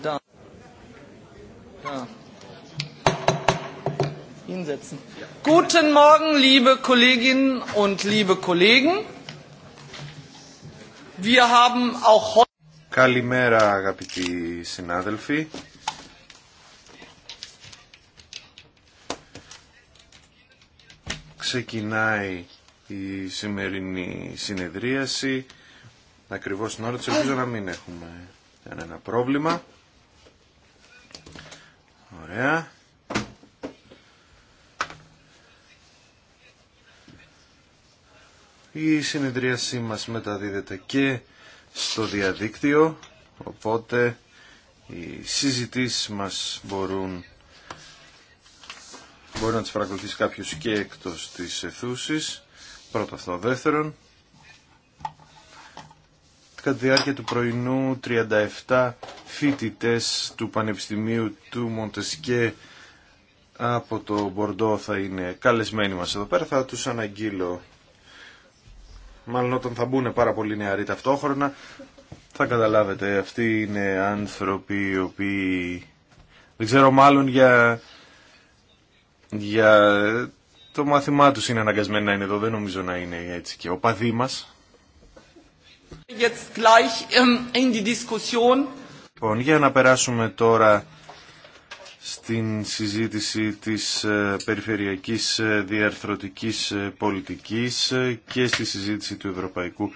da. Da. Hinsetzen. Guten Morgen, liebe Kolleginnen und liebe Kollegen. Wir haben auch heute Καλημέρα αγαπητοί Sinadelfi. Ξεκινάει η σημερινή συνεδρίαση ακριβώς την ώρα της. Ελπίζω να μην έχουμε κανένα πρόβλημα. Ωραία. Η συνεδρίασή μας μεταδίδεται και στο διαδίκτυο, οπότε οι συζητήσεις μας μπορούν μπορεί να τις παρακολουθήσει κάποιος και εκτός της αιθούσης. Πρώτο αυτό. Δεύτερον, κατά τη διάρκεια του πρωινού 37 φοιτητές του Πανεπιστημίου του Μοντεσκέ από το Μπορντό θα είναι καλεσμένοι μας εδώ πέρα. Θα τους αναγγείλω, μάλλον όταν θα μπουν πάρα πολλοί νεαροί ταυτόχρονα, θα καταλάβετε, αυτοί είναι άνθρωποι οι οποίοι, δεν ξέρω μάλλον για, για το μάθημά τους είναι αναγκασμένοι να είναι εδώ, δεν νομίζω να είναι έτσι και ο παδί Ähm, λοιπόν, για να περάσουμε τώρα στην συζήτηση της ε, περιφερειακής ε, διαρθρωτικής ε, πολιτικής και στη συζήτηση του Ευρωπαϊκού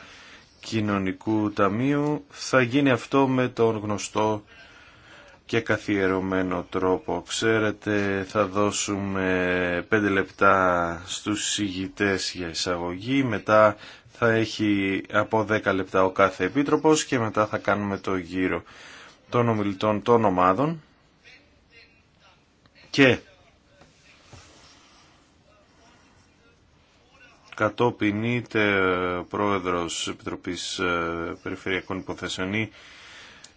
Κοινωνικού Ταμείου. Θα γίνει αυτό με τον γνωστό και καθιερωμένο τρόπο. Ξέρετε, θα δώσουμε πέντε λεπτά στους συγητές για εισαγωγή, μετά θα έχει από 10 λεπτά ο κάθε επίτροπος και μετά θα κάνουμε το γύρο των ομιλητών των ομάδων και κατόπιν είτε πρόεδρος Επιτροπής ε, Περιφερειακών Υποθέσεων ή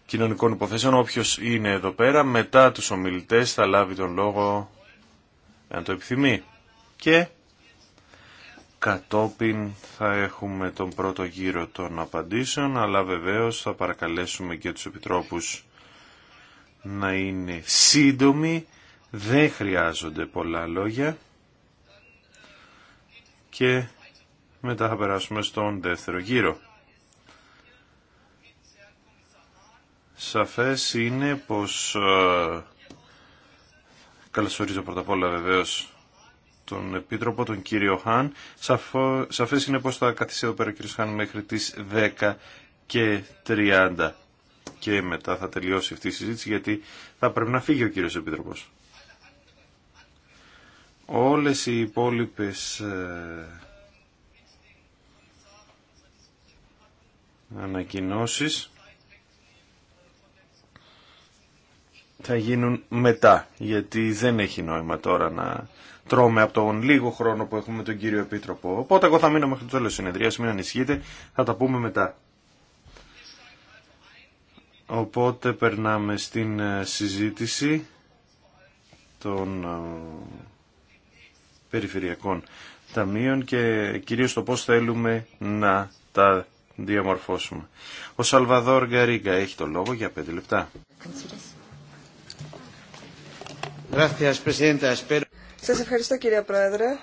Κοινωνικών Υποθέσεων, όποιος είναι εδώ πέρα, μετά τους ομιλητές θα λάβει τον λόγο αν το επιθυμεί. Και Κατόπιν θα έχουμε τον πρώτο γύρο των απαντήσεων, αλλά βεβαίως θα παρακαλέσουμε και τους επιτρόπους να είναι σύντομοι, δεν χρειάζονται πολλά λόγια και μετά θα περάσουμε στον δεύτερο γύρο. Σαφές είναι πως ε, καλωσορίζω πρώτα απ' όλα βεβαίως τον Επίτροπο, τον κύριο Χάν. σαφές είναι πως θα καθίσει εδώ πέρα ο κύριος Χάν μέχρι τις 10 και 30 και μετά θα τελειώσει αυτή η συζήτηση γιατί θα πρέπει να φύγει ο κύριος Επίτροπος. Όλες οι υπόλοιπες ε, ανακοινώσεις θα γίνουν μετά, γιατί δεν έχει νόημα τώρα να τρώμε από τον λίγο χρόνο που έχουμε τον κύριο Επίτροπο. Οπότε εγώ θα μείνω μέχρι το τέλος συνεδρίας, μην ανησυχείτε, θα τα πούμε μετά. Οπότε περνάμε στην ε, συζήτηση των ε, περιφερειακών ταμείων και κυρίως το πώς θέλουμε να τα διαμορφώσουμε. Ο Σαλβαδόρ Γκαρίγκα έχει το λόγο για πέντε λεπτά. Gracias, Presidenta. Espero... Σας ευχαριστώ κυρία Πρόεδρε.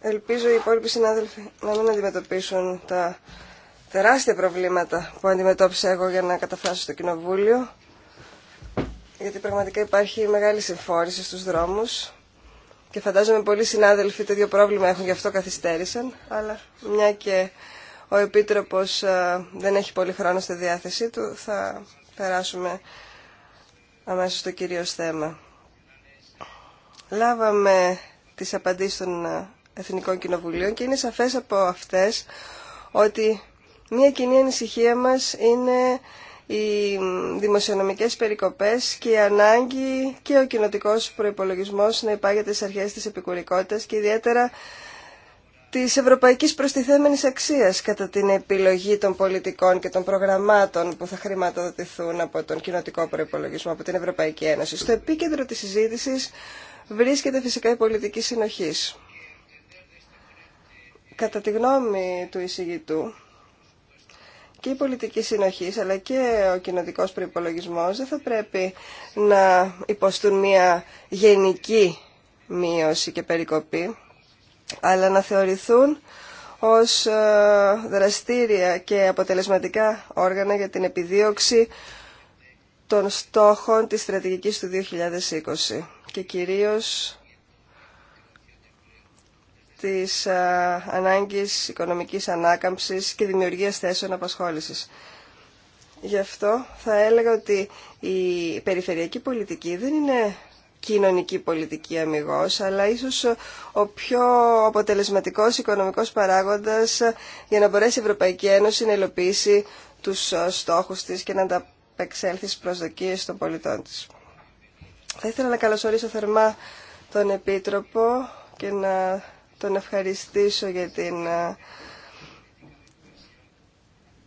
Ελπίζω οι υπόλοιποι συνάδελφοι να μην αντιμετωπίσουν τα τεράστια προβλήματα που αντιμετώπισα εγώ για να καταφράσω στο Κοινοβούλιο γιατί πραγματικά υπάρχει μεγάλη συμφόρηση στους δρόμους και φαντάζομαι πολλοί συνάδελφοι το ίδιο πρόβλημα έχουν γι' αυτό καθυστέρησαν αλλά μια και ο Επίτροπος ε, δεν έχει πολύ χρόνο στη διάθεσή του θα περάσουμε αμέσως στο κυρίως θέμα. Λάβαμε τις απαντήσεις των ε, Εθνικών Κοινοβουλίων και είναι σαφές από αυτές ότι μια κοινή ανησυχία μας είναι οι δημοσιονομικές περικοπές και η ανάγκη και ο κοινοτικό προϋπολογισμός να υπάγεται στις αρχές της επικουρικότητας και ιδιαίτερα της ευρωπαϊκής προστιθέμενης αξίας κατά την επιλογή των πολιτικών και των προγραμμάτων που θα χρηματοδοτηθούν από τον κοινοτικό προϋπολογισμό, από την Ευρωπαϊκή Ένωση. Στο επίκεντρο της συζήτησης βρίσκεται φυσικά η πολιτική συνοχής. Κατά τη γνώμη του εισηγητού, και η πολιτική συνοχή αλλά και ο κοινοτικό προπολογισμό δεν θα πρέπει να υποστούν μια γενική μείωση και περικοπή, αλλά να θεωρηθούν ως ε, δραστήρια και αποτελεσματικά όργανα για την επιδίωξη των στόχων της στρατηγικής του 2020 και κυρίως της ανάγκης οικονομικής ανάκαμψης και δημιουργίας θέσεων απασχόλησης. Γι' αυτό θα έλεγα ότι η περιφερειακή πολιτική δεν είναι κοινωνική πολιτική αμυγός, αλλά ίσως ο πιο αποτελεσματικός οικονομικός παράγοντας για να μπορέσει η Ευρωπαϊκή Ένωση να υλοποιήσει τους στόχους της και να ανταπεξέλθει στις προσδοκίες των πολιτών της. Θα ήθελα να καλωσορίσω θερμά τον Επίτροπο και να τον ευχαριστήσω για την ε,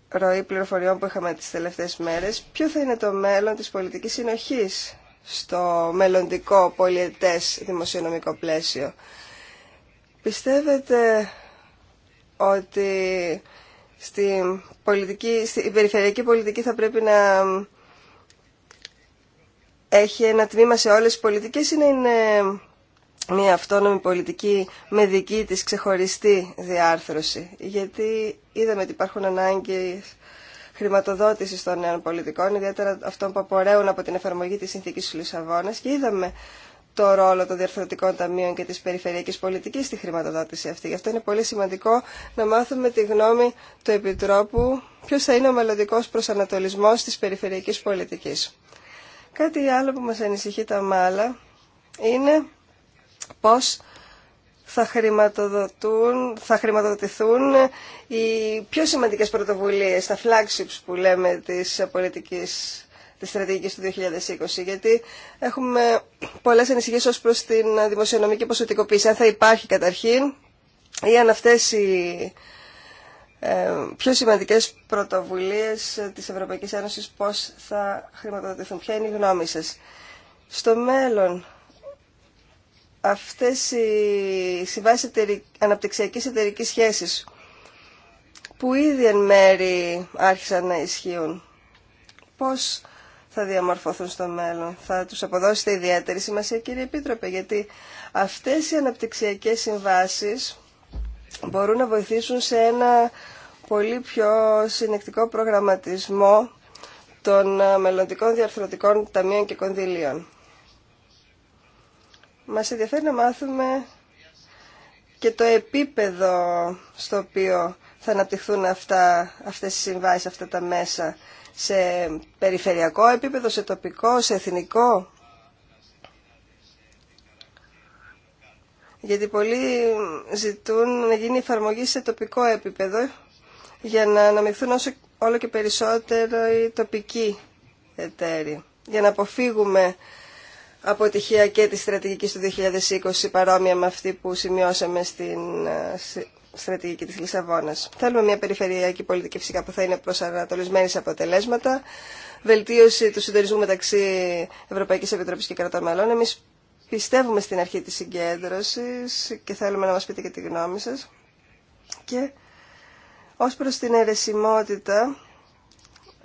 ροή πληροφοριών που είχαμε τις τελευταίες μέρες. Ποιο θα είναι το μέλλον της πολιτικής συνοχής στο μελλοντικό πολιετές δημοσιονομικό πλαίσιο. Πιστεύετε ότι στην πολιτική, περιφερειακή πολιτική θα πρέπει να έχει ένα τμήμα σε όλες τις πολιτικές ή είναι μια αυτόνομη πολιτική με δική της ξεχωριστή διάρθρωση. Γιατί είδαμε ότι υπάρχουν ανάγκη χρηματοδότησης των νέων πολιτικών, ιδιαίτερα αυτών που απορρέουν από την εφαρμογή της συνθήκης του Λισαβόνας και είδαμε το ρόλο των διαρθρωτικών ταμείων και της περιφερειακής πολιτικής στη χρηματοδότηση αυτή. Γι' αυτό είναι πολύ σημαντικό να μάθουμε τη γνώμη του Επιτρόπου ποιος θα είναι ο μελλοντικό προσανατολισμός της περιφερειακής πολιτικής. Κάτι άλλο που μας ανησυχεί τα μάλα είναι πώς θα, χρηματοδοτούν, θα χρηματοδοτηθούν οι πιο σημαντικές πρωτοβουλίες, τα flagships που λέμε της πολιτικής της στρατηγικής του 2020, γιατί έχουμε πολλές ανησυχίες ως προς την δημοσιονομική ποσοτικοποίηση, αν θα υπάρχει καταρχήν ή αν αυτές οι ε, πιο σημαντικές πρωτοβουλίες της Ευρωπαϊκής Ένωσης πώς θα χρηματοδοτηθούν. Ποια είναι η γνώμη σας. Στο μέλλον, αυτές οι συμβάσεις αναπτυξιακής εταιρικής σχέσης που ήδη εν μέρη άρχισαν να ισχύουν, πώς θα διαμορφωθούν στο μέλλον. Θα τους αποδώσετε ιδιαίτερη σημασία κύριε Επίτροπε, γιατί αυτές οι αναπτυξιακές συμβάσεις μπορούν να βοηθήσουν σε ένα πολύ πιο συνεκτικό προγραμματισμό των ε, μελλοντικών διαρθρωτικών ταμείων και κονδυλίων. Μας ενδιαφέρει να μάθουμε και το επίπεδο στο οποίο θα αναπτυχθούν αυτά, αυτές οι συμβάσεις, αυτά τα μέσα, σε περιφερειακό επίπεδο, σε τοπικό, σε εθνικό. γιατί πολλοί ζητούν να γίνει εφαρμογή σε τοπικό επίπεδο για να αναμειχθούν όσο, όλο και περισσότερο οι τοπικοί εταίροι, για να αποφύγουμε αποτυχία και τη στρατηγική του 2020 παρόμοια με αυτή που σημειώσαμε στην ε, στρατηγική της Λισαβόνας. Θέλουμε μια περιφερειακή πολιτική φυσικά που θα είναι προσανατολισμένη σε αποτελέσματα, βελτίωση του συντονισμού μεταξύ Ευρωπαϊκής Επιτροπής και κρατών μελών. Εμείς Πιστεύουμε στην αρχή της συγκέντρωσης και θέλουμε να μας πείτε και τη γνώμη σας. Και ως προς την αιρεσιμότητα,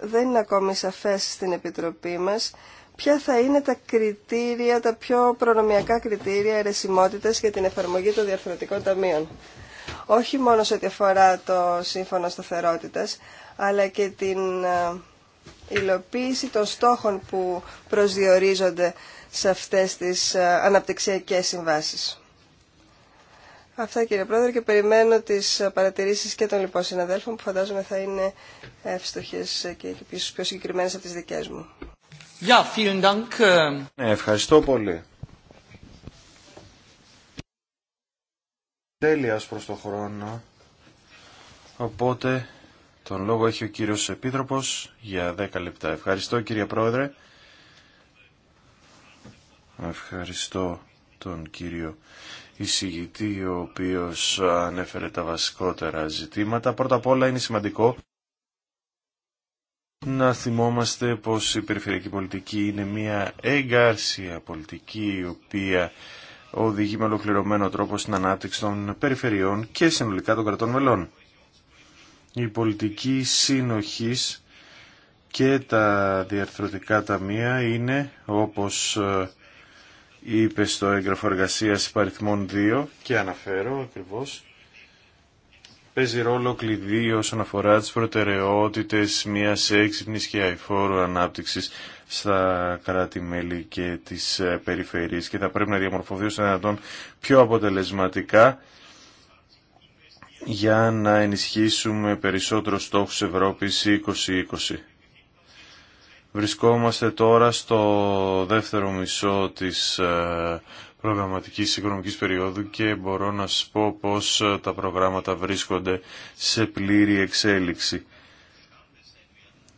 δεν είναι ακόμη σαφές στην Επιτροπή μας ποια θα είναι τα κριτήρια, τα πιο προνομιακά κριτήρια αιρεσιμότητας για την εφαρμογή των διαρθρωτικών ταμείων. Όχι μόνο σε ό,τι αφορά το σύμφωνο σταθερότητας, αλλά και την ε, υλοποίηση των στόχων που προσδιορίζονται σε αυτές τις ε, αναπτυξιακές συμβάσεις. Αυτά κύριε Πρόεδρε και περιμένω τις παρατηρήσεις και των λοιπόν συναδέλφων που φαντάζομαι θα είναι εύστοχες και πιο συγκεκριμένες από τις δικές μου. Ε. ναι, ευχαριστώ πολύ. Τέλεια προς το χρόνο. Οπότε τον λόγο έχει ο κύριος Επίτροπος για 10 λεπτά. Ευχαριστώ κύριε Πρόεδρε. Ευχαριστώ τον κύριο εισηγητή, ο οποίος ανέφερε τα βασικότερα ζητήματα. Πρώτα απ' όλα είναι σημαντικό να θυμόμαστε πως η περιφερειακή πολιτική είναι μια εγκάρσια πολιτική η οποία οδηγεί με ολοκληρωμένο τρόπο στην ανάπτυξη των περιφερειών και συνολικά των κρατών μελών. Η πολιτική συνοχής και τα διαρθρωτικά ταμεία είναι όπως ε, είπε στο έγγραφο εργασία υπαριθμών 2 και αναφέρω ακριβώ. παίζει ρόλο κλειδί όσον αφορά τι προτεραιότητε μια έξυπνη και αηφόρου ανάπτυξης στα κράτη-μέλη και τις ε, περιφέρειες και θα πρέπει να διαμορφωθεί ως δυνατόν πιο αποτελεσματικά για να ενισχύσουμε περισσότερο στόχους Ευρώπης 2020. Βρισκόμαστε τώρα στο δεύτερο μισό της ε, προγραμματικής οικονομικής περίοδου και μπορώ να σας πω πως ε, τα προγράμματα βρίσκονται σε πλήρη εξέλιξη.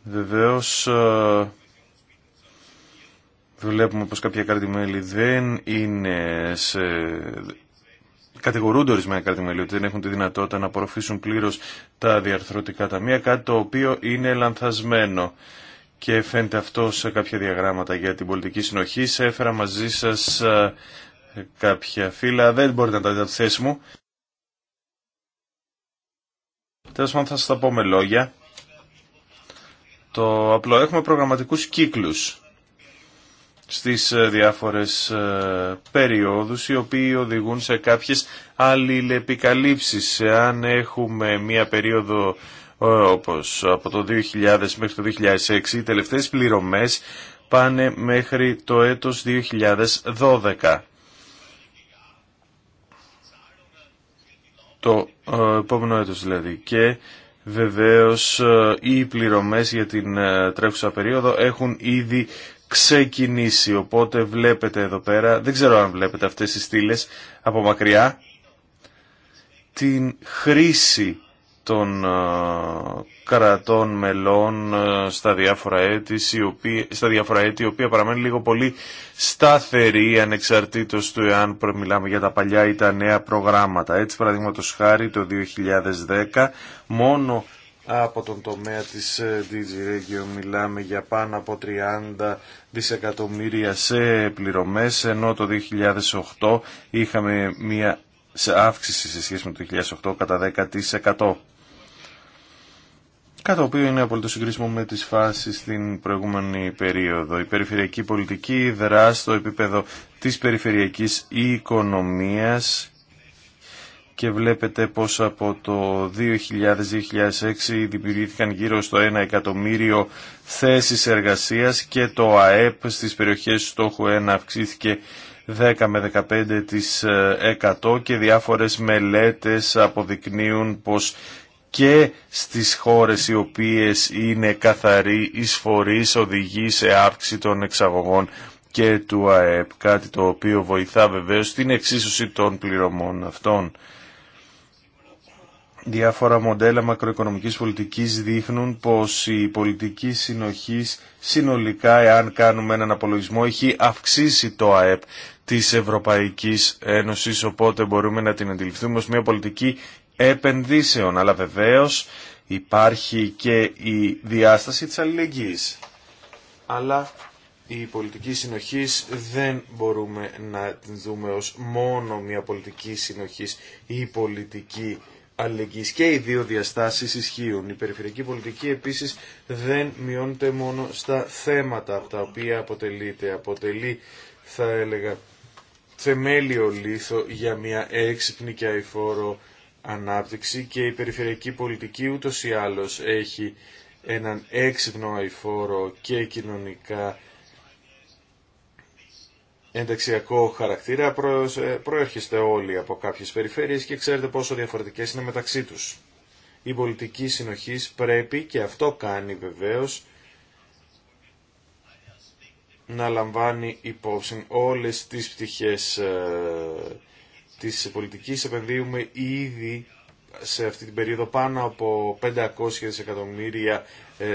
Βεβαίως ε, βλέπουμε πως κάποια δεν είναι σε... Κατηγορούνται ορισμένα κρατημέλη ότι δεν έχουν τη δυνατότητα να απορροφήσουν πλήρως τα διαρθρωτικά ταμεία, κάτι το οποίο είναι λανθασμένο και φαίνεται αυτό σε κάποια διαγράμματα για την πολιτική συνοχή. Σε έφερα μαζί σας ε, κάποια φύλλα, δεν μπορείτε να τα δείτε από τη θέση μου. Τέλος πάντων θα σας τα πω με λόγια. Το απλό έχουμε προγραμματικούς κύκλους στις ε, διάφορες ε, περιόδους οι οποίοι οδηγούν σε κάποιες αλληλεπικαλύψεις. Αν έχουμε μία περίοδο ε, όπως από το 2000 μέχρι το 2006 οι τελευταίες πληρωμές πάνε μέχρι το έτος 2012. Το ε, επόμενο έτος δηλαδή. Και βεβαίως ε, οι πληρωμές για την τρέχουσα περίοδο έχουν ήδη ξεκινήσει. Οπότε βλέπετε εδώ πέρα, δεν ξέρω αν βλέπετε αυτές τις στήλες από μακριά, την χρήση των ε, κρατών μελών ε, στα διάφορα έτη, στα η οποία παραμένει λίγο πολύ σταθερή ανεξαρτήτως του εάν μιλάμε για τα παλιά ή τα νέα προγράμματα. Έτσι, παραδείγματο χάρη, το 2010 μόνο από τον τομέα της ε, DG Regio μιλάμε για πάνω από 30 δισεκατομμύρια σε πληρωμές, ενώ το 2008 είχαμε μια αύξηση σε σχέση με το 2008 κατά 10% κατά το οποίο είναι απολύτως συγκρίσιμο με τις φάσεις στην προηγούμενη περίοδο. Η περιφερειακή πολιτική δρά στο επίπεδο της περιφερειακής οικονομίας και βλέπετε πως από το 2000-2006 δημιουργήθηκαν γύρω στο 1 εκατομμύριο θέσεις εργασίας και το ΑΕΠ στις περιοχές στόχου 1 αυξήθηκε 10 με 15% και διάφορες μελέτες αποδεικνύουν πως και στις χώρες οι οποίες είναι καθαροί εισφορείς οδηγεί σε αύξηση των εξαγωγών και του ΑΕΠ, κάτι το οποίο βοηθά βεβαίως στην εξίσωση των πληρωμών αυτών. Διάφορα μοντέλα μακροοικονομικής πολιτικής δείχνουν πως η πολιτική συνοχής συνολικά, εάν κάνουμε έναν απολογισμό, έχει αυξήσει το ΑΕΠ της Ευρωπαϊκής Ένωσης, οπότε μπορούμε να την αντιληφθούμε ως μια πολιτική επενδύσεων. Αλλά βεβαίως υπάρχει και η διάσταση της αλληλεγγύης. Αλλά η πολιτική συνοχής δεν μπορούμε να την δούμε ως μόνο μια πολιτική συνοχής ή πολιτική αλληλεγγύης. Και οι δύο διαστάσεις ισχύουν. Η περιφερειακή πολιτική επίσης δεν μειώνεται μόνο στα θέματα από τα οποία αποτελείται. Αποτελεί θα έλεγα θεμέλιο λίθο για μια έξυπνη και αηφόρο ανάπτυξη και η περιφερειακή πολιτική ούτως ή άλλως έχει έναν έξυπνο αηφόρο και κοινωνικά ενταξιακό χαρακτήρα προέρχεστε όλοι από κάποιες περιφέρειες και ξέρετε πόσο διαφορετικές είναι μεταξύ τους. Η πολιτική συνοχής πρέπει και αυτό κάνει βεβαίως να λαμβάνει υπόψη όλες τις πτυχές ε, Τη πολιτική επενδύουμε ήδη σε αυτή την περίοδο πάνω από 500 δισεκατομμύρια ε,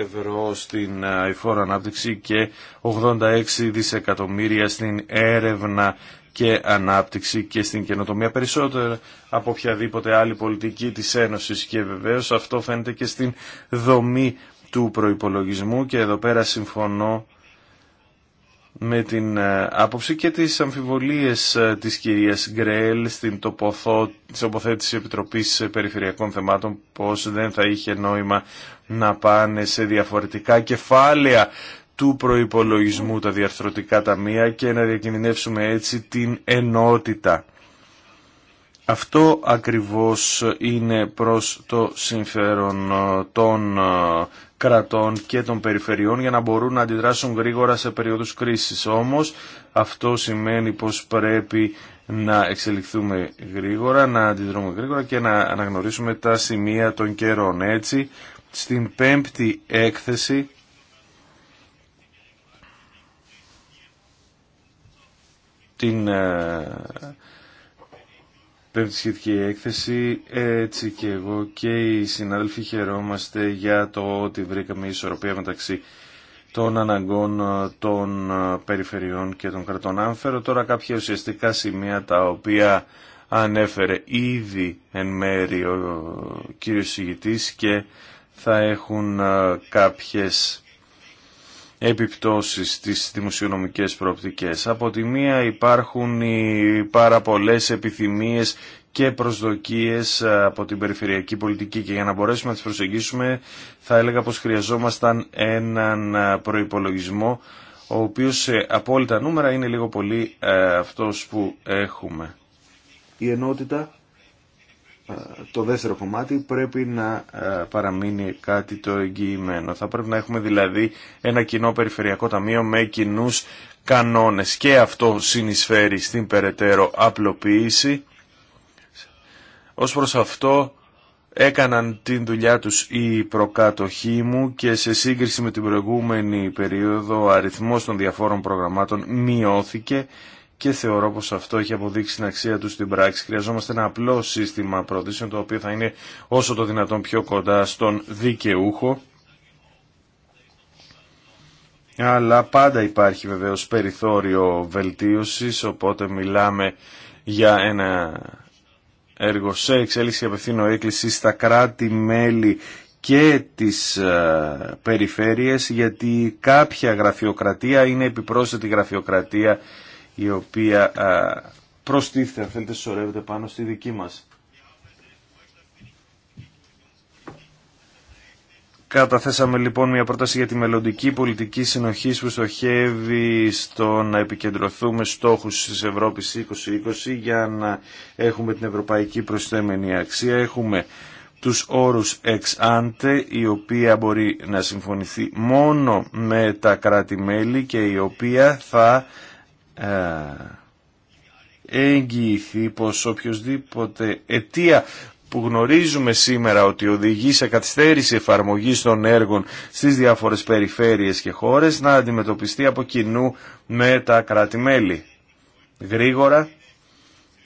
ευρώ στην ε, αηφόρο ανάπτυξη και 86 δισεκατομμύρια στην έρευνα και ανάπτυξη και στην καινοτομία περισσότερο από οποιαδήποτε άλλη πολιτική της Ένωσης και βεβαίως αυτό φαίνεται και στην δομή του προϋπολογισμού και εδώ πέρα συμφωνώ με την ε, άποψη και τις αμφιβολίες ε, της κυρίας Γκρέλ στην τοποθέτηση Επιτροπής Περιφερειακών Θεμάτων πως δεν θα είχε νόημα να πάνε σε διαφορετικά κεφάλαια του προϋπολογισμού τα διαρθρωτικά ταμεία και να διακινδυνεύσουμε έτσι την ενότητα αυτό ακριβώς είναι προς το συμφέρον ε, των ε, κρατών και των περιφερειών για να μπορούν να αντιδράσουν γρήγορα σε περίοδους κρίσης. Όμως αυτό σημαίνει πως πρέπει να εξελιχθούμε γρήγορα, να αντιδρούμε γρήγορα και να αναγνωρίσουμε τα σημεία των καιρών. Έτσι, στην πέμπτη έκθεση την ε, πέμπτη σχετική έκθεση. Έτσι και εγώ και οι συνάδελφοι χαιρόμαστε για το ότι βρήκαμε ισορροπία μεταξύ των αναγκών των ε, περιφερειών και των κρατών. Αν τώρα κάποια ουσιαστικά σημεία τα οποία ανέφερε ήδη εν μέρη ο κύριος συγητής και θα έχουν ε, κάποιες επιπτώσεις στις δημοσιονομικές προοπτικές. Από τη μία υπάρχουν οι πάρα πολλές επιθυμίες και προσδοκίες από την περιφερειακή πολιτική και για να μπορέσουμε να τις προσεγγίσουμε θα έλεγα πως χρειαζόμασταν έναν προϋπολογισμό ο οποίος σε απόλυτα νούμερα είναι λίγο πολύ ε, αυτός που έχουμε. Η ενότητα το δεύτερο κομμάτι πρέπει να ε, παραμείνει κάτι το εγγυημένο. Θα πρέπει να έχουμε δηλαδή ένα κοινό περιφερειακό ταμείο με κοινού κανόνες και αυτό συνεισφέρει στην περαιτέρω απλοποίηση. Ως προς αυτό έκαναν την δουλειά τους οι προκάτοχοί μου και σε σύγκριση με την προηγούμενη περίοδο ο αριθμός των διαφόρων προγραμμάτων μειώθηκε και θεωρώ πως αυτό έχει αποδείξει την αξία του στην πράξη. Χρειαζόμαστε ένα απλό σύστημα προωτήσεων το οποίο θα είναι όσο το δυνατόν πιο κοντά στον δικαιούχο. Αλλά πάντα υπάρχει βεβαίως περιθώριο βελτίωσης, οπότε μιλάμε για ένα έργο σε εξέλιξη απευθύνω έκκληση στα κράτη-μέλη και τις ε, περιφέρειες γιατί κάποια γραφειοκρατία είναι επιπρόσθετη γραφειοκρατία η οποία προστίθεται, αν θέλετε, σωρεύεται πάνω στη δική μας. Καταθέσαμε λοιπόν μια πρόταση για τη μελλοντική πολιτική συνοχή που στοχεύει στο να επικεντρωθούμε στόχους της Ευρώπης 2020 για να έχουμε την ευρωπαϊκή προσθέμενη αξία. Έχουμε τους όρους ex ante, η οποία μπορεί να συμφωνηθεί μόνο με τα κράτη-μέλη και η οποία θα ε, εγγυηθεί πως οποιοδήποτε αιτία που γνωρίζουμε σήμερα ότι οδηγεί σε καθυστέρηση εφαρμογή των έργων στις διάφορες περιφέρειες και χώρες να αντιμετωπιστεί από κοινού με τα κράτη-μέλη. Γρήγορα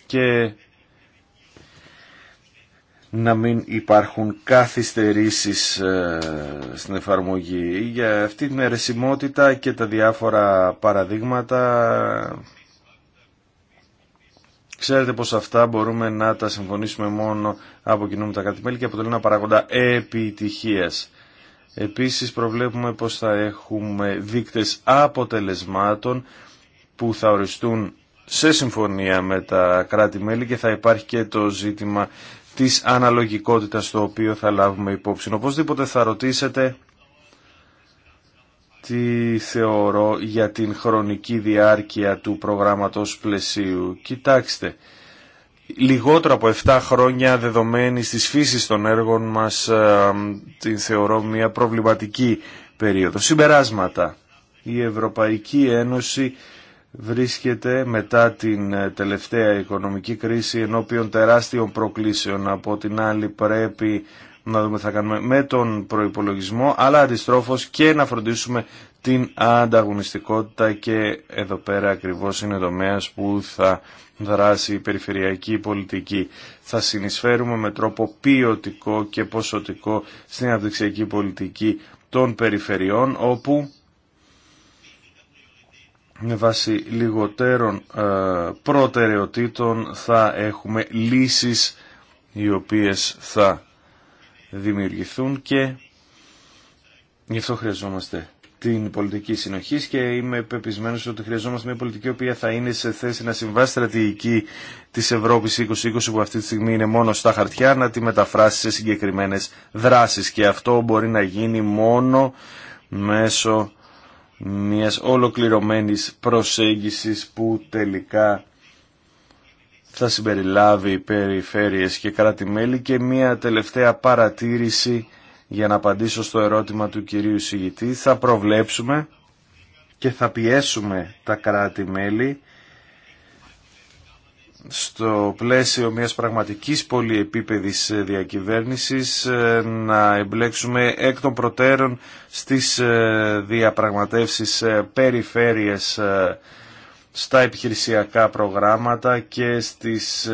και να μην υπάρχουν καθυστερήσεις ε, στην εφαρμογή. Για αυτή την αιρεσιμότητα και τα διάφορα παραδείγματα Ξέρετε πως αυτά μπορούμε να τα συμφωνήσουμε μόνο από κοινού με τα κατημέλη και αποτελούν ένα παράγοντα επιτυχίας. Επίσης προβλέπουμε πως θα έχουμε δείκτες αποτελεσμάτων που θα οριστούν σε συμφωνία με τα κράτη-μέλη και θα υπάρχει και το ζήτημα της αναλογικότητας το οποίο θα λάβουμε υπόψη. Οπωσδήποτε θα ρωτήσετε τι θεωρώ για την χρονική διάρκεια του προγράμματος πλαισίου. Κοιτάξτε, λιγότερο από 7 χρόνια δεδομένη της φύσης των έργων μας ε, την θεωρώ μια προβληματική περίοδο. Συμπεράσματα. Η Ευρωπαϊκή Ένωση βρίσκεται μετά την ε, τελευταία οικονομική κρίση ενώπιον τεράστιων προκλήσεων. Από την άλλη πρέπει να δούμε θα κάνουμε με τον προϋπολογισμό, αλλά αντιστρόφως και να φροντίσουμε την ανταγωνιστικότητα και εδώ πέρα ακριβώς είναι τομέας που θα δράσει η περιφερειακή πολιτική. Θα συνεισφέρουμε με τρόπο ποιοτικό και ποσοτικό στην αναπτυξιακή πολιτική των περιφερειών, όπου με βάση λιγότερων ε, προτεραιοτήτων θα έχουμε λύσεις οι οποίες θα δημιουργηθούν και γι' αυτό χρειαζόμαστε την πολιτική συνοχή και είμαι πεπισμένος ότι χρειαζόμαστε μια πολιτική οποία θα είναι σε θέση να συμβάσει στρατηγική της Ευρώπης 2020 που αυτή τη στιγμή είναι μόνο στα χαρτιά να τη μεταφράσει σε συγκεκριμένες δράσεις και αυτό μπορεί να γίνει μόνο μέσω μιας ολοκληρωμένης προσέγγισης που τελικά θα συμπεριλάβει περιφέρειες και κράτη-μέλη και μια τελευταία παρατήρηση για να απαντήσω στο ερώτημα του κυρίου συγητή. Θα προβλέψουμε και θα πιέσουμε τα κράτη-μέλη στο πλαίσιο μιας πραγματικής πολυεπίπεδης διακυβέρνησης ε, να εμπλέξουμε εκ των προτέρων στις ε, διαπραγματεύσεις ε, περιφέρειες στα επιχειρησιακά προγράμματα και στις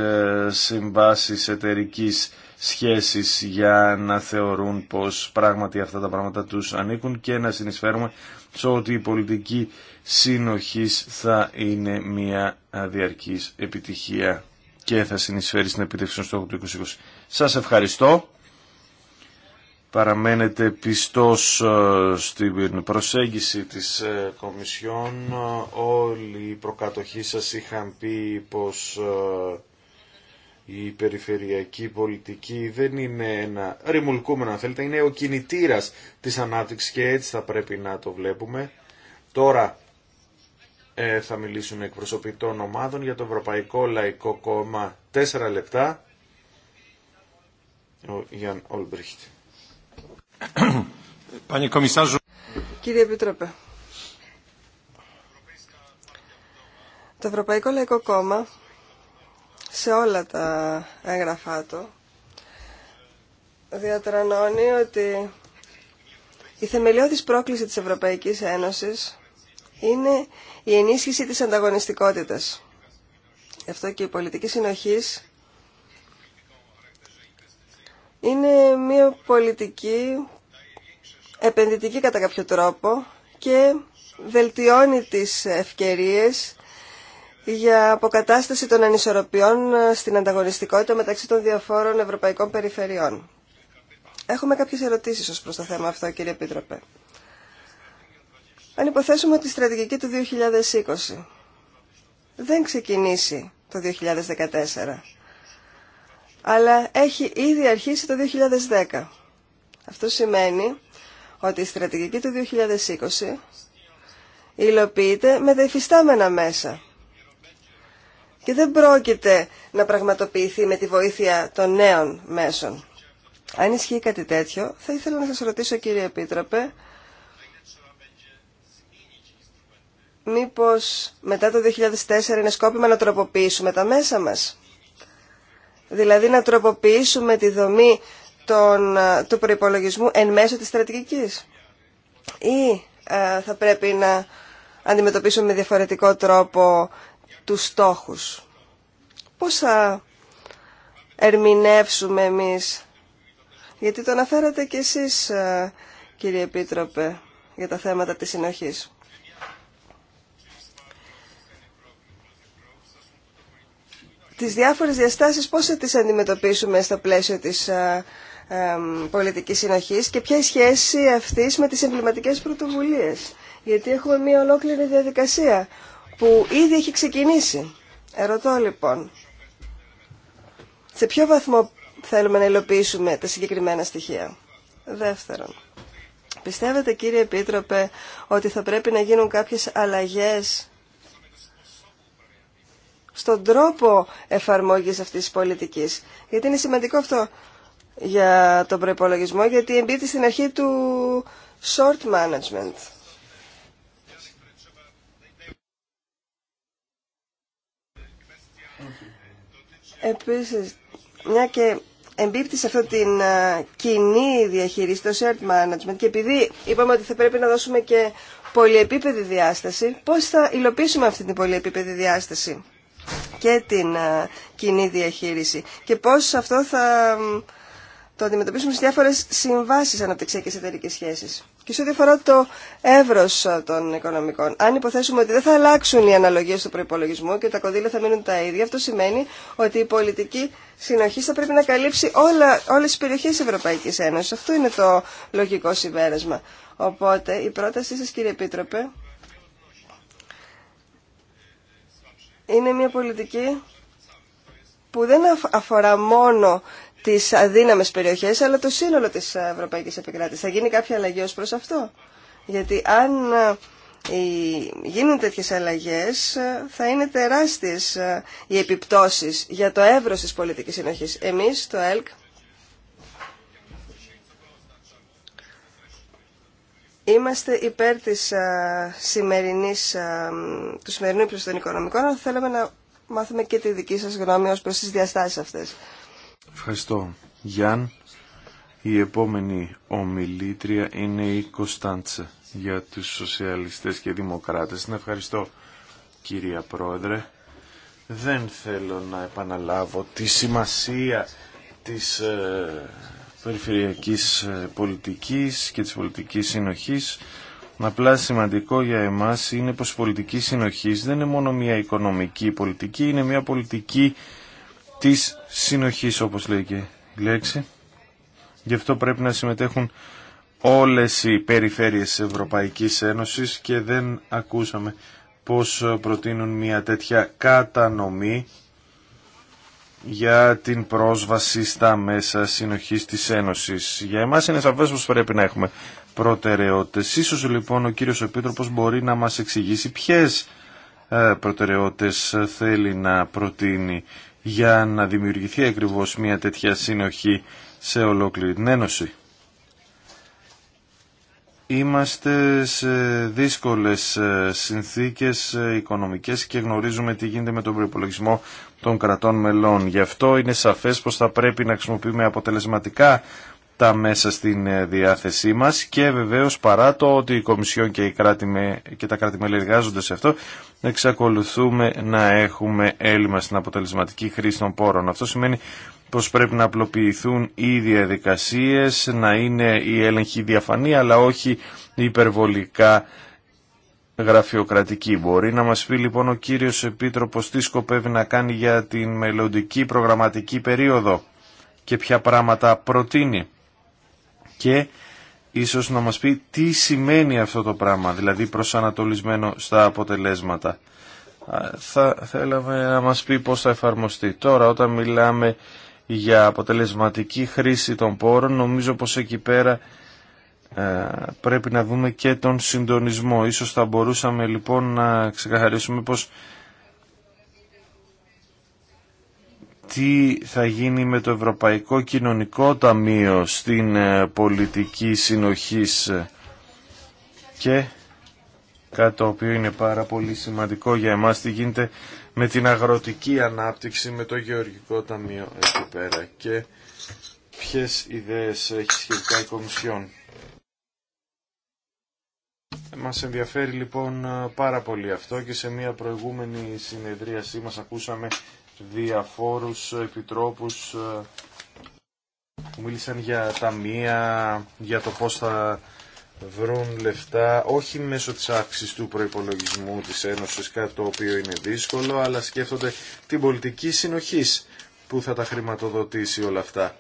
συμβάσεις εταιρικής σχέσης για να θεωρούν πως πράγματι αυτά τα πράγματα τους ανήκουν και να συνεισφέρουμε σε ότι η πολιτική συνοχής θα είναι μια διαρκής επιτυχία και θα συνεισφέρει στην επιτεύξη των στόχων του 2020. Σας ευχαριστώ. Παραμένετε πιστός ε, στην προσέγγιση της ε, Κομισιόν. Όλοι οι προκατοχοί σας είχαν πει πως ε, η περιφερειακή πολιτική δεν είναι ένα ρημουλκούμενο αν θέλετε, είναι ο κινητήρας της ανάπτυξης και έτσι θα πρέπει να το βλέπουμε. Τώρα ε, θα μιλήσουν των ομάδων για το Ευρωπαϊκό Λαϊκό Κόμμα. Τέσσερα λεπτά. Ο Ιαν Ολμπριχτ. Κύριε Επιτρόπε, το Ευρωπαϊκό Λαϊκό Κόμμα σε όλα τα έγγραφά του διατρανώνει ότι η θεμελιώδης πρόκληση της Ευρωπαϊκής Ένωσης είναι η ενίσχυση της ανταγωνιστικότητας. Γι' αυτό και η πολιτική συνοχής είναι μια πολιτική επενδυτική κατά κάποιο τρόπο και βελτιώνει τις ευκαιρίες για αποκατάσταση των ανισορροπιών στην ανταγωνιστικότητα μεταξύ των διαφόρων ευρωπαϊκών περιφερειών. Έχουμε κάποιες ερωτήσεις ως προς το θέμα αυτό, κύριε Επίτροπε. Αν υποθέσουμε ότι η στρατηγική του 2020 δεν ξεκινήσει το 2014, αλλά έχει ήδη αρχίσει το 2010. Αυτό σημαίνει ότι η στρατηγική του 2020 υλοποιείται με τα μέσα και δεν πρόκειται να πραγματοποιηθεί με τη βοήθεια των νέων μέσων. Αν ισχύει κάτι τέτοιο, θα ήθελα να σας ρωτήσω κύριε Επίτροπε, μήπως μετά το 2004 είναι σκόπιμα να τροποποιήσουμε τα μέσα μας. Δηλαδή να τροποποιήσουμε τη δομή των, του προϋπολογισμού εν μέσω της στρατηγικής. Ή ε, θα πρέπει να αντιμετωπίσουμε με διαφορετικό τρόπο τους στόχους. Πώς θα ερμηνεύσουμε εμείς. Γιατί το αναφέρατε κι εσείς, ε, κύριε Επίτροπε, για τα θέματα της συνοχής. τις διάφορες διαστάσεις πώς θα τις αντιμετωπίσουμε στο πλαίσιο της ε, ε, πολιτικής συνοχής και ποια η σχέση αυτής με τις εμβληματικές πρωτοβουλίες. Γιατί έχουμε μια ολόκληρη διαδικασία που ήδη έχει ξεκινήσει. Ερωτώ λοιπόν, σε ποιο βαθμό θέλουμε να υλοποιήσουμε τα συγκεκριμένα στοιχεία. Δεύτερον, πιστεύετε κύριε Επίτροπε ότι θα πρέπει να γίνουν κάποιες αλλαγές στον τρόπο εφαρμόγης αυτής της πολιτικής. Γιατί είναι σημαντικό αυτό για τον προϋπολογισμό, γιατί εμπίπτει στην αρχή του short management. Επίσης, μια και εμπίπτει σε αυτή την κοινή διαχείριση, το shared management, και επειδή είπαμε ότι θα πρέπει να δώσουμε και πολυεπίπεδη διάσταση, πώς θα υλοποιήσουμε αυτή την πολυεπίπεδη διάσταση και την ε, κοινή διαχείριση και πώς αυτό θα το αντιμετωπίσουμε σε διάφορες συμβάσεις αναπτυξιακής εταιρικής σχέσης. Και σε ό,τι αφορά το εύρο ε, των οικονομικών, αν υποθέσουμε ότι δεν θα αλλάξουν οι αναλογίε του προπολογισμού και τα κονδύλια θα μείνουν τα ίδια, αυτό σημαίνει ότι η πολιτική συνοχή θα πρέπει να καλύψει όλε τι περιοχέ τη Ευρωπαϊκή Ένωση. Αυτό είναι το λογικό συμπέρασμα. Οπότε η πρότασή σα, κύριε Επίτροπε, είναι μια πολιτική που δεν αφορά μόνο τις αδύναμες περιοχές, αλλά το σύνολο της Ευρωπαϊκής Επικράτησης. Θα γίνει κάποια αλλαγή ως προς αυτό. Γιατί αν ε, γίνουν τέτοιες αλλαγές, ε, θα είναι τεράστιες ε, οι επιπτώσεις για το εύρος της πολιτικής συνοχής. Εμείς, το ΕΛΚ, Είμαστε υπέρ της α, σημερινής, του σημερινού των οικονομικών, αλλά θέλαμε να μάθουμε και τη δική σας γνώμη ως προς τις διαστάσεις αυτές. Ευχαριστώ. Γιάν, η επόμενη ομιλήτρια είναι η Κωνσταντσε για τους σοσιαλιστές και δημοκράτες. Να ευχαριστώ κυρία Πρόεδρε. Δεν θέλω να επαναλάβω τη σημασία της ε, περιφερειακής ε, πολιτικής και της πολιτικής συνοχής. Απλά σημαντικό για εμάς είναι πως η πολιτική συνοχής δεν είναι μόνο μια οικονομική πολιτική, είναι μια πολιτική της συνοχής όπως λέει και η λέξη. Γι' αυτό πρέπει να συμμετέχουν όλες οι περιφέρειες τη Ευρωπαϊκής Ένωσης και δεν ακούσαμε πως προτείνουν μια τέτοια κατανομή για την πρόσβαση στα μέσα συνοχής της Ένωση. Για εμά είναι σαφέ πω πρέπει να έχουμε προτεραιότητες. Ίσως λοιπόν ο κύριος Επίτροπο μπορεί να μας εξηγήσει ποιε προτεραιότητε θέλει να προτείνει για να δημιουργηθεί ακριβώ μια τέτοια συνοχή σε ολόκληρη την Ένωση. Είμαστε σε δύσκολες ε, συνθήκες ε, οικονομικές και γνωρίζουμε τι γίνεται με τον προϋπολογισμό των κρατών μελών. Γι' αυτό είναι σαφές πως θα πρέπει να χρησιμοποιούμε αποτελεσματικά τα μέσα στην ε, διάθεσή μας και βεβαίως παρά το ότι η Κομισιόν και, η κράτη και τα κράτη-μέλη εργάζονται σε αυτό, εξακολουθούμε να έχουμε έλλειμμα στην αποτελεσματική χρήση των πόρων. Αυτό σημαίνει πως πρέπει να απλοποιηθούν οι διαδικασίες, να είναι η έλεγχη διαφανή αλλά όχι υπερβολικά γραφειοκρατική. Μπορεί να μας πει λοιπόν ο κύριος Επίτροπος τι σκοπεύει να κάνει για την μελλοντική προγραμματική περίοδο και ποια πράγματα προτείνει. Και ίσως να μας πει τι σημαίνει αυτό το πράγμα, δηλαδή προσανατολισμένο στα αποτελέσματα. Θα θέλαμε να μας πει πώς θα εφαρμοστεί. Τώρα όταν μιλάμε για αποτελεσματική χρήση των πόρων, νομίζω πως εκεί πέρα ε, πρέπει να δούμε και τον συντονισμό. Ίσως θα μπορούσαμε λοιπόν να ξεκαθαρίσουμε πως τι θα γίνει με το Ευρωπαϊκό Κοινωνικό Ταμείο στην ε, πολιτική συνοχής και κάτι το οποίο είναι πάρα πολύ σημαντικό για εμάς τι γίνεται με την αγροτική ανάπτυξη με το Γεωργικό Ταμείο εκεί πέρα και ποιες ιδέες έχει σχετικά η Κομισιόν. Μας ενδιαφέρει λοιπόν πάρα πολύ αυτό και σε μια προηγούμενη συνεδρίασή μας ακούσαμε διαφόρους επιτρόπους ε, που μίλησαν για ταμεία, για το πώς θα βρουν λεφτά, όχι μέσω της αύξησης του προϋπολογισμού της Ένωσης, κάτι το οποίο είναι δύσκολο, αλλά σκέφτονται την πολιτική συνοχής που θα τα χρηματοδοτήσει όλα αυτά.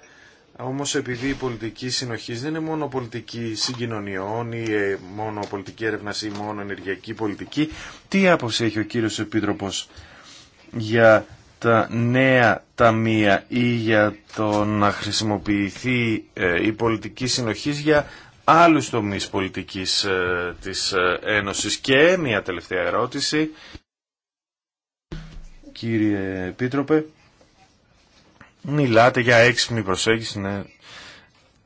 Όμως επειδή η πολιτική συνοχής δεν είναι μόνο πολιτική συγκοινωνιών ή ε, μόνο πολιτική έρευνα ή μόνο ενεργειακή πολιτική, τι άποψη έχει ο κύριος Επίτροπος για τα νέα ταμεία ή για το να χρησιμοποιηθεί ε, η πολιτική συνοχής για άλλους τομείς πολιτικής ε, της Ένωσης. Και μια τελευταία ερώτηση, κύριε Επίτροπε. Μιλάτε για έξυπνη προσέγγιση, ναι.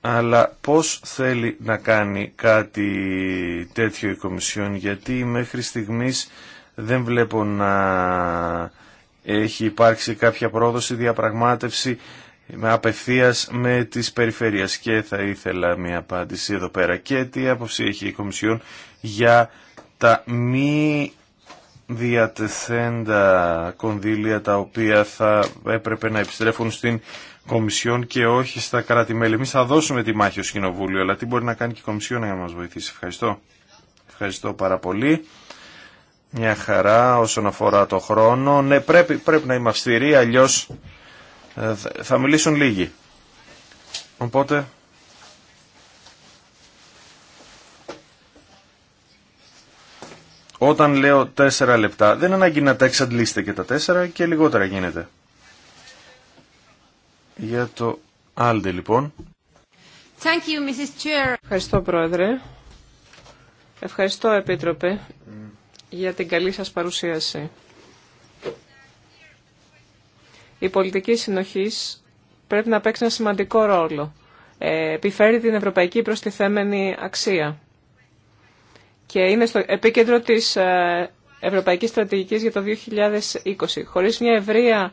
Αλλά πώς θέλει να κάνει κάτι τέτοιο η Κομισιόν, γιατί μέχρι στιγμής δεν βλέπω να έχει υπάρξει κάποια πρόοδος ή διαπραγμάτευση με απευθείας με τις περιφέρειες και θα ήθελα μια απάντηση εδώ πέρα και τι άποψη έχει η Κομισιόν για τα μη διατεθέντα κονδύλια τα οποία θα έπρεπε να επιστρέφουν στην Κομισιόν και όχι στα κράτη-μέλη. Εμεί θα δώσουμε τη μάχη ως Κοινοβούλιο, αλλά τι μπορεί να κάνει και η Κομισιόν για να μας βοηθήσει. Ευχαριστώ. Ευχαριστώ πάρα πολύ. Μια χαρά όσον αφορά το χρόνο. Ναι, πρέπει, πρέπει να είμαι αυστηρή, αλλιώ ε, θα μιλήσουν λίγοι. Οπότε Όταν λέω τέσσερα λεπτά, δεν ανάγκη να τα εξαντλήσετε και τα τέσσερα και λιγότερα γίνεται. Για το Άλντε λοιπόν. Thank you, Mrs. Chair. Ευχαριστώ Πρόεδρε. Ευχαριστώ Επίτροπε για την καλή σας παρουσίαση. Η πολιτική συνοχής πρέπει να παίξει ένα σημαντικό ρόλο. Ε, επιφέρει την ευρωπαϊκή προστιθέμενη αξία και είναι στο επίκεντρο της ε, Ευρωπαϊκής Στρατηγικής για το 2020. Χωρίς μια ευρεία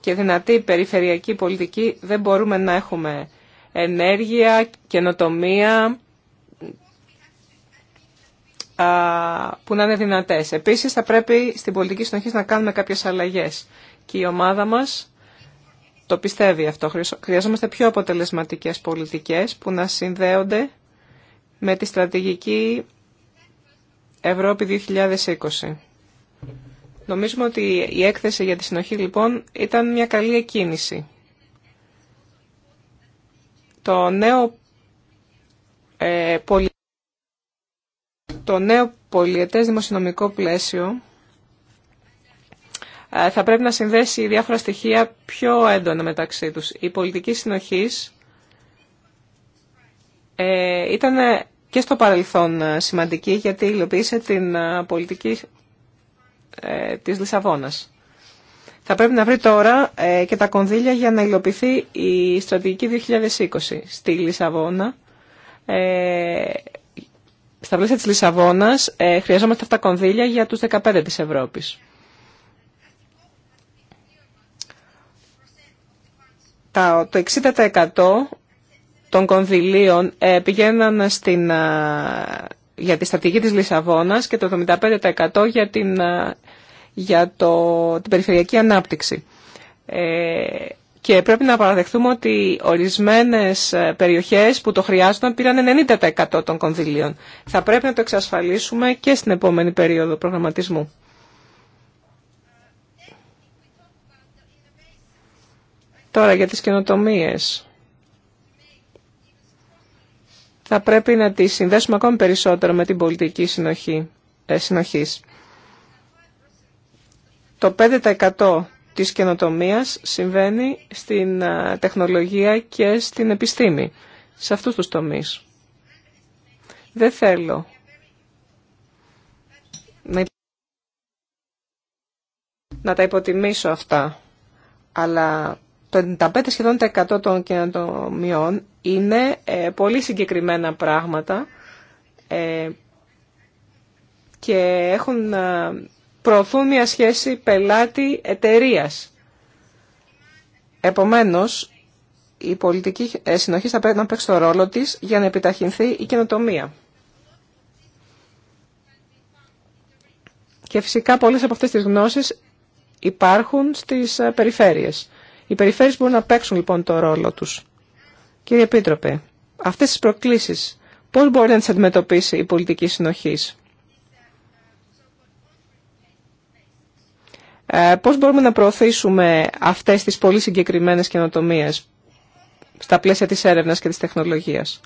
και δυνατή περιφερειακή πολιτική δεν μπορούμε να έχουμε ενέργεια, καινοτομία που να είναι δυνατές. Επίσης θα πρέπει στην πολιτική συνοχή να κάνουμε κάποιες αλλαγές και η ομάδα μας το πιστεύει αυτό. Χρειαζόμαστε πιο αποτελεσματικές πολιτικές που να συνδέονται με τη στρατηγική Ευρώπη 2020. Νομίζουμε ότι η έκθεση για τη συνοχή λοιπόν ήταν μια καλή εκκίνηση. Το νέο, ε, νέο πολιετές δημοσιονομικό πλαίσιο ε, θα πρέπει να συνδέσει διάφορα στοιχεία πιο έντονα μεταξύ τους. Η πολιτική συνοχής ε, ήταν και στο παρελθόν ε, σημαντική γιατί υλοποίησε την ε, πολιτική ε, της Λισαβόνας. Θα πρέπει να βρει τώρα και τα κονδύλια για να υλοποιηθεί η στρατηγική 2020 στη Λισαβόνα. Στα πλαίσια της Λισαβόνας χρειαζόμαστε αυτά τα κονδύλια για τους 15 της Ευρώπης. Το 60% των κονδυλίων ε, πηγαίναν στην, ε, για τη στρατηγική της Λισαβόνας και το 75% για, την, ε, για το, την περιφερειακή ανάπτυξη. και πρέπει να παραδεχθούμε ότι ορισμένες περιοχές που το χρειάζονταν πήραν 90% των κονδυλίων. Θα πρέπει να το εξασφαλίσουμε και στην επόμενη περίοδο προγραμματισμού. Τώρα για τις καινοτομίες θα πρέπει να τη συνδέσουμε ακόμη περισσότερο με την πολιτική συνοχή, ε, συνοχής. Το 5% της καινοτομίας συμβαίνει στην ε, τεχνολογία και στην επιστήμη, σε αυτούς τους τομείς. Δεν θέλω να τα υποτιμήσω αυτά, αλλά το 95% σχεδόν 100 των καινοτομιών είναι ε, πολύ συγκεκριμένα πράγματα ε, και έχουν, ε, προωθούν μια σχέση πελάτη εταιρεία. Επομένως, η πολιτική συνοχή θα πρέπει να παίξει το ρόλο της για να επιταχυνθεί η καινοτομία. Και φυσικά πολλές από αυτές τις γνώσεις υπάρχουν στις περιφέρειες. Οι περιφέρειες μπορούν να παίξουν λοιπόν το ρόλο τους. Κύριε Επίτροπε, αυτές τις προκλήσεις πώς μπορεί να τις αντιμετωπίσει η πολιτική συνοχής. Ε, πώς μπορούμε να προωθήσουμε αυτές τις πολύ συγκεκριμένες καινοτομίες στα πλαίσια της έρευνας και της τεχνολογίας.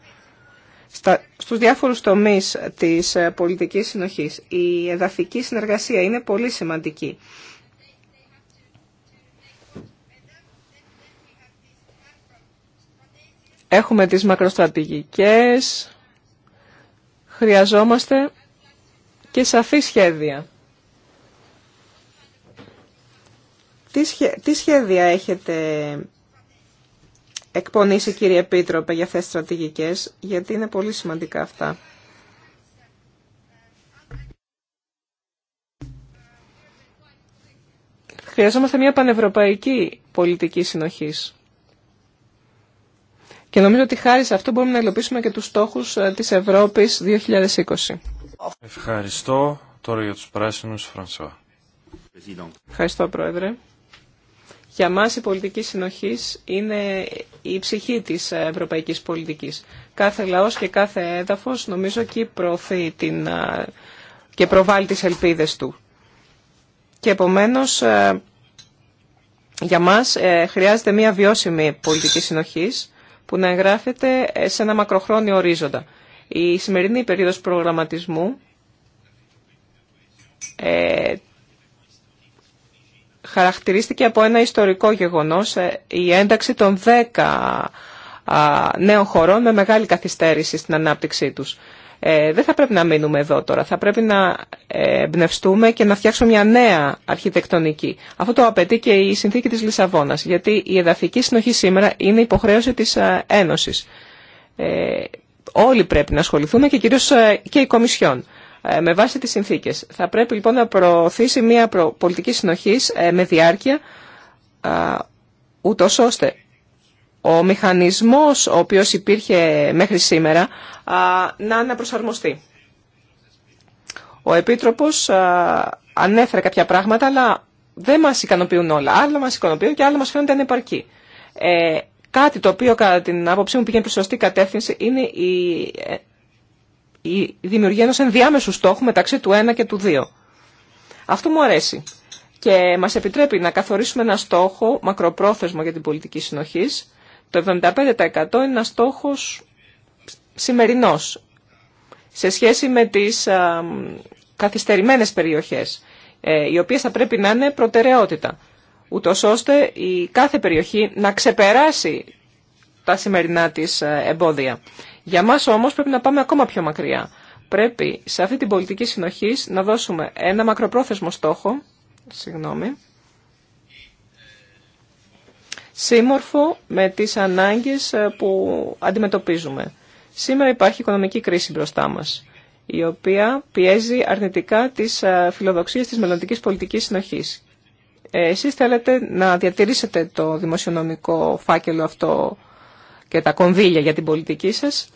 Στα, στους διάφορους τομείς της ε, πολιτικής συνοχής η εδαφική συνεργασία είναι πολύ σημαντική. Έχουμε τις μακροστρατηγικές, χρειαζόμαστε και σαφή σχέδια. Τι, σχέδια έχετε εκπονήσει κύριε Επίτροπε για αυτές τις στρατηγικές, γιατί είναι πολύ σημαντικά αυτά. Χρειαζόμαστε μια πανευρωπαϊκή πολιτική συνοχής. Και νομίζω ότι χάρη σε αυτό μπορούμε να υλοποιήσουμε και τους στόχους ε, της Ευρώπης 2020. Ευχαριστώ τώρα για τους πράσινους, Φρανσουά. Ευχαριστώ, Πρόεδρε. Για μας η πολιτική συνοχής είναι η ψυχή της ευρωπαϊκής πολιτικής. Κάθε λαός και κάθε έδαφος νομίζω εκεί προωθεί την, ε, και προβάλλει τις ελπίδες του. Και επομένως ε, για μας χρειάζεται μια βιώσιμη πολιτική συνοχής που να εγγράφεται σε ένα μακροχρόνιο ορίζοντα. Η σημερινή περίοδος προγραμματισμού ε, χαρακτηρίστηκε από ένα ιστορικό γεγονός, ε, η ένταξη των 10 νέων χωρών με μεγάλη καθυστέρηση στην ανάπτυξή τους. Ε, δεν θα πρέπει να μείνουμε εδώ τώρα. Θα πρέπει να εμπνευστούμε και να φτιάξουμε μια νέα αρχιτεκτονική. Αυτό το απαιτεί και η συνθήκη της Λισαβόνας, γιατί η εδαφική συνοχή σήμερα είναι υποχρέωση της ε, Ένωσης. Ε, όλοι πρέπει να ασχοληθούμε και κυρίως ε, και οι Κομισιόν με βάση τις συνθήκες. Θα πρέπει λοιπόν να προωθήσει μια πολιτική συνοχής με διάρκεια ούτως ώστε ο μηχανισμός ο οποίος υπήρχε μέχρι σήμερα να αναπροσαρμοστεί. Ο Επίτροπος ανέφερε κάποια πράγματα, αλλά δεν μας ικανοποιούν όλα. Άλλα μας ικανοποιούν και άλλα μας φαίνονται ανεπαρκή. Ε, κάτι το οποίο κατά την άποψή μου πήγαινε προς σωστή κατεύθυνση είναι η, ε, η δημιουργία ενός ενδιάμεσου στόχου μεταξύ του 1 και του 2. Αυτό μου αρέσει και μας επιτρέπει να καθορίσουμε ένα στόχο μακροπρόθεσμο για την πολιτική συνοχής το 75% είναι ένας στόχος σημερινός σε σχέση με τις καθυστερημένες περιοχές, ε, οι οποίες θα πρέπει να είναι προτεραιότητα, ούτω ώστε η κάθε περιοχή να ξεπεράσει τα σημερινά της ε, εμπόδια. Για μας όμως πρέπει να πάμε ακόμα πιο μακριά. Πρέπει σε αυτή την πολιτική συνοχής να δώσουμε ένα μακροπρόθεσμο στόχο, συγγνώμη, σύμμορφο με τις ανάγκες ε, που αντιμετωπίζουμε. Σήμερα υπάρχει οικονομική κρίση μπροστά μας, η οποία πιέζει αρνητικά τις ε, φιλοδοξίες της μελλοντικής πολιτικής συνοχής. Ε, εσείς θέλετε να διατηρήσετε το δημοσιονομικό φάκελο αυτό και τα κονδύλια για την πολιτική σας,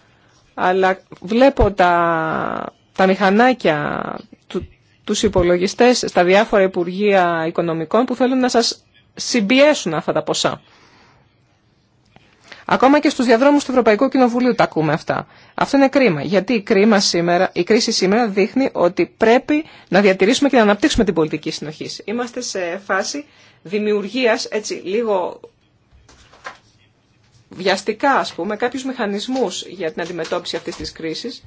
αλλά βλέπω τα, μηχανάκια του, τους υπολογιστές στα διάφορα Υπουργεία Οικονομικών που θέλουν να σας συμπιέσουν αυτά τα ποσά. Ακόμα και στους διαδρόμους του Ευρωπαϊκού Κοινοβουλίου τα ακούμε αυτά. Αυτό είναι κρίμα, γιατί η, κρίση σήμερα δείχνει ότι πρέπει να διατηρήσουμε και να αναπτύξουμε την πολιτική συνοχή. Είμαστε σε φάση δημιουργίας, έτσι λίγο βιαστικά ας πούμε, κάποιους μηχανισμούς για την αντιμετώπιση αυτής της κρίσης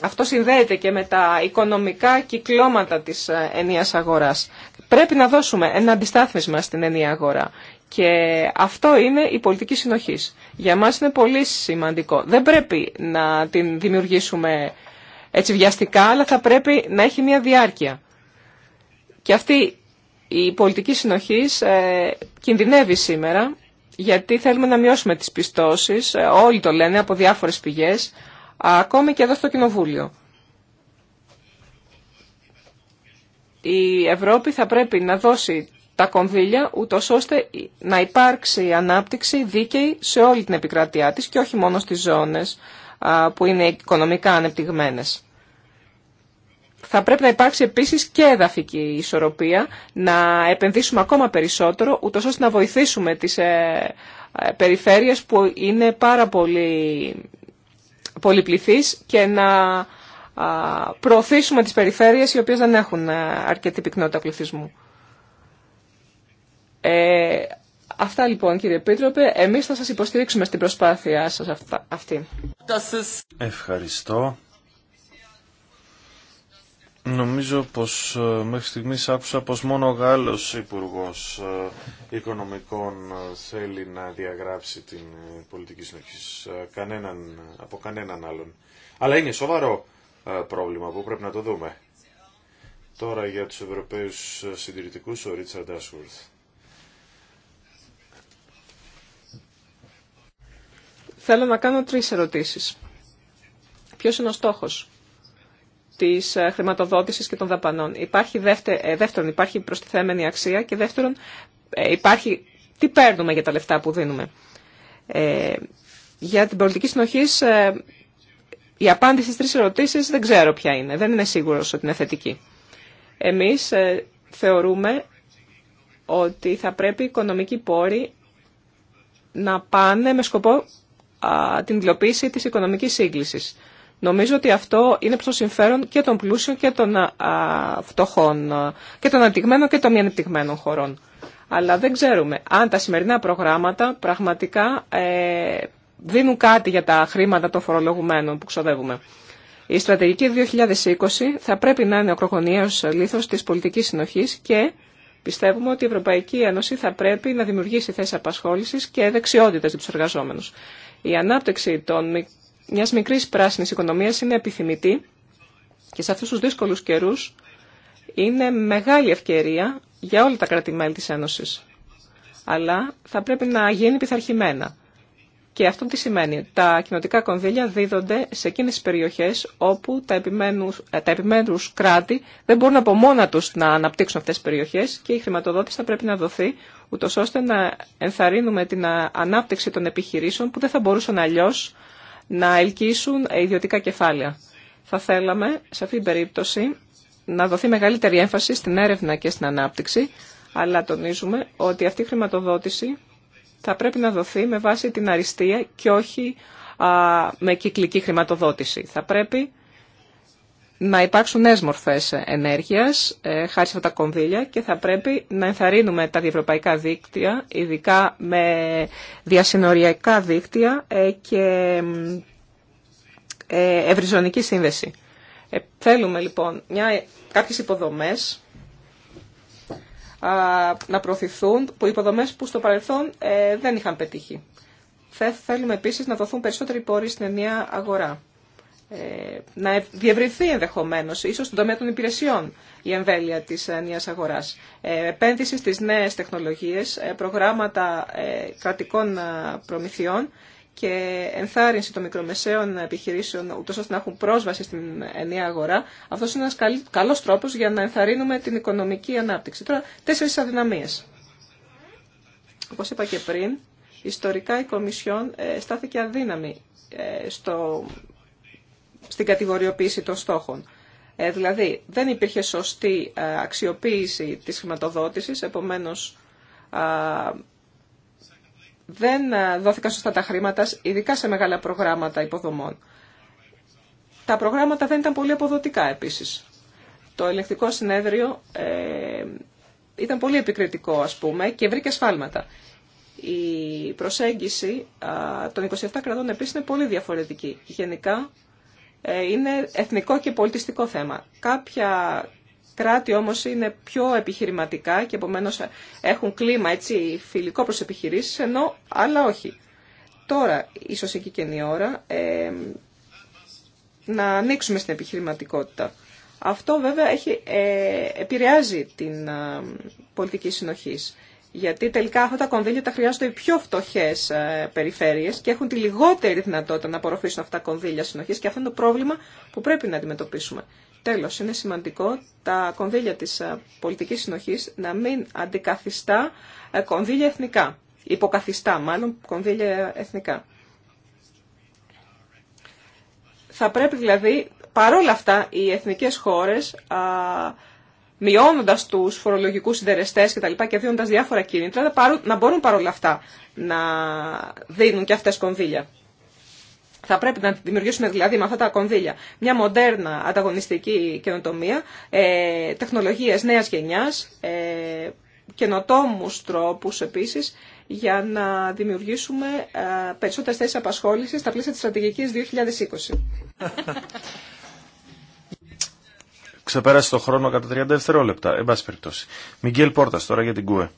αυτό συνδέεται και με τα οικονομικά κυκλώματα της ε, ενίας αγοράς. Πρέπει να δώσουμε ένα αντιστάθμισμα στην ενία αγορά. Και αυτό είναι η πολιτική συνοχής. Για μας είναι πολύ σημαντικό. Δεν πρέπει να την δημιουργήσουμε έτσι βιαστικά, αλλά θα πρέπει να έχει μια διάρκεια. Και αυτή η πολιτική συνοχής ε, κινδυνεύει σήμερα, γιατί θέλουμε να μειώσουμε τις πιστώσεις, ε, όλοι το λένε από διάφορες πηγές, ακόμη και εδώ στο Κοινοβούλιο. Η Ευρώπη θα πρέπει να δώσει τα κονδύλια, ούτω ώστε να υπάρξει ανάπτυξη δίκαιη σε όλη την επικράτειά της και όχι μόνο στις ζώνες που είναι οικονομικά ανεπτυγμένες. Θα πρέπει να υπάρξει επίσης και εδαφική ισορροπία, να επενδύσουμε ακόμα περισσότερο, ούτως ώστε να βοηθήσουμε τις ε, ε, περιφέρειες που είναι πάρα πολύ πολυπληθείς και να προωθήσουμε τις περιφέρειες οι οποίες δεν έχουν ε, αρκετή πυκνότητα πληθυσμού. Ε, αυτά λοιπόν κύριε Πίτροπε, εμείς θα σας υποστηρίξουμε στην προσπάθειά σας αυτή. Ευχαριστώ. Νομίζω πως ε, μέχρι στιγμής άκουσα πως μόνο ο Γάλλος Υπουργός ε, Οικονομικών ε, θέλει να διαγράψει την πολιτική συνοχή κανέναν, από κανέναν άλλον. Αλλά είναι σοβαρό πρόβλημα που πρέπει να το δούμε. Τώρα για τους Ευρωπαίους συντηρητικούς ο Ρίτσαρντ Ασχουρθ. Θέλω να κάνω τρεις ερωτήσεις. Ποιος είναι ο στόχος της ε, χρηματοδότησης και των δαπανών. Υπάρχει ε, δεύτερον, υπάρχει προστιθέμενη αξία και δεύτερον, ε, υπάρχει τι παίρνουμε για τα λεφτά που δίνουμε. για την πολιτική συνοχή, η απάντηση στις τρεις ερωτήσεις δεν ξέρω ποια είναι. Δεν είναι σίγουρος ότι είναι θετική. Εμείς θεωρούμε ότι θα πρέπει οι οικονομικοί πόροι να πάνε με σκοπό την υλοποίηση της οικονομικής σύγκλησης. Νομίζω ότι αυτό είναι προς το συμφέρον και των πλούσιων και των φτωχών και των ανεπτυγμένων και των μη ανεπτυγμένων χωρών. Αλλά δεν ξέρουμε αν τα σημερινά προγράμματα πραγματικά ε, δίνουν κάτι για τα χρήματα των φορολογουμένων που ξοδεύουμε. Η στρατηγική 2020 θα πρέπει να είναι ο κροκονιαίος λίθος της πολιτικής συνοχής και πιστεύουμε ότι η Ευρωπαϊκή Ένωση θα πρέπει να δημιουργήσει θέσεις απασχόλησης και δεξιότητες για τους εργαζόμενους. Η ανάπτυξη των μια μικρή πράσινη οικονομία είναι επιθυμητή και σε αυτού του δύσκολου καιρού είναι μεγάλη ευκαιρία για όλα τα κράτη-μέλη τη Ένωση. Αλλά θα πρέπει να γίνει πειθαρχημένα. Και αυτό τι σημαίνει. Τα κοινοτικά κονδύλια δίδονται σε εκείνε τι περιοχές όπου τα, ε, τα κράτη δεν μπορούν από μόνα του να αναπτύξουν αυτέ τι περιοχέ και η χρηματοδότηση θα πρέπει να δοθεί ούτω ώστε να ενθαρρύνουμε την ανάπτυξη των επιχειρήσεων που δεν θα μπορούσαν αλλιώ να ελκύσουν ιδιωτικά κεφάλαια. Θα θέλαμε σε αυτή την περίπτωση να δοθεί μεγαλύτερη έμφαση στην έρευνα και στην ανάπτυξη, αλλά τονίζουμε ότι αυτή η χρηματοδότηση θα πρέπει να δοθεί με βάση την αριστεία και όχι με κυκλική χρηματοδότηση. Θα πρέπει να υπάρξουν νέε μορφέ ενέργεια ε, χάρη σε αυτά τα κονδύλια και θα πρέπει να ενθαρρύνουμε τα διευρωπαϊκά δίκτυα, ειδικά με διασυνοριακά δίκτυα ε, και ε, ευρυζωνική σύνδεση. θέλουμε λοιπόν μια, κάποιες υποδομές να προωθηθούν, που υποδομές που στο παρελθόν δεν είχαν πετύχει. θέλουμε επίσης να δοθούν περισσότεροι πόροι στην ενιαία αγορά. Ε, να διευρυνθεί ενδεχομένω, ίσω στον τομέα των υπηρεσιών, η εμβέλεια τη ε, νέα αγορά. Ε, επένδυση στι νέε τεχνολογίε, προγράμματα κρατικών προμηθειών και ενθάρρυνση των μικρομεσαίων επιχειρήσεων, ούτω ώστε να έχουν πρόσβαση στην ενιαία αγορά. Αυτό είναι ένα καλό τρόπο για να ενθαρρύνουμε την οικονομική ανάπτυξη. Τώρα, τέσσερι αδυναμίε. Όπω είπα και πριν, ιστορικά η Κομισιόν στάθηκε αδύναμη στο στην κατηγοριοποίηση των στόχων. Ε, δηλαδή, δεν υπήρχε σωστή ε, αξιοποίηση της χρηματοδότησης, επομένως δεν ε, δόθηκαν σωστά τα χρήματα, ειδικά σε μεγάλα προγράμματα υποδομών. Τα προγράμματα δεν ήταν πολύ αποδοτικά επίσης. Το ελεκτικό συνέδριο ε, ήταν πολύ επικριτικό, ας πούμε, και βρήκε σφάλματα. Η προσέγγιση α, των 27 κρατών επίσης είναι πολύ διαφορετική. Γενικά, ε, είναι εθνικό και πολιτιστικό θέμα. Κάποια κράτη όμως είναι πιο επιχειρηματικά και επομένως έχουν κλίμα έτσι, φιλικό προς επιχειρήσεις, ενώ άλλα όχι. Τώρα, ίσως εκεί και είναι η ώρα, ε, να ανοίξουμε στην επιχειρηματικότητα. Αυτό βέβαια έχει, ε, επηρεάζει την πολιτική συνοχής. Γιατί τελικά αυτά τα κονδύλια τα χρειάζονται οι πιο φτωχέ ε, περιφέρειε και έχουν τη λιγότερη δυνατότητα να απορροφήσουν αυτά τα κονδύλια συνοχή και αυτό είναι το πρόβλημα που πρέπει να αντιμετωπίσουμε. Τέλο, είναι σημαντικό τα κονδύλια τη ε, πολιτική συνοχή να μην αντικαθιστά ε, κονδύλια εθνικά. Υποκαθιστά μάλλον κονδύλια εθνικά. Θα πρέπει δηλαδή παρόλα αυτά οι εθνικές χώρες μειώνοντα του φορολογικού συντερεστέ κτλ. Και, και δίνοντα διάφορα κίνητρα, να μπορούν παρόλα αυτά να δίνουν και αυτέ κονδύλια. Θα πρέπει να δημιουργήσουμε δηλαδή με αυτά τα κονδύλια μια μοντέρνα ανταγωνιστική καινοτομία, ε, τεχνολογίε νέα γενιά, ε, καινοτόμου τρόπου επίση για να δημιουργήσουμε ε, περισσότερε θέσει απασχόληση στα πλαίσια τη στρατηγική 2020 ξεπέρασε το χρόνο κατά 30 δευτερόλεπτα. Εν πάση περιπτώσει. Μιγγέλ Πόρτας τώρα για την ΚΟΕ.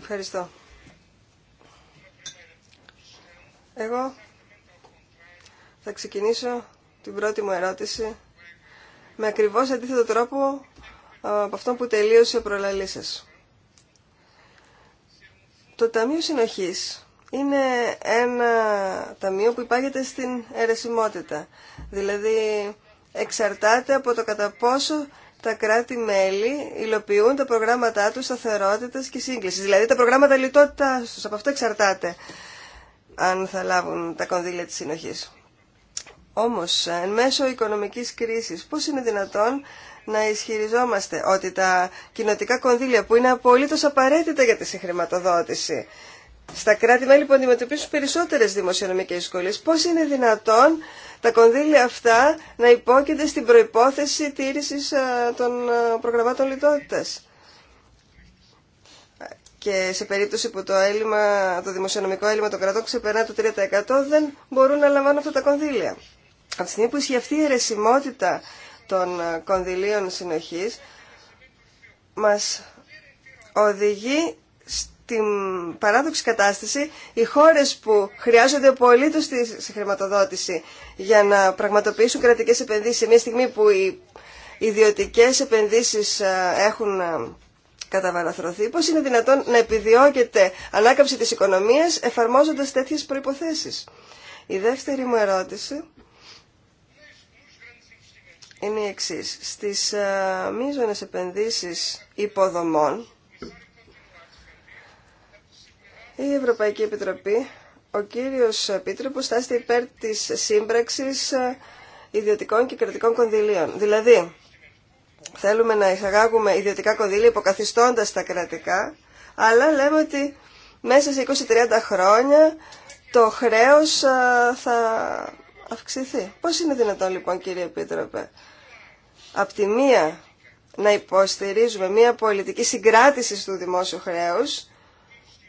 Ευχαριστώ. Εγώ θα ξεκινήσω την πρώτη μου ερώτηση με ακριβώς αντίθετο τρόπο από αυτό που τελείωσε ο προλαλής σα. Το Ταμείο Συνοχής είναι ένα ταμείο που υπάγεται στην αιρεσιμότητα. Δηλαδή εξαρτάται από το κατά πόσο τα κράτη-μέλη υλοποιούν τα προγράμματά τους σταθερότητα και σύγκληση. Δηλαδή τα προγράμματα λιτότητά του. Από αυτό εξαρτάται αν θα λάβουν τα κονδύλια της συνοχής. Όμως, εν μέσω οικονομικής κρίσης, πώς είναι δυνατόν να ισχυριζόμαστε ότι τα κοινοτικά κονδύλια που είναι απολύτως απαραίτητα για τη συγχρηματοδότηση στα κράτη-μέλη που αντιμετωπίσουν περισσότερες δημοσιονομικές δυσκολίες, πώς είναι δυνατόν τα κονδύλια αυτά να υπόκειται στην προϋπόθεση τήρησης ε, των ε, προγραμμάτων λιτότητας. Και σε περίπτωση που το, έλλειμμα, το δημοσιονομικό έλλειμμα των κρατών ξεπερνά το 3% δεν μπορούν να λαμβάνουν αυτά τα κονδύλια. Από που ισχύει αυτή η αιρεσιμότητα των ε, κονδυλίων συνοχής μας οδηγεί την παράδοξη κατάσταση οι χώρες που χρειάζονται απολύτως τη χρηματοδότηση για να πραγματοποιήσουν κρατικές επενδύσεις σε μια στιγμή που οι ιδιωτικές επενδύσεις ε, έχουν ε, καταβαραθρωθεί, πώς είναι δυνατόν να επιδιώκεται ανάκαμψη της οικονομίας εφαρμόζοντας τέτοιες προϋποθέσεις. Η δεύτερη μου ερώτηση είναι η εξής. Στις ε, μίζωνες επενδύσεις υποδομών, Η Ευρωπαϊκή Επιτροπή, ο κύριος Επίτροπος, θα υπέρ της σύμπραξης ε, ιδιωτικών και κρατικών κονδυλίων. Δηλαδή, θέλουμε να εισαγάγουμε ιδιωτικά κονδύλια υποκαθιστώντας τα κρατικά, αλλά λέμε ότι μέσα σε 20-30 χρόνια το χρέος ε, θα αυξηθεί. Πώς είναι δυνατόν λοιπόν κύριε Επίτροπε, από τη μία να υποστηρίζουμε μια πολιτική συγκράτηση του δημόσιου χρέους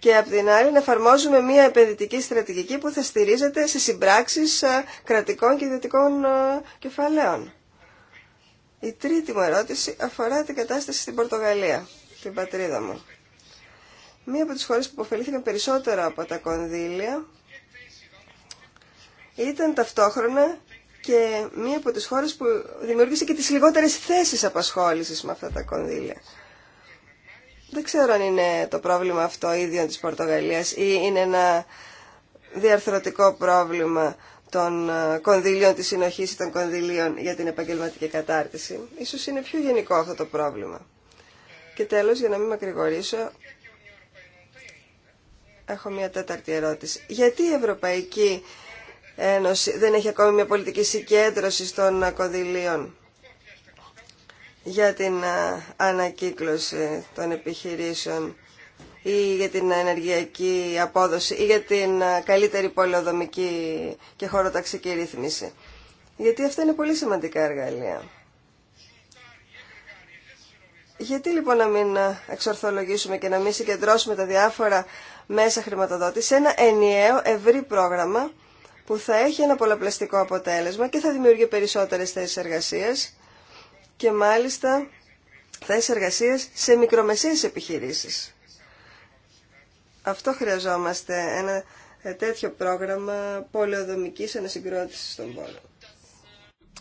και απ' την άλλη να εφαρμόζουμε μια επενδυτική στρατηγική που θα στηρίζεται σε συμπράξεις ε, κρατικών και ιδιωτικών ε, κεφαλαίων. Η τρίτη μου ερώτηση αφορά την κατάσταση στην Πορτογαλία, την πατρίδα μου. Μία από τις χώρες που υποφελήθηκαν περισσότερο από τα κονδύλια ήταν ταυτόχρονα και μία από τις χώρες που δημιούργησε και τις λιγότερες θέσεις απασχόλησης με αυτά τα κονδύλια. Δεν ξέρω αν είναι το πρόβλημα αυτό ίδιο της Πορτογαλίας ή είναι ένα διαρθρωτικό πρόβλημα των ε, κονδυλίων της συνοχής ή των κονδυλίων για την επαγγελματική κατάρτιση. Ίσως είναι πιο γενικό αυτό το πρόβλημα. Και τέλος, για να μην μακρηγορήσω, έχω μια τέταρτη ερώτηση. Γιατί η Ευρωπαϊκή Ένωση δεν έχει ακόμη μια πολιτική συγκέντρωση των κονδυλίων για την ε, ανακύκλωση των επιχειρήσεων ή για την ενεργειακή απόδοση ή για την ε, καλύτερη πολεοδομική και χωροταξική ρύθμιση. Γιατί αυτά είναι πολύ σημαντικά εργαλεία. Γιατί λοιπόν να μην ε, εξορθολογήσουμε και να μην συγκεντρώσουμε τα διάφορα μέσα χρηματοδότηση σε ένα ενιαίο ευρύ πρόγραμμα που θα έχει ένα πολλαπλαστικό αποτέλεσμα και θα δημιουργεί περισσότερες θέσεις εργασίας και μάλιστα θέσει εργασίας σε μικρομεσαίες επιχειρήσεις. Αυτό χρειαζόμαστε, ένα τέτοιο πρόγραμμα πολεοδομικής ανασυγκρότησης των πόλων.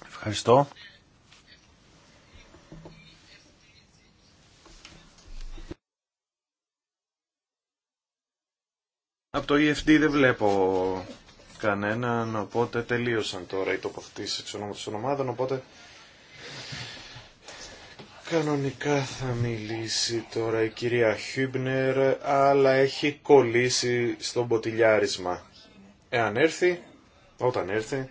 Ευχαριστώ. Από το EFD δεν βλέπω κανέναν, οπότε τελείωσαν τώρα οι τοποθετήσεις εξ ονόματος των ομάδων, οπότε Κανονικά θα μιλήσει τώρα η κυρία Χιμπνερ, αλλά έχει κολλήσει στο μποτιλιάρισμα. Εάν έρθει, όταν έρθει,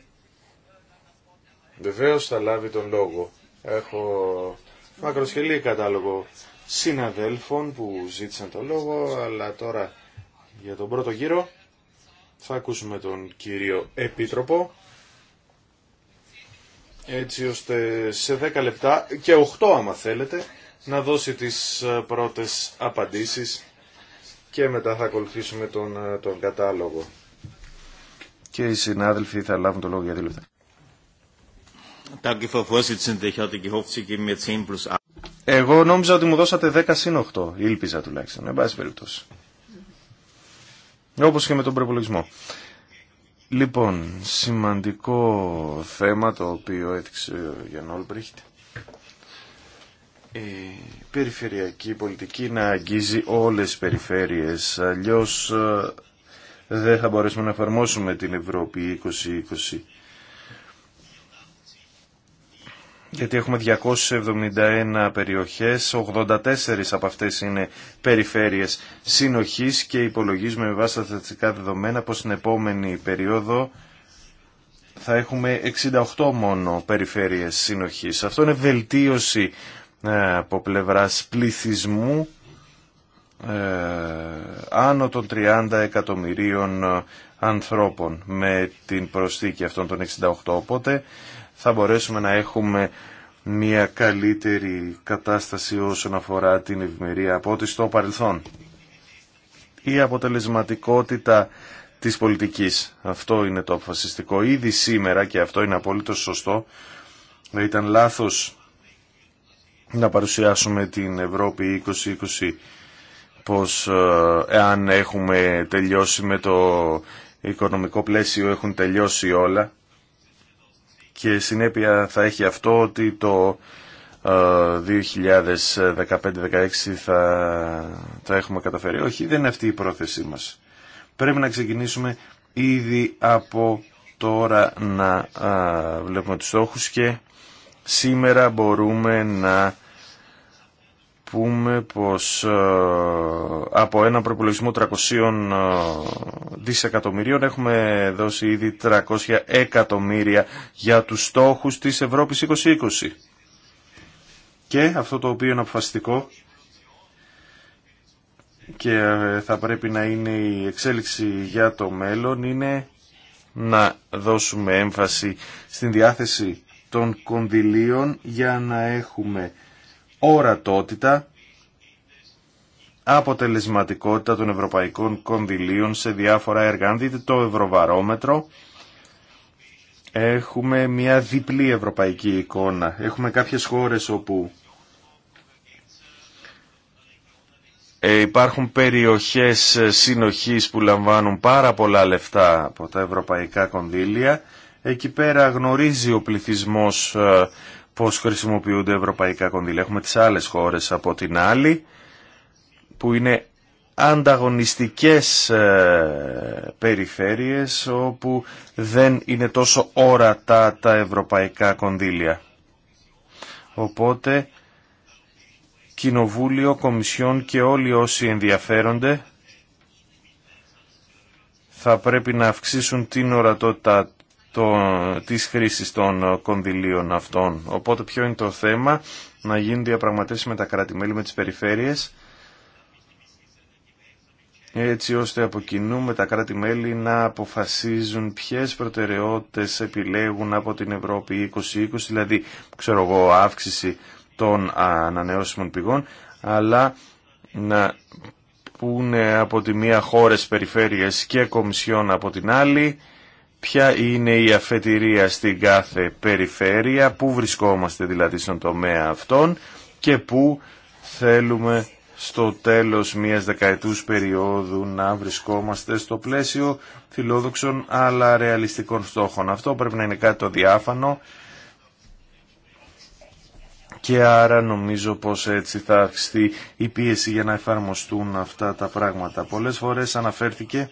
βεβαίω θα λάβει τον λόγο. Έχω μακροσχελή κατάλογο συναδέλφων που ζήτησαν τον λόγο, αλλά τώρα για τον πρώτο γύρο θα ακούσουμε τον κύριο Επίτροπο έτσι ώστε σε 10 λεπτά και 8 άμα θέλετε να δώσει τις ε, πρώτες απαντήσεις και μετά θα ακολουθήσουμε τον, ε, τον κατάλογο. Και οι συνάδελφοι θα λάβουν το λόγο για δύο λεπτά. Εγώ νόμιζα ότι μου δώσατε 10 συν 8. Ήλπιζα τουλάχιστον. Εν πάση περιπτώσει. Όπω και με τον προπολογισμό. Λοιπόν, σημαντικό θέμα το οποίο έδειξε ο Γιάνν Όλμπριχτ. Η περιφερειακή πολιτική να αγγίζει όλες τις περιφέρειες, αλλιώς ε, δεν θα μπορέσουμε να εφαρμόσουμε την Ευρώπη 2020. γιατί έχουμε 271 περιοχές, 84 από αυτές είναι περιφέρειες συνοχής και υπολογίζουμε με βάση τα θετικά δεδομένα πως στην επόμενη περίοδο θα έχουμε 68 μόνο περιφέρειες συνοχής. Αυτό είναι βελτίωση ε, από πλευράς πληθυσμού ε, άνω των 30 εκατομμυρίων ανθρώπων με την προσθήκη αυτών των 68. Οπότε θα μπορέσουμε να έχουμε μια καλύτερη κατάσταση όσον αφορά την ευημερία από ό,τι στο παρελθόν. Η αποτελεσματικότητα της πολιτικής. Αυτό είναι το αποφασιστικό. Ήδη σήμερα, και αυτό είναι απόλυτο σωστό, ήταν λάθος να παρουσιάσουμε την Ευρώπη 2020 πως ε, εάν έχουμε τελειώσει με το οικονομικό πλαίσιο έχουν τελειώσει όλα και συνέπεια θα έχει αυτό ότι το 2015-2016 ε, θα θα έχουμε καταφέρει. Όχι, δεν είναι αυτή η πρόθεσή μας. Πρέπει να ξεκινήσουμε ήδη από τώρα να α, ε, βλέπουμε τους στόχους και σήμερα μπορούμε να πούμε πως ε, από ένα προπολογισμό 300 ε, δισεκατομμυρίων έχουμε δώσει ήδη 300 εκατομμύρια για τους στόχους της Ευρώπης 2020. Και αυτό το οποίο είναι αποφασιστικό και ε, θα πρέπει να είναι η εξέλιξη για το μέλλον είναι να δώσουμε έμφαση στην διάθεση των κονδυλίων για να έχουμε ορατότητα, αποτελεσματικότητα των ευρωπαϊκών κονδυλίων σε διάφορα έργα. το ευρωβαρόμετρο, έχουμε μια διπλή ευρωπαϊκή εικόνα. Έχουμε κάποιες χώρες όπου ε, υπάρχουν περιοχές συνοχής που λαμβάνουν πάρα πολλά λεφτά από τα ευρωπαϊκά κονδύλια. Εκεί πέρα γνωρίζει ο πληθυσμός ε, πώς χρησιμοποιούνται ευρωπαϊκά κονδύλια. Έχουμε τις άλλες χώρες από την άλλη που είναι ανταγωνιστικές ε, περιφέρειες όπου δεν είναι τόσο όρατα τα ευρωπαϊκά κονδύλια. Οπότε, Κοινοβούλιο, Κομισιόν και όλοι όσοι ενδιαφέρονται θα πρέπει να αυξήσουν την ορατότητα το, της χρήσης των ε, κονδυλίων αυτών. Οπότε ποιο είναι το θέμα να γίνουν διαπραγματεύσεις με τα κράτη-μέλη, με τις περιφέρειες, έτσι ώστε από κοινού με τα κράτη-μέλη να αποφασίζουν ποιες προτεραιότητες επιλέγουν από την Ευρώπη 2020, δηλαδή, ξέρω εγώ, αύξηση των ανανεώσιμων πηγών, αλλά να πούνε από τη μία χώρες περιφέρειες και κομισιόν από την άλλη, ποια είναι η αφετηρία στην κάθε περιφέρεια, πού βρισκόμαστε δηλαδή στον τομέα αυτών και πού θέλουμε στο τέλος μιας δεκαετούς περίοδου να βρισκόμαστε στο πλαίσιο φιλόδοξων αλλά ρεαλιστικών στόχων. Αυτό πρέπει να είναι κάτι το διάφανο και άρα νομίζω πως έτσι θα αυξηθεί η πίεση για να εφαρμοστούν αυτά τα πράγματα. Πολλές φορές αναφέρθηκε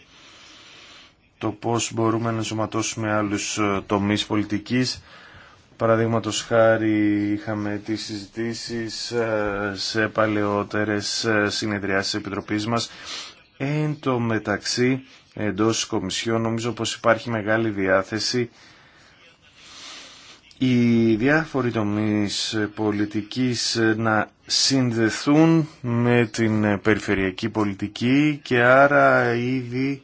το πώς μπορούμε να ενσωματώσουμε άλλους ε, τομείς πολιτικής. Παραδείγματο χάρη είχαμε τις συζητήσεις ε, σε παλαιότερες ε, συνεδριάσεις της Επιτροπής μας. Εν το μεταξύ, εντός της νομίζω πως υπάρχει μεγάλη διάθεση οι διάφοροι τομείς πολιτικής να συνδεθούν με την περιφερειακή πολιτική και άρα ήδη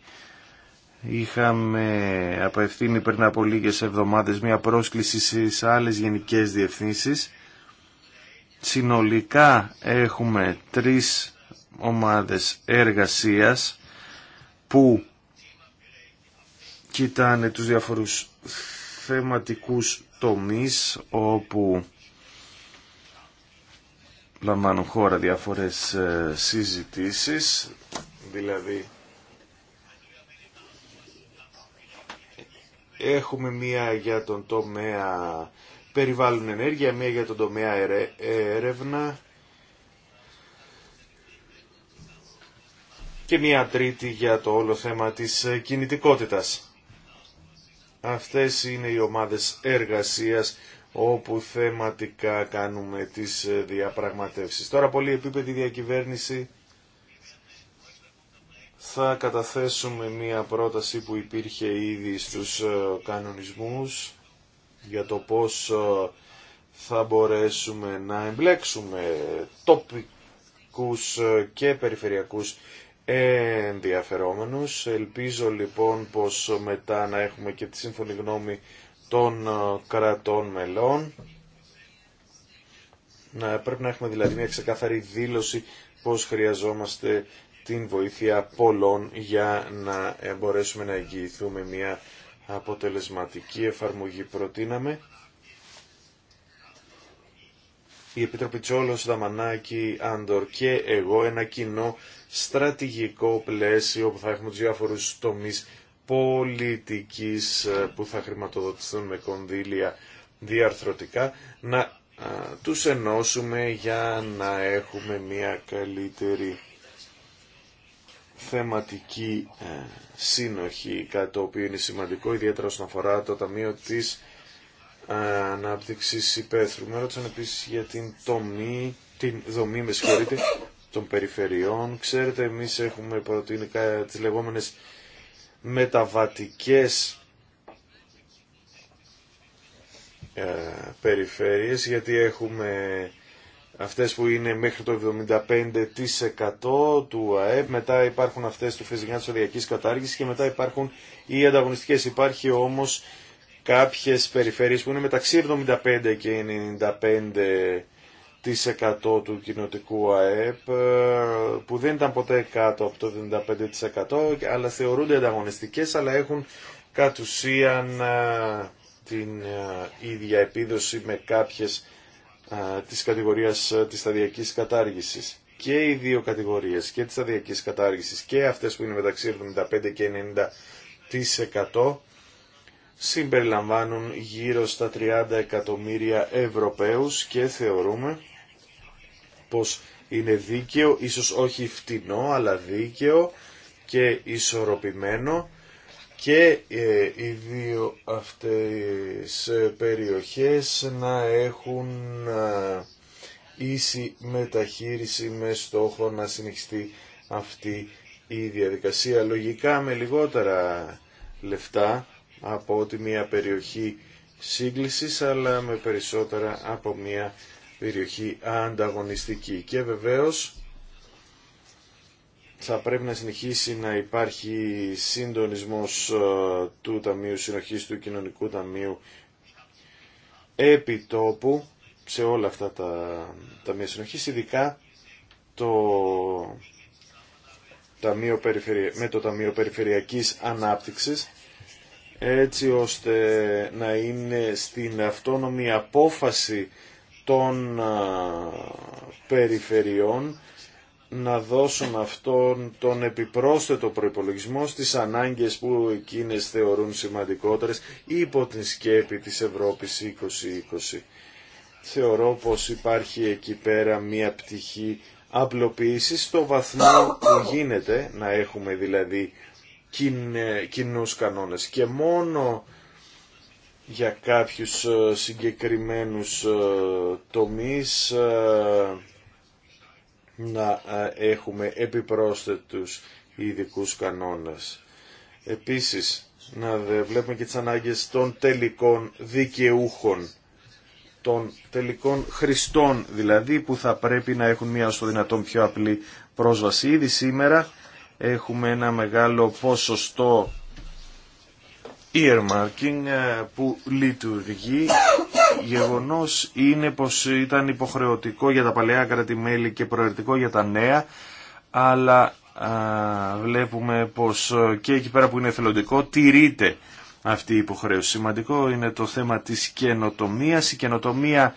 είχαμε απευθύνει πριν από λίγες εβδομάδες μια πρόσκληση σε άλλες γενικές διευθύνσεις. Συνολικά έχουμε τρεις ομάδες εργασίας που κοιτάνε τους διαφορούς θεματικούς τομείς όπου λαμβάνουν χώρα διαφορές ε, συζητήσεις, δηλαδή Έχουμε μία για τον τομέα περιβάλλον ενέργεια, μία για τον τομέα έρευνα και μία τρίτη για το όλο θέμα της κινητικότητας. Αυτές είναι οι ομάδες εργασίας όπου θεματικά κάνουμε τις διαπραγματεύσεις. Τώρα πολύ επίπεδη διακυβέρνηση θα καταθέσουμε μία πρόταση που υπήρχε ήδη στους ε, κανονισμούς για το πώς ε, θα μπορέσουμε να εμπλέξουμε τοπικούς ε, και περιφερειακούς ενδιαφερόμενους. Ελπίζω λοιπόν πως μετά να έχουμε και τη σύμφωνη γνώμη των κρατών μελών. Να, πρέπει να έχουμε δηλαδή μια ξεκάθαρη δήλωση πως χρειαζόμαστε την βοήθεια πολλών για να μπορέσουμε να εγγυηθούμε μια αποτελεσματική εφαρμογή. Προτείναμε η Επίτροπη Τσόλος, Δαμανάκη, Άντορ και εγώ ένα κοινό στρατηγικό πλαίσιο που θα έχουμε τους διάφορους τομείς πολιτικής ε, που θα χρηματοδοτηθούν με κονδύλια διαρθρωτικά, να α, ε, τους ενώσουμε για να έχουμε μια καλύτερη θεματική ε, σύνοχη, κάτι το οποίο είναι σημαντικό, ιδιαίτερα όσον αφορά το Ταμείο της ε, Ανάπτυξης Υπέθρου. Με ρώτησαν επίσης για την, τομή, την δομή με των περιφερειών. Ξέρετε, εμείς έχουμε προτείνει τις λεγόμενες μεταβατικές ε, περιφέρειες, γιατί έχουμε αυτές που είναι μέχρι το 75% του ΑΕΠ, μετά υπάρχουν αυτές του φυσικά της οδιακής κατάργησης και μετά υπάρχουν οι ανταγωνιστικές. Υπάρχει όμως κάποιες περιφέρειες που είναι μεταξύ 75% και 95% του κοινοτικού ΑΕΠ ε, που δεν ήταν ποτέ κάτω από το 75% αλλά θεωρούνται ανταγωνιστικές αλλά έχουν κατ' ουσίαν ε, την ε, ίδια επίδοση με κάποιες της κατηγορίας της σταδιακής κατάργησης. Και οι δύο κατηγορίες και της σταδιακής κατάργησης και αυτές που είναι μεταξύ 75 και 90% συμπεριλαμβάνουν γύρω στα 30 εκατομμύρια Ευρωπαίους και θεωρούμε πως είναι δίκαιο, ίσως όχι φτηνό, αλλά δίκαιο και ισορροπημένο και ε, οι δύο αυτές ε, περιοχές να έχουν ε, ίση μεταχείριση με στόχο να συνεχιστεί αυτή η διαδικασία. Λογικά με λιγότερα λεφτά από ότι μια περιοχή σύγκλησης αλλά με περισσότερα από μια περιοχή ανταγωνιστική. Και βεβαίως θα πρέπει να συνεχίσει να υπάρχει συντονισμός ε, του Ταμείου Συνοχής, του Κοινωνικού Ταμείου επιτόπου σε όλα αυτά τα Ταμεία Συνοχής, ειδικά το ταμείο με το Ταμείο Περιφερειακής Ανάπτυξης, έτσι ώστε να είναι στην αυτόνομη απόφαση των ε, περιφερειών να δώσουν αυτόν τον επιπρόσθετο προϋπολογισμό στις ανάγκες που εκείνες θεωρούν σημαντικότερες υπό την σκέπη της Ευρώπης 2020. Θεωρώ πως υπάρχει εκεί πέρα μία πτυχή απλοποίησης στο βαθμό που γίνεται να έχουμε δηλαδή κοινούς κανόνες και μόνο για κάποιους ε, συγκεκριμένους ε, τομείς ε, να έχουμε επιπρόσθετους ειδικού κανόνες. Επίσης, να βλέπουμε και τις ανάγκες των τελικών δικαιούχων, των τελικών χριστών δηλαδή που θα πρέπει να έχουν μία στο το δυνατόν πιο απλή πρόσβαση. Ήδη σήμερα έχουμε ένα μεγάλο ποσοστό earmarking ε, που λειτουργεί γεγονός είναι πως ήταν υποχρεωτικό για τα παλαιά κράτη-μέλη και προαιρετικό για τα νέα, αλλά βλέπουμε πως και εκεί πέρα που είναι εθελοντικό τηρείται αυτή η υποχρέωση. Σημαντικό είναι το θέμα της καινοτομίας. Η καινοτομία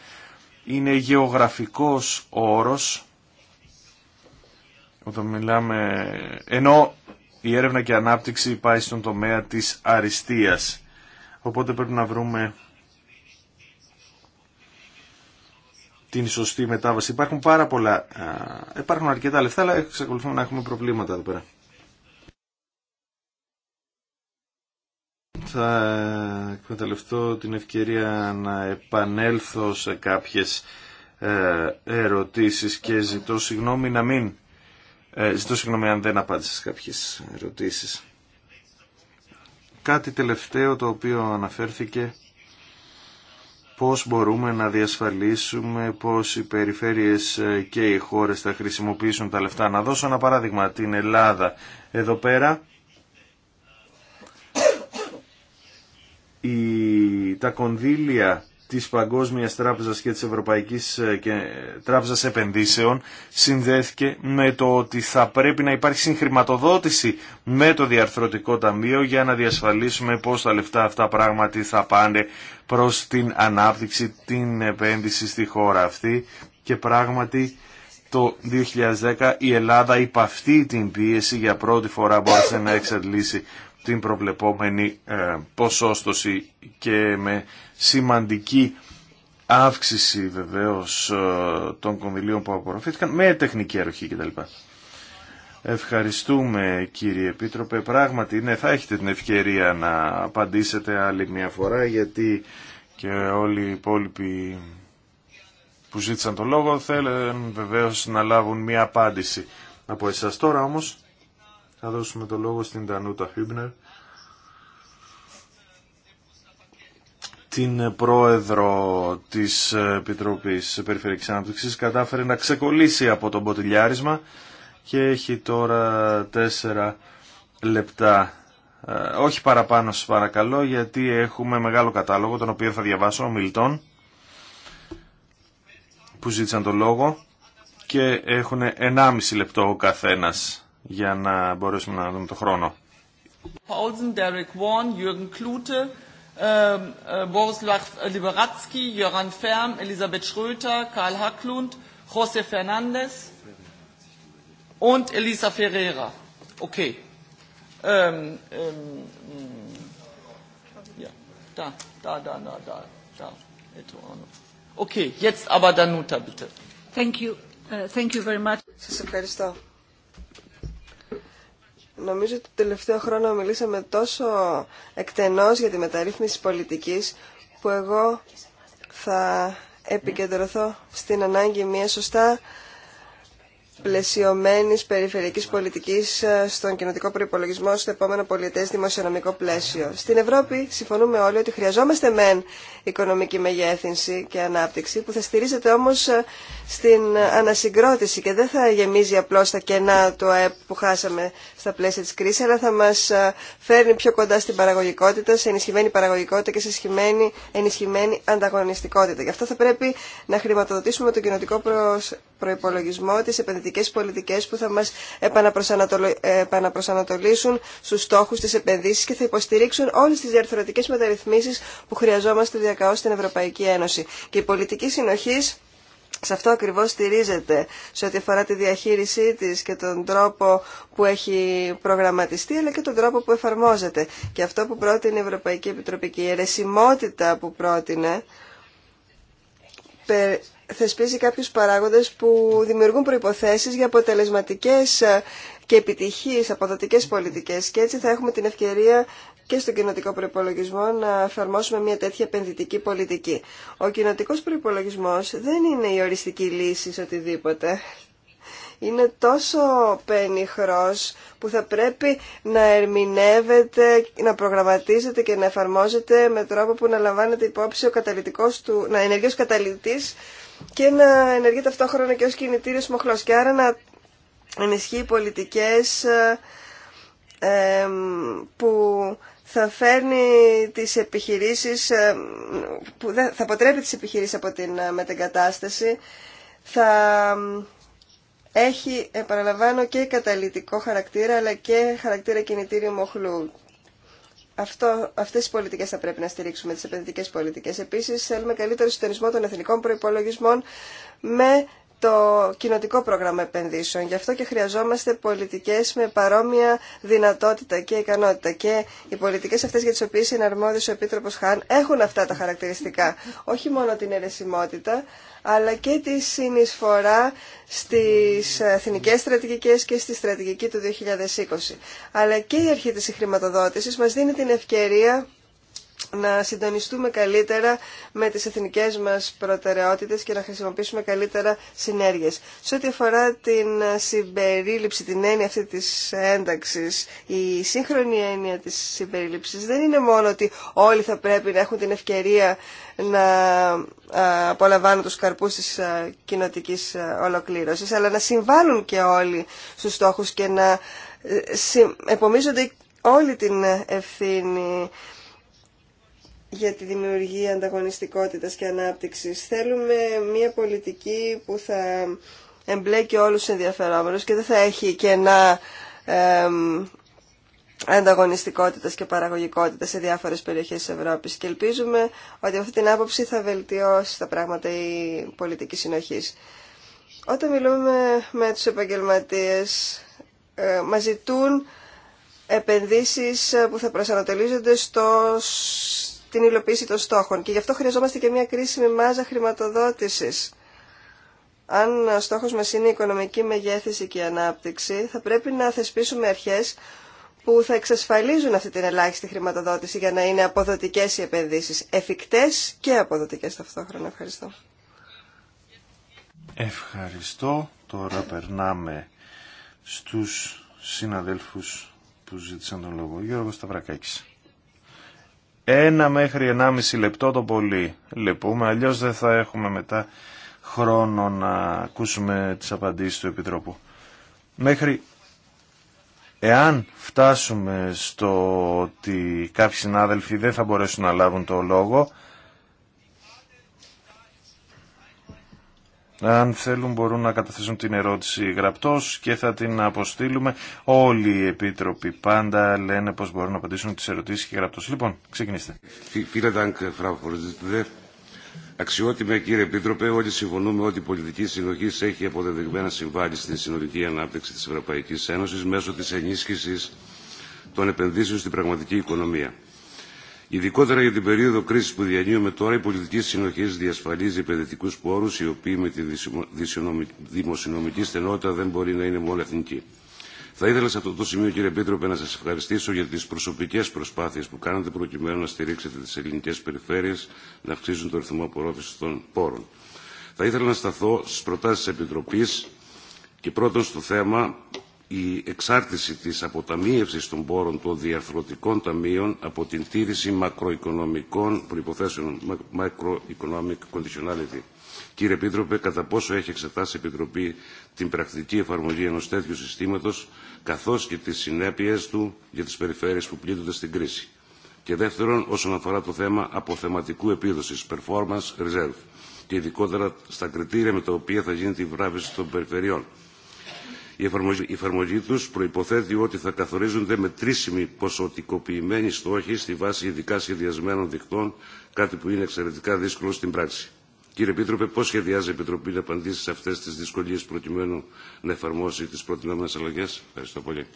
είναι γεωγραφικός όρος, όταν μιλάμε, ενώ η έρευνα και η ανάπτυξη πάει στον τομέα της αριστείας. Οπότε πρέπει να βρούμε την σωστή μετάβαση. Υπάρχουν πάρα πολλά, υπάρχουν αρκετά λεφτά, αλλά εξακολουθούμε να έχουμε προβλήματα εδώ πέρα. Θα εκμεταλλευτώ την ευκαιρία να επανέλθω σε κάποιες ε, ερωτήσεις και ζητώ συγγνώμη να μην ε, ζητώ συγγνώμη αν δεν απάντησα σε κάποιες ερωτήσεις. Κάτι τελευταίο το οποίο αναφέρθηκε πώς μπορούμε να διασφαλίσουμε πώς οι περιφέρειες ε, και οι χώρες θα χρησιμοποιήσουν τα λεφτά. Να δώσω ένα παράδειγμα, την Ελλάδα. Εδώ πέρα η, τα κονδύλια της Παγκόσμιας Τράπεζας και της Ευρωπαϊκής ε, και ε, Τράπεζας Επενδύσεων συνδέθηκε με το ότι θα πρέπει να υπάρχει συγχρηματοδότηση με το Διαρθρωτικό Ταμείο για να διασφαλίσουμε πώς τα λεφτά αυτά πράγματι θα πάνε προς την ανάπτυξη, την επένδυση στη χώρα αυτή και πράγματι το 2010 η Ελλάδα υπ' αυτή την πίεση για πρώτη φορά μπόρεσε να εξαντλήσει την προβλεπόμενη ε, ποσόστοση και με σημαντική αύξηση βεβαίως ε, των κονδυλίων που απορροφήθηκαν με τεχνική αρρωχή κτλ. Ευχαριστούμε κύριε Επίτροπε. Πράγματι, ναι, θα έχετε την ευκαιρία να απαντήσετε άλλη μια φορά γιατί και όλοι οι υπόλοιποι που ζήτησαν το λόγο θέλουν βεβαίως να λάβουν μια απάντηση από εσάς τώρα όμως. Θα δώσουμε το λόγο στην Τανούτα Χίμπνερ, την πρόεδρο της Επιτροπής Περιφερειακής Ανάπτυξης, κατάφερε να ξεκολλήσει από το μποτιλιάρισμα και έχει τώρα τέσσερα λεπτά. Ε, όχι παραπάνω σας παρακαλώ, γιατί έχουμε μεγάλο κατάλογο, τον οποίο θα διαβάσω, ομιλητών, που ζήτησαν το λόγο και έχουν 1,5 λεπτό ο καθένας για να μπορέσουμε να δούμε το χρόνο. Paulsen, Derek Warren, Jürgen Klute, Lach Liberatsky, Jöran Färm, Elisabeth Schröter, Karl Hacklund, José Fernández und Elisa Ferreira. Okay. Ähm, ähm, ja, da, da, da, da, da, da. Okay, jetzt aber Danuta, bitte. Thank you. thank you very much. Σας ευχαριστώ. Νομίζω ότι το τελευταίο χρόνο μιλήσαμε τόσο εκτενώς για τη μεταρρύθμιση πολιτικής που εγώ θα επικεντρωθώ στην ανάγκη μια σωστά πλαισιωμένης περιφερειακής πολιτικής ε, στον κοινοτικό προϋπολογισμό στο επόμενο πολιτές δημοσιονομικό πλαίσιο. Στην Ευρώπη συμφωνούμε όλοι ότι χρειαζόμαστε μεν οικονομική μεγέθυνση και ανάπτυξη που θα στηρίζεται όμως ε, στην ανασυγκρότηση και δεν θα γεμίζει απλώς τα κενά του ΑΕΠ που χάσαμε στα πλαίσια της κρίσης αλλά θα μας ε, φέρνει πιο κοντά στην παραγωγικότητα, σε ενισχυμένη παραγωγικότητα και σε ενισχυμένη, ανταγωνιστικότητα. Γι' αυτό θα πρέπει να χρηματοδοτήσουμε τον κοινοτικό Προπολογισμό, τι επενδυτικέ πολιτικές που θα μα επαναπροσανατολίσουν στου στόχου, της επενδύσεις και θα υποστηρίξουν όλε τι διαρθρωτικέ μεταρρυθμίσει που χρειαζόμαστε διακαώ στην Ευρωπαϊκή Ένωση. Και η πολιτική συνοχή σε αυτό ακριβώ στηρίζεται σε ό,τι αφορά τη διαχείρισή τη και τον τρόπο που έχει προγραμματιστεί αλλά και τον τρόπο που εφαρμόζεται. Και αυτό που πρότεινε η Ευρωπαϊκή Επιτροπή και η αιρεσιμότητα που πρότεινε θεσπίζει κάποιους παράγοντες που δημιουργούν προϋποθέσεις για αποτελεσματικές ε, και επιτυχείς αποδοτικές πολιτικές και έτσι θα έχουμε την ευκαιρία και στον κοινοτικό προπολογισμό να εφαρμόσουμε μια τέτοια επενδυτική πολιτική. Ο κοινοτικό προπολογισμό δεν είναι η οριστική λύση σε οτιδήποτε. Είναι τόσο πενιχρός που θα πρέπει να ερμηνεύεται, να προγραμματίζεται και να εφαρμόζεται με τρόπο που να λαμβάνεται υπόψη ο καταλυτικός του, να ενεργεί ο καταλυτής και να ενεργεί ταυτόχρονα και ως κινητήριος μοχλός και άρα να ενισχύει πολιτικές ε, που θα φέρνει τις επιχειρήσεις, ε, που θα αποτρέπει τις επιχειρήσεις από την ε, μετεγκατάσταση, θα έχει, επαναλαμβάνω, και καταλητικό χαρακτήρα, αλλά και χαρακτήρα κινητήριου μοχλού αυτό, αυτές οι πολιτικές θα πρέπει να στηρίξουμε, τις επενδυτικές πολιτικές. Επίσης θέλουμε καλύτερο συντονισμό των εθνικών προϋπολογισμών με το κοινοτικό πρόγραμμα επενδύσεων. Γι' αυτό και χρειαζόμαστε πολιτικές με παρόμοια δυνατότητα και ικανότητα. Και οι πολιτικές αυτές για τις οποίες είναι αρμόδιος ο Επίτροπος Χάν έχουν αυτά τα χαρακτηριστικά. Όχι μόνο την ερεσιμότητα, αλλά και τη συνεισφορά στις εθνικές στρατηγικές και στη στρατηγική του 2020. Αλλά και η αρχή της χρηματοδότησης μας δίνει την ευκαιρία να συντονιστούμε καλύτερα με τις εθνικές μας προτεραιότητες και να χρησιμοποιήσουμε καλύτερα συνέργειες. Σε ό,τι αφορά την συμπερίληψη, την έννοια αυτή της ένταξης, η σύγχρονη έννοια της συμπερίληψης δεν είναι μόνο ότι όλοι θα πρέπει να έχουν την ευκαιρία να απολαμβάνουν τους καρπούς της κοινοτικής ολοκλήρωσης, αλλά να συμβάλλουν και όλοι στους στόχους και να ε, επομίζονται όλη την ευθύνη για τη δημιουργία ανταγωνιστικότητας και ανάπτυξης. Θέλουμε μια πολιτική που θα εμπλέκει όλους τους ενδιαφερόμενους και δεν θα έχει κενά ε, ανταγωνιστικότητας και παραγωγικότητας σε διάφορες περιοχές της Ευρώπης και ελπίζουμε ότι αυτή την άποψη θα βελτιώσει τα πράγματα η πολιτική συνοχή. Όταν μιλούμε με τους επαγγελματίες, ε, μας ζητούν επενδύσεις που θα προσανατολίζονται στο, την υλοποίηση των στόχων. Και γι' αυτό χρειαζόμαστε και μια κρίσιμη μάζα χρηματοδότησης. Αν ο στόχος μας είναι η οικονομική μεγέθυνση και η ανάπτυξη, θα πρέπει να θεσπίσουμε αρχές που θα εξασφαλίζουν αυτή την ελάχιστη χρηματοδότηση για να είναι αποδοτικές οι επενδύσεις, εφικτές και αποδοτικές ταυτόχρονα. Ευχαριστώ. Ευχαριστώ. Τώρα περνάμε στους συναδέλφους που ζήτησαν τον λόγο. Γιώργος Σταυρακάκης. Ένα μέχρι ενάμιση λεπτό το πολύ λεπούμε, αλλιώς δεν θα έχουμε μετά χρόνο να ακούσουμε τις απαντήσεις του Επιτροπού. Μέχρι εάν φτάσουμε στο ότι κάποιοι συνάδελφοι δεν θα μπορέσουν να λάβουν το λόγο, Αν θέλουν μπορούν να καταθέσουν την ερώτηση γραπτός και θα την αποστείλουμε. Όλοι οι επίτροποι πάντα λένε πως μπορούν να απαντήσουν τις ερωτήσεις και γραπτός. Λοιπόν, ξεκινήστε. Αξιότιμε κύριε Επίτροπε, όλοι συμφωνούμε ότι η πολιτική συνοχή έχει αποδεδειγμένα συμβάλει στην συνολική ανάπτυξη τη Ευρωπαϊκή Ένωση μέσω τη ενίσχυση των επενδύσεων στην πραγματική οικονομία. Ειδικότερα για την περίοδο κρίση που διανύουμε τώρα, η πολιτική συνοχή διασφαλίζει επενδυτικού πόρου, οι οποίοι με τη δημοσιονομική στενότητα δεν μπορεί να είναι μόνο εθνική. Θα ήθελα σε αυτό το σημείο, κύριε Πίτροπε, να σα ευχαριστήσω για τι προσωπικέ προσπάθειε που κάνατε προκειμένου να στηρίξετε τι ελληνικέ περιφέρειε να αυξήσουν το ρυθμό απορρόφηση των πόρων. Θα ήθελα να σταθώ στι προτάσει τη Επιτροπή και πρώτον στο θέμα η εξάρτηση της αποταμίευσης των πόρων των διαρθρωτικών ταμείων από την τήρηση μακροοικονομικών προϋποθέσεων, macroeconomic conditionality. Κύριε Επίτροπε, κατά πόσο έχει εξετάσει η Επιτροπή την πρακτική εφαρμογή ενός τέτοιου συστήματος, καθώς και τις συνέπειες του για τις περιφέρειες που πλήττονται στην κρίση. Και δεύτερον, όσον αφορά το θέμα αποθεματικού επίδοσης, performance reserve, και ειδικότερα στα κριτήρια με τα οποία θα γίνεται η βράβευση των περιφερειών η εφαρμογή, η εφαρμογή τους προϋποθέτει ότι θα καθορίζονται μετρήσιμοι ποσοτικοποιημένοι στόχοι στη βάση ειδικά σχεδιασμένων δικτών, κάτι που είναι εξαιρετικά δύσκολο στην πράξη. Κύριε Επίτροπε, πώς σχεδιάζει η Επιτροπή να απαντήσει σε αυτές τις δυσκολίες προκειμένου να εφαρμόσει τις προτινόμενες αλλαγές. Ευχαριστώ πολύ.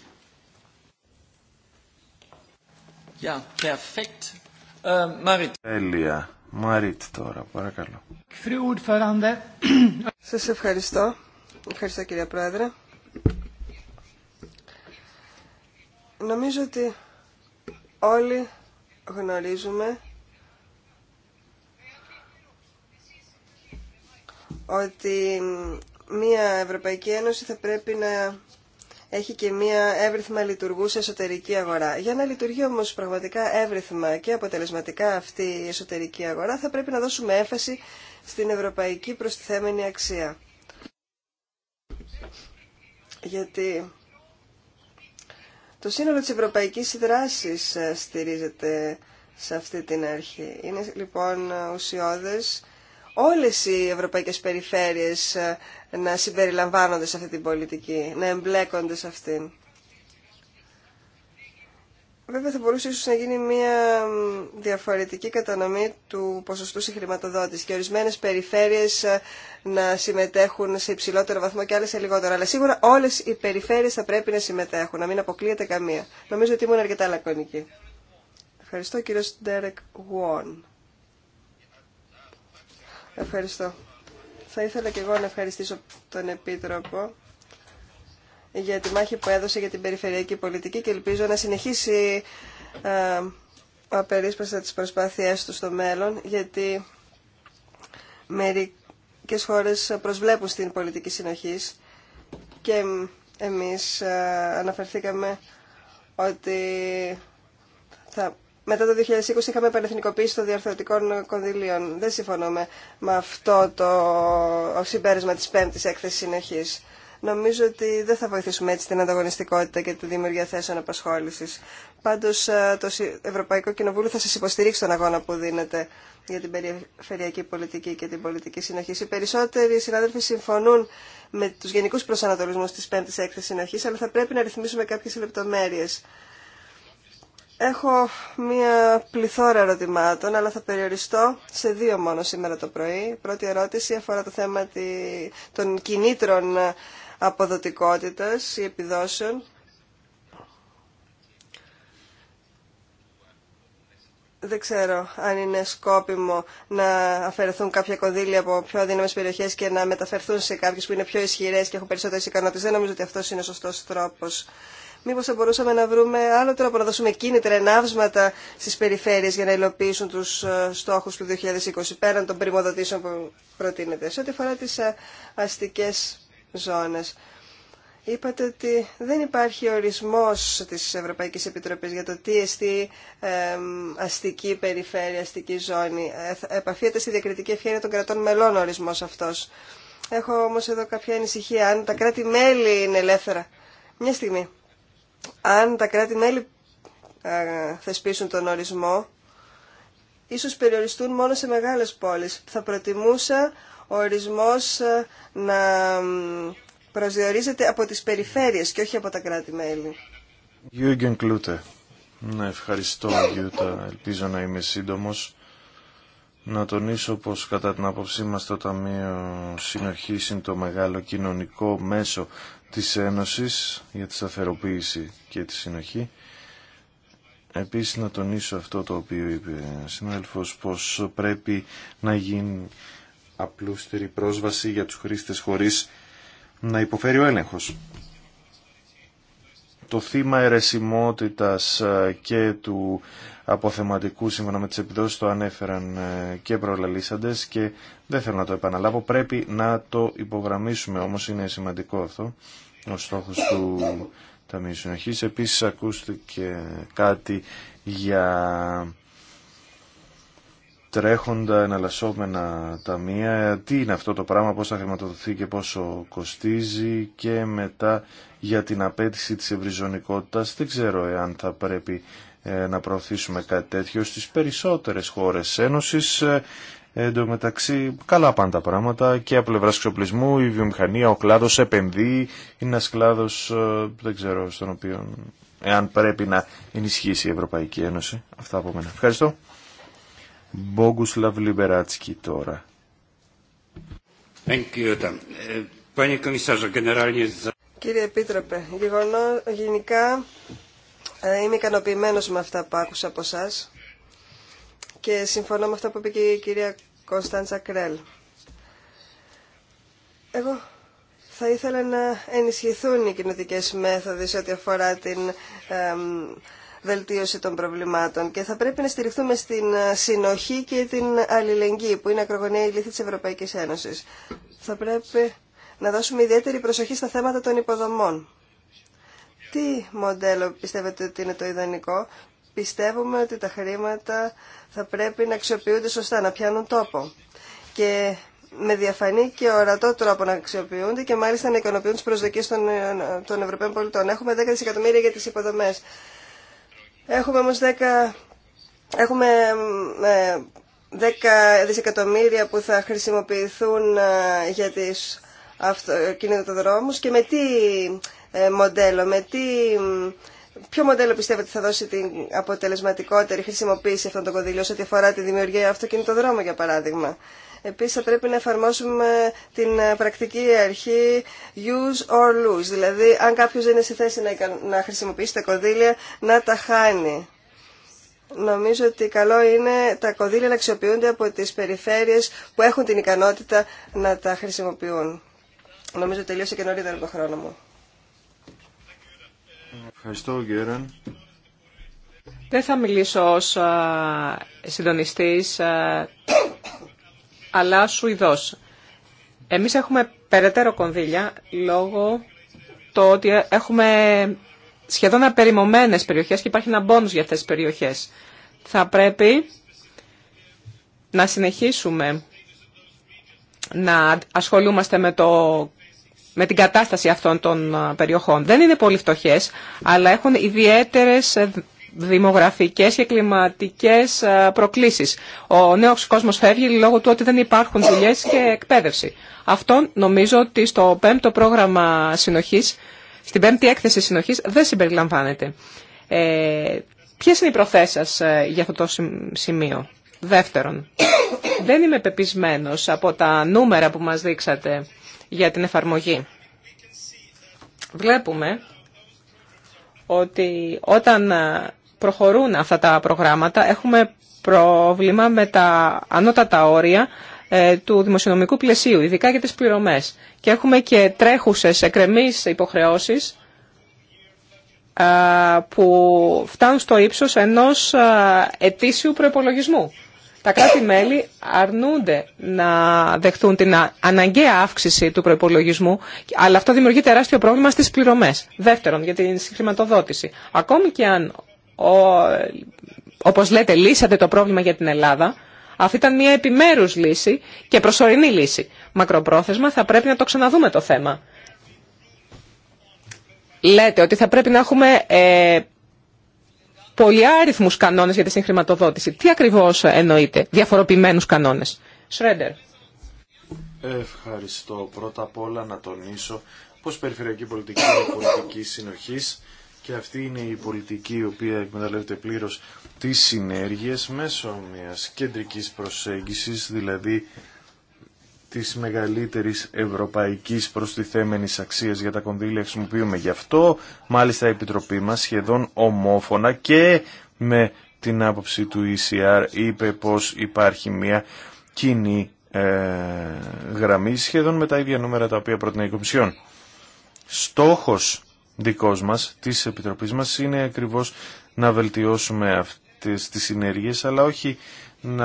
Ε, Τέλεια. παρακαλώ. Σας ευχαριστώ. Ευχαριστώ κύριε Πρόεδρε. Νομίζω ότι όλοι γνωρίζουμε ότι μια Ευρωπαϊκή Ένωση θα πρέπει να έχει και μια εύρυθμα λειτουργούσα εσωτερική αγορά. Για να λειτουργεί όμως πραγματικά εύρυθμα και αποτελεσματικά αυτή η εσωτερική αγορά θα πρέπει να δώσουμε έφαση στην ευρωπαϊκή προστιθέμενη αξία γιατί το σύνολο της ευρωπαϊκής δράσης ε, στηρίζεται σε αυτή την αρχή. Είναι λοιπόν ουσιώδες όλες οι ευρωπαϊκές περιφέρειες ε, να συμπεριλαμβάνονται σε αυτή την πολιτική, να εμπλέκονται σε αυτήν. Βέβαια θα μπορούσε ίσως να γίνει μια διαφορετική κατανομή του ποσοστού συγχρηματοδότηση και ορισμένες περιφέρειες ε, να συμμετέχουν σε υψηλότερο βαθμό και άλλες σε λιγότερο. Αλλά σίγουρα όλες οι περιφέρειες θα πρέπει να συμμετέχουν, να μην αποκλείεται καμία. Νομίζω ότι ήμουν αρκετά λακωνική. Ευχαριστώ κύριος Ντέρεκ Γουόν. Ευχαριστώ. Θα ήθελα και εγώ να ευχαριστήσω τον Επίτροπο για τη μάχη που έδωσε για την περιφερειακή πολιτική και ελπίζω να συνεχίσει ε, απερίσπαστα τις προσπάθειές του στο μέλλον, γιατί μερικές χώρες προσβλέπουν στην πολιτική συνοχής και εμείς ε, αναφερθήκαμε ότι μετά το 2020 είχαμε επανεθνικοποίηση των διαρθρωτικών κονδυλίων. Δεν συμφωνώ με, αυτό το συμπέρασμα της πέμπτης έκθεσης συνεχής νομίζω ότι δεν θα βοηθήσουμε έτσι την ανταγωνιστικότητα και τη δημιουργία θέσεων απασχόληση. Πάντω, ε, το Ευρωπαϊκό Κοινοβούλιο θα σα υποστηρίξει τον αγώνα που δίνετε για την περιφερειακή πολιτική και την πολιτική συνοχή. Οι περισσότεροι συνάδελφοι συμφωνούν με του γενικού προσανατολισμού τη πέμπτη έκθεση συνοχή, αλλά θα πρέπει να ρυθμίσουμε κάποιε λεπτομέρειε. Έχω μία πληθώρα ερωτημάτων, αλλά θα περιοριστώ σε δύο μόνο σήμερα το πρωί. Η πρώτη ερώτηση αφορά το θέμα των κινήτρων αποδοτικότητας ή επιδόσεων δεν ξέρω αν είναι σκόπιμο να αφαιρεθούν κάποια κονδύλια από πιο αδύναμε περιοχέ και να μεταφερθούν σε κάποιες που είναι πιο ισχυρέ και έχουν περισσότερε ικανότητε. Δεν νομίζω ότι αυτό είναι ο σωστό τρόπο. Μήπω θα μπορούσαμε να βρούμε άλλο τρόπο να δώσουμε κίνητρα, ενάυσματα στι περιφέρειε για να υλοποιήσουν ε, του στόχου του 2020 πέραν των πρημοδοτήσεων που προτείνεται. Σε ό,τι αφορά τι ε, αστικέ Είπατε ότι δεν υπάρχει ορισμός της Ευρωπαϊκής Επιτροπής για το τι εστί αστική περιφέρεια, αστική ζώνη. Ε, επαφίεται στη διακριτική ευχαίρεια των κρατών μελών ορισμός αυτός. Έχω όμως εδώ κάποια ανησυχία. Αν τα κράτη-μέλη είναι ελεύθερα. Μια στιγμή. Αν τα κράτη-μέλη ε, θεσπίσουν τον ορισμό, ίσως περιοριστούν μόνο σε μεγάλες πόλεις. Θα προτιμούσα ο ορισμός ε, να προσδιορίζεται από τις περιφέρειες και όχι από τα κράτη-μέλη. Κλούτε. Ναι, ευχαριστώ Γιούτα. Ελπίζω να είμαι σύντομος. Να τονίσω πως κατά την άποψή μας το Ταμείο Συνοχής είναι το μεγάλο κοινωνικό μέσο της Ένωσης για τη σταθεροποίηση και τη συνοχή. Επίσης να τονίσω αυτό το οποίο είπε συνάδελφος πως πρέπει να γίνει απλούστερη πρόσβαση για τους χρήστες χωρίς να υποφέρει ο έλεγχος. Το θύμα αιρεσιμότητας ε, και του αποθεματικού σύμφωνα με τις επιδόσεις το ανέφεραν ε, και προλαλήσαντες και δεν θέλω να το επαναλάβω. Πρέπει να το υπογραμμίσουμε όμως είναι σημαντικό αυτό ο στόχος του Ταμείου Συνοχής. Επίσης ακούστηκε κάτι για τρέχοντα εναλλασσόμενα ταμεία, τι είναι αυτό το πράγμα, πώς θα χρηματοδοθεί και πόσο κοστίζει και μετά για την απέτηση της ευρυζωνικότητας. Δεν ξέρω εάν θα πρέπει ε, να προωθήσουμε κάτι τέτοιο στις περισσότερες χώρες Ένωσης. Ε, εν τω μεταξύ, καλά πάντα πράγματα και από πλευρά εξοπλισμού, η βιομηχανία, ο κλάδος επενδύει. Είναι κλάδος κλάδο, ε, δεν ξέρω, στον οποίο εάν πρέπει να ενισχύσει η Ευρωπαϊκή Ένωση. Αυτά από μένα. Ευχαριστώ. Μπόγκουσλαβ Λιμπεράτσκι τώρα. Eh, Κύριε Επίτροπε, γεγονό, γενικά ε, είμαι ικανοποιημένο με αυτά που άκουσα από εσά και συμφωνώ με αυτά που είπε και η κυρία Κωνσταντζα Κρέλ. Εγώ θα ήθελα να ενισχυθούν οι κοινωτικέ μέθοδοι σε ό,τι αφορά την βελτίωση των προβλημάτων και θα πρέπει να στηριχθούμε στην ε, συνοχή και την αλληλεγγύη που είναι ακρογωνία η λύθη της Ευρωπαϊκής Ένωσης. Θα πρέπει να δώσουμε ιδιαίτερη προσοχή στα θέματα των υποδομών. Τι μοντέλο πιστεύετε ότι είναι το ιδανικό. Πιστεύουμε ότι τα χρήματα θα πρέπει να αξιοποιούνται σωστά, να πιάνουν τόπο. Και με διαφανή και ορατό τρόπο να αξιοποιούνται και μάλιστα να ικανοποιούν τι προσδοκίε των, ε, των Ευρωπαίων πολιτών. Έχουμε 10 δισεκατομμύρια για τι υποδομέ. Έχουμε όμως 10, έχουμε 10 ε, δισεκατομμύρια που θα χρησιμοποιηθούν ε, για τις αυτοκινητοδρόμους και με τι ε, μοντέλο, με τι, ποιο μοντέλο πιστεύετε θα δώσει την αποτελεσματικότερη χρησιμοποίηση αυτών των κονδυλίων σε ό,τι αφορά τη δημιουργία αυτοκινητοδρόμου για παράδειγμα. Επίσης θα πρέπει να εφαρμόσουμε την ε, πρακτική αρχή use or lose, δηλαδή αν κάποιος δεν είναι στη θέση να χρησιμοποιήσει τα κονδύλια να τα χάνει. Νομίζω ότι καλό είναι τα κονδύλια να αξιοποιούνται από τις περιφέρειες που έχουν την ικανότητα να τα χρησιμοποιούν. Νομίζω τελείωσε και νωρίτερα το χρόνο μου. Ευχαριστώ, Δεν θα μιλήσω ως συντονιστής αλλά σου Σουηδός. Εμείς έχουμε περαιτέρω κονδύλια λόγω το ότι έχουμε σχεδόν απεριμωμένες περιοχές και υπάρχει ένα μπόνους για αυτές τις περιοχές. Θα πρέπει να συνεχίσουμε να ασχολούμαστε με, το, με την κατάσταση αυτών των περιοχών. Δεν είναι πολύ φτωχέ, αλλά έχουν ιδιαίτερες δημογραφικές και κλιματικές ε, προκλήσεις. Ο νέος κόσμος φεύγει λόγω του ότι δεν υπάρχουν δουλειές και εκπαίδευση. Αυτό νομίζω ότι στο πέμπτο πρόγραμμα συνοχής, στην πέμπτη έκθεση συνοχής δεν συμπεριλαμβάνεται. Ε, ποιες είναι οι προθέσεις σας ε, για αυτό το σημείο. Δεύτερον, δεν είμαι πεπισμένος από τα νούμερα που μας δείξατε για την εφαρμογή. Βλέπουμε ότι όταν προχωρούν αυτά τα προγράμματα. Έχουμε πρόβλημα με τα ανώτατα όρια ε, του δημοσιονομικού πλαισίου, ειδικά για τις πληρωμές. Και έχουμε και τρέχουσες εκρεμείς υποχρεώσεις ε, που φτάνουν στο ύψος ενός ε, ετήσιου προϋπολογισμού. Τα κράτη-μέλη αρνούνται να δεχθούν την αναγκαία αύξηση του προϋπολογισμού, αλλά αυτό δημιουργεί τεράστιο πρόβλημα στις πληρωμές. Δεύτερον, για την συγχρηματοδότηση. Ακόμη και αν όπως λέτε λύσατε το πρόβλημα για την Ελλάδα. Αυτή ήταν μια επιμέρους λύση και προσωρινή λύση. Μακροπρόθεσμα θα πρέπει να το ξαναδούμε το θέμα. Λέτε ότι θα πρέπει να έχουμε ε, πολυάριθμους κανόνες για τη συγχρηματοδότηση. Τι ακριβώς εννοείτε, διαφοροποιημένους κανόνες. Σρέντερ. Ευχαριστώ. Πρώτα απ' όλα να τονίσω πως περιφερειακή πολιτική και πολιτική συνοχής και αυτή είναι η πολιτική η οποία εκμεταλλεύεται πλήρω τις συνέργειες μέσω μιας κεντρικής προσέγγισης, δηλαδή της μεγαλύτερης ευρωπαϊκής προστιθέμενης αξία για τα κονδύλια χρησιμοποιούμε. Γι' αυτό μάλιστα η Επιτροπή μας σχεδόν ομόφωνα και με την άποψη του ECR είπε πως υπάρχει μια κοινή ε, γραμμή σχεδόν με τα ίδια νούμερα τα οποία προτείνει η Κομισιόν. Στόχος δικός μας, της Επιτροπής μας, είναι ακριβώς να βελτιώσουμε αυτές τις συνέργειες, αλλά όχι να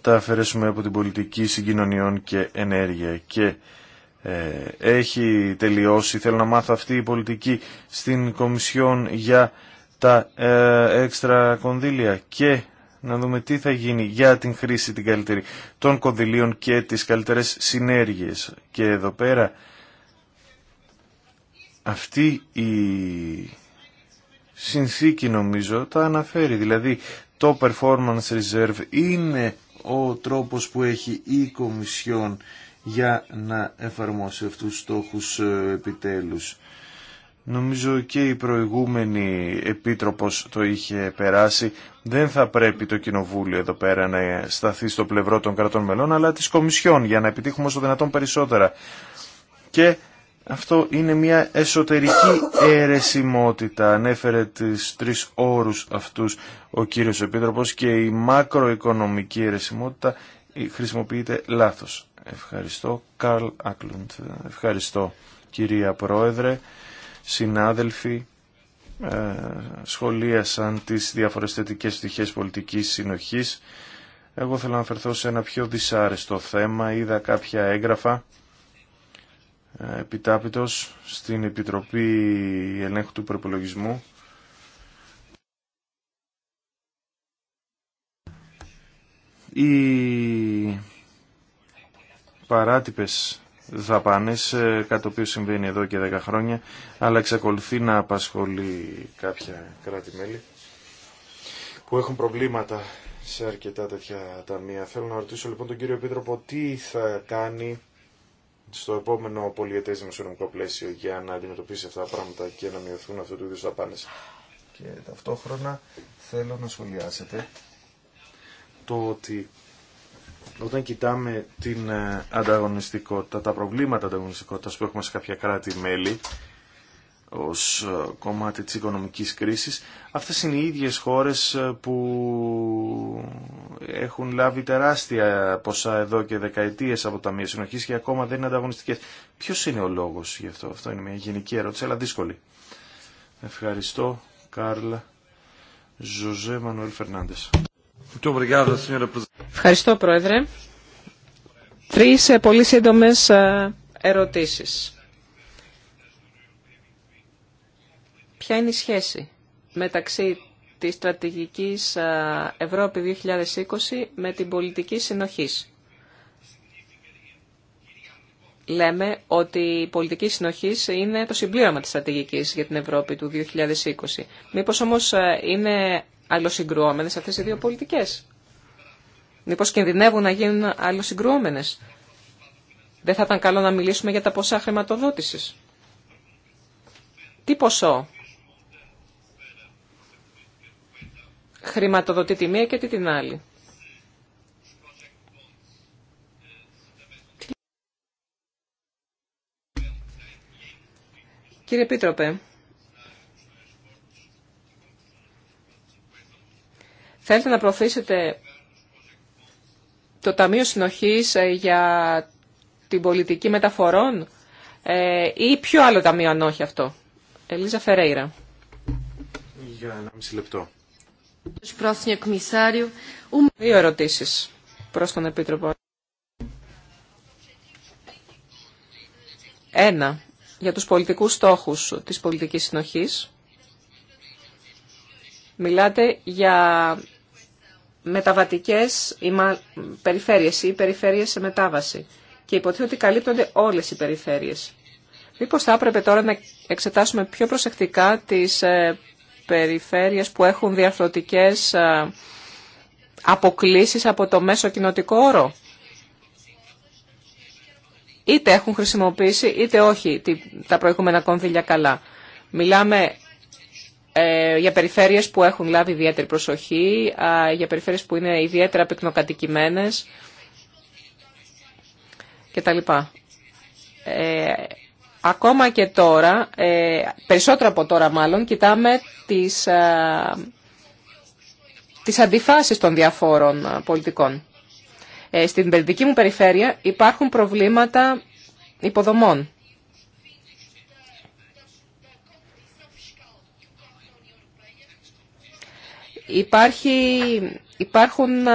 τα αφαιρέσουμε από την πολιτική συγκοινωνιών και ενέργεια. Και ε, έχει τελειώσει, θέλω να μάθω αυτή η πολιτική στην Κομισιόν για τα ε, έξτρα κονδύλια και να δούμε τι θα γίνει για την χρήση την καλύτερη των κονδυλίων και τις καλύτερες συνέργειες. Και εδώ πέρα αυτή η συνθήκη νομίζω τα αναφέρει. Δηλαδή το performance reserve είναι ο τρόπος που έχει η Κομισιόν για να εφαρμόσει αυτούς τους στόχους ε, επιτέλους. Νομίζω και η προηγούμενη επίτροπος το είχε περάσει. Δεν θα πρέπει το Κοινοβούλιο εδώ πέρα να σταθεί στο πλευρό των κρατών μελών, αλλά της Κομισιόν για να επιτύχουμε όσο δυνατόν περισσότερα. Αυτό είναι μια εσωτερική αιρεσιμότητα. Ανέφερε τις τρεις όρους αυτούς ο κύριος Επίτροπος και η μακροοικονομική αιρεσιμότητα χρησιμοποιείται λάθος. Ευχαριστώ, Καρλ Άκλουντ. Ευχαριστώ, κυρία Πρόεδρε, συνάδελφοι. Ε, σχολίασαν τις διάφορες θετικές στοιχές πολιτικής συνοχής. Εγώ θέλω να αφαιρθώ σε ένα πιο δυσάρεστο θέμα. Είδα κάποια έγγραφα ε, επιτάπητος στην Επιτροπή Ελέγχου του Προπολογισμού οι παράτυπες δαπάνες, ε, κάτι το οποίο συμβαίνει εδώ και 10 χρόνια, αλλά εξακολουθεί να απασχολεί κάποια κράτη-μέλη που έχουν προβλήματα σε αρκετά τέτοια ταμεία. Θέλω να ρωτήσω λοιπόν τον κύριο Επίτροπο τι θα κάνει στο επόμενο πολιετές δημοσιονομικό πλαίσιο για να αντιμετωπίσει αυτά τα πράγματα και να μειωθούν αυτού του είδους δαπάνε. Και ταυτόχρονα θέλω να σχολιάσετε το ότι όταν κοιτάμε την ε, ανταγωνιστικότητα, τα προβλήματα ανταγωνιστικότητα που έχουμε σε κάποια κράτη-μέλη, ως ε, κομμάτι της οικονομικής κρίσης. Αυτές είναι οι ίδιες χώρες ε, που έχουν λάβει τεράστια ποσά εδώ και δεκαετίες από τα μία συνοχής και ακόμα δεν είναι ανταγωνιστικές. Ποιος είναι ο λόγος γι' αυτό. Αυτό είναι μια γενική ερώτηση, αλλά δύσκολη. Ευχαριστώ, Κάρλα. Ζωζέ Μανουέλ Φερνάντες. Ευχαριστώ, Πρόεδρε. Τρεις ε, πολύ σύντομες ερωτήσεις. ποια είναι η σχέση μεταξύ της στρατηγικής Ευρώπη 2020 με την πολιτική συνοχής. Λέμε ότι η πολιτική συνοχής είναι το συμπλήρωμα της στρατηγικής για την Ευρώπη του 2020. Μήπως όμως είναι αλλοσυγκρουόμενες αυτές οι δύο πολιτικές. Μήπως κινδυνεύουν να γίνουν αλλοσυγκρουόμενες. Δεν θα ήταν καλό να μιλήσουμε για τα ποσά χρηματοδότησης. Τι ποσό χρηματοδοτεί τη μία και την άλλη. Κύριε Επίτροπε, θέλετε να προωθήσετε το Ταμείο Συνοχής ε, για την πολιτική μεταφορών ε, ή ποιο άλλο ταμείο αν όχι αυτό. Ελίζα Φερέιρα. Για ένα μισή λεπτό. Δύο ερωτήσεις προς τον Επίτροπο. Ένα, για τους πολιτικούς στόχους της πολιτικής συνοχής. Μιλάτε για μεταβατικές περιφέρειες ή περιφέρειες σε μετάβαση. Και υποτίθεται ότι καλύπτονται όλες οι περιφέρειες. Μήπως θα έπρεπε τώρα να εξετάσουμε πιο προσεκτικά τις ε, περιφέρειες που έχουν διαφορετικές ε, αποκλήσεις από το μέσο κοινοτικό όρο. Είτε έχουν χρησιμοποιήσει είτε όχι τα προηγούμενα κονδύλια καλά. Μιλάμε ε, για περιφέρειες που έχουν λάβει ιδιαίτερη προσοχή, ε, για περιφέρειες που είναι ιδιαίτερα πυκνοκατοικημένες κτλ. Ε, Ακόμα και τώρα, ε, περισσότερο από τώρα μάλλον, κοιτάμε τις, ε, τις αντιφάσεις των διαφόρων ε, πολιτικών. Στην δική μου περιφέρεια υπάρχουν προβλήματα υποδομών. Υπάρχει υπάρχουν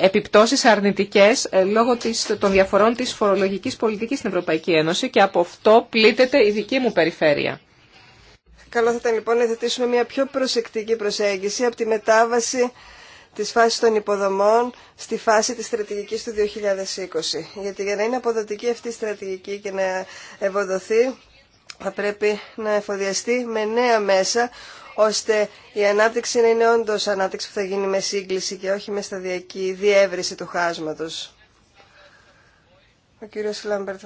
επιπτώσεις αρνητικές ε, λόγω των διαφορών της φορολογικής πολιτικής στην Ευρωπαϊκή Ένωση και από αυτό πλήττεται η δική μου περιφέρεια. Καλό θα ήταν λοιπόν να θετήσουμε μια πιο προσεκτική προσέγγιση από τη μετάβαση της φάσης των υποδομών στη φάση της στρατηγικής του 2020. Γιατί για να είναι αποδοτική αυτή η στρατηγική και να ευοδοθεί θα πρέπει να εφοδιαστεί με νέα μέσα ώστε η ανάπτυξη να είναι όντω ανάπτυξη που θα γίνει με σύγκληση και όχι με σταδιακή διεύρυνση του χάσματος. Ο Λάμπερτ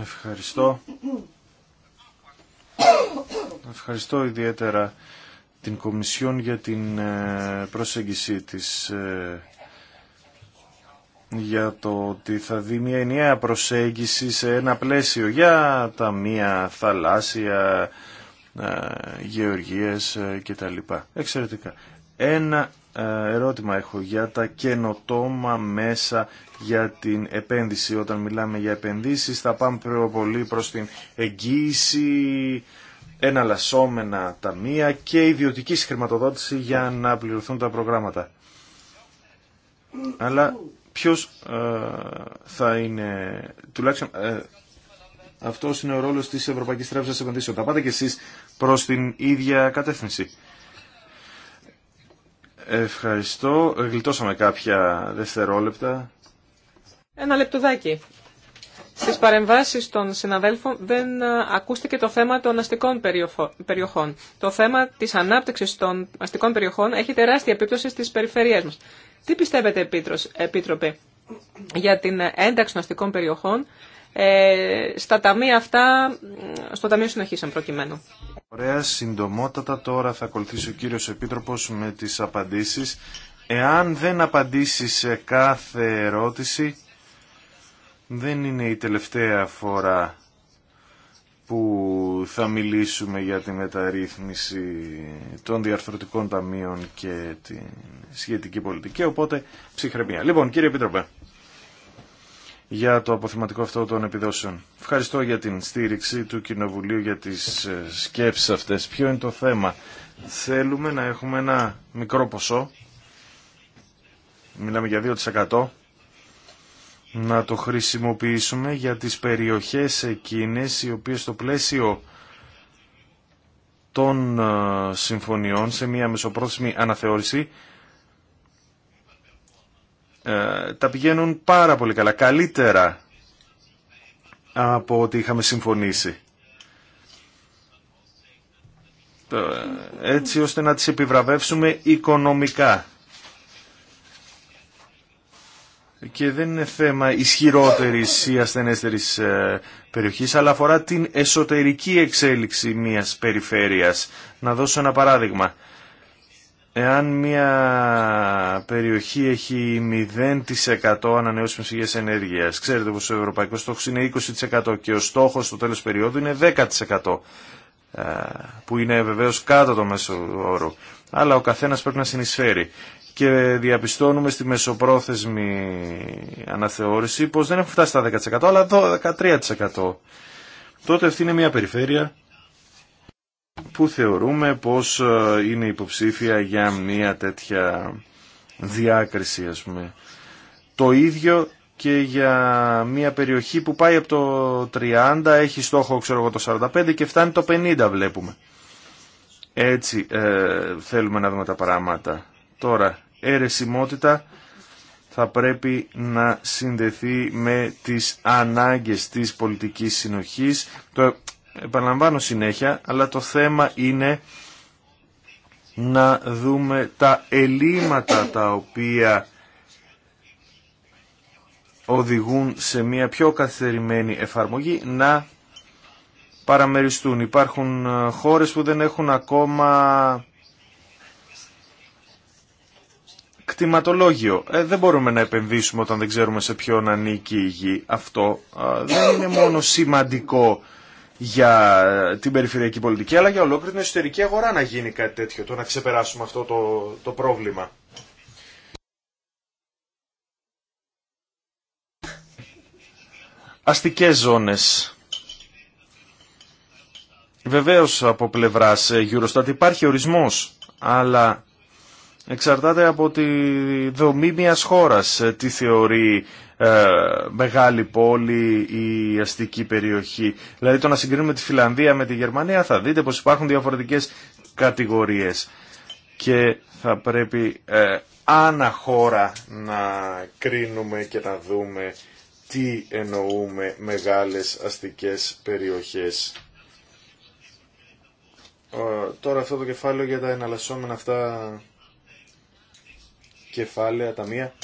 Ευχαριστώ. Ευχαριστώ ιδιαίτερα την Κομισιόν για την ε, προσέγγιση της ε, για το ότι θα δει μια ενιαία προσέγγιση σε ένα πλαίσιο για τα μία θαλάσσια, ε, γεωργίες ε, κτλ. Εξαιρετικά. Ένα ε, ερώτημα έχω για τα καινοτόμα μέσα για την επένδυση. Όταν μιλάμε για επενδύσεις θα πάμε πιο πολύ προς την εγγύηση, εναλλασσόμενα ταμεία και ιδιωτική χρηματοδότηση για να πληρωθούν τα προγράμματα. Αλλά ποιος ε, θα είναι, τουλάχιστον ε, αυτό είναι ο ρόλος της Ευρωπαϊκής Τράπεζας Επενδύσεων. Θα πάτε κι εσείς προς την ίδια κατεύθυνση. Ευχαριστώ. Γλιτώσαμε κάποια δευτερόλεπτα. Ένα λεπτοδάκι. Στις παρεμβάσεις των συναδέλφων δεν ε, ακούστηκε το θέμα των αστικών περιοχών. Το θέμα της ανάπτυξης των αστικών περιοχών έχει τεράστια επίπτωση στις περιφερειές μας. Τι πιστεύετε, Επίτροπε, για την ένταξη αστικών περιοχών ε, στα ταμεία αυτά, στο Ταμείο Συνοχής, αν προκειμένου. Ωραία, συντομότατα τώρα θα ακολουθήσει ο κύριος Επίτροπος με τις απαντήσεις. Εάν δεν απαντήσει σε κάθε ερώτηση, δεν είναι η τελευταία φορά που θα μιλήσουμε για τη μεταρρύθμιση των διαρθρωτικών ταμείων και τη σχετική πολιτική, οπότε ψυχραιμία. Λοιπόν, κύριε Επίτροπε, για το αποθυματικό αυτό των επιδόσεων. Ευχαριστώ για την στήριξη του Κοινοβουλίου για τις ε, σκέψεις αυτές. Ποιο είναι το θέμα. Θέλουμε να έχουμε ένα μικρό ποσό, μιλάμε για 2%, να το χρησιμοποιήσουμε για τις περιοχές εκείνες οι οποίες στο πλαίσιο των ε, συμφωνιών σε μια μεσοπρόθεσμη αναθεώρηση ε, τα πηγαίνουν πάρα πολύ καλά, καλύτερα από ό,τι είχαμε συμφωνήσει. Ε, έτσι ώστε να τις επιβραβεύσουμε οικονομικά. και δεν είναι θέμα ισχυρότερης ή ασθενέστερης ε, περιοχής, αλλά αφορά την εσωτερική εξέλιξη μιας περιφέρειας. Να δώσω ένα παράδειγμα. Εάν μια περιοχή έχει 0% ανανεώσιμε πηγέ ενέργειας, ξέρετε πως ο ευρωπαϊκός στόχος είναι 20% και ο στόχος στο τέλο περίοδου είναι 10% ε, που είναι βεβαίως κάτω το μέσο όρο. Αλλά ο καθένας πρέπει να συνεισφέρει και διαπιστώνουμε στη μεσοπρόθεσμη αναθεώρηση πως δεν έχουν φτάσει στα 10% αλλά 13%. Τότε αυτή είναι μια περιφέρεια που θεωρούμε πως ε, είναι υποψήφια για μια τέτοια διάκριση ας πούμε. Το ίδιο και για μια περιοχή που πάει από το 30, έχει στόχο ξέρω εγώ το 45 και φτάνει το 50 βλέπουμε. Έτσι ε, θέλουμε να δούμε τα πράγματα. Τώρα, αιρεσιμότητα θα πρέπει να συνδεθεί με τις ανάγκες της πολιτικής συνοχής. Το επαναλαμβάνω συνέχεια, αλλά το θέμα είναι να δούμε τα ελλείμματα τα οποία οδηγούν σε μια πιο καθερημένη εφαρμογή να παραμεριστούν. Υπάρχουν ε, χώρες που δεν έχουν ακόμα κτηματολόγιο. Ε, δεν μπορούμε να επενδύσουμε όταν δεν ξέρουμε σε ποιον ανήκει η γη. Αυτό δεν είναι μόνο σημαντικό για την περιφερειακή πολιτική, αλλά για ολόκληρη την εσωτερική αγορά να γίνει κάτι τέτοιο, το να ξεπεράσουμε αυτό το, το πρόβλημα. Αστικές ζώνες. Βεβαίως από πλευράς ε, Eurostat υπάρχει ορισμός, αλλά εξαρτάται από τη δομή μιας χώρας, ε, τι θεωρεί ε, μεγάλη πόλη ή αστική περιοχή. Δηλαδή το να συγκρίνουμε τη Φιλανδία με τη Γερμανία θα δείτε πως υπάρχουν διαφορετικές κατηγορίες και θα πρέπει ε, άνα χώρα να κρίνουμε και να δούμε τι εννοούμε μεγάλες αστικές περιοχές. τώρα αυτό το κεφάλαιο για τα εναλλασσόμενα αυτά κεφάλαια ταμεία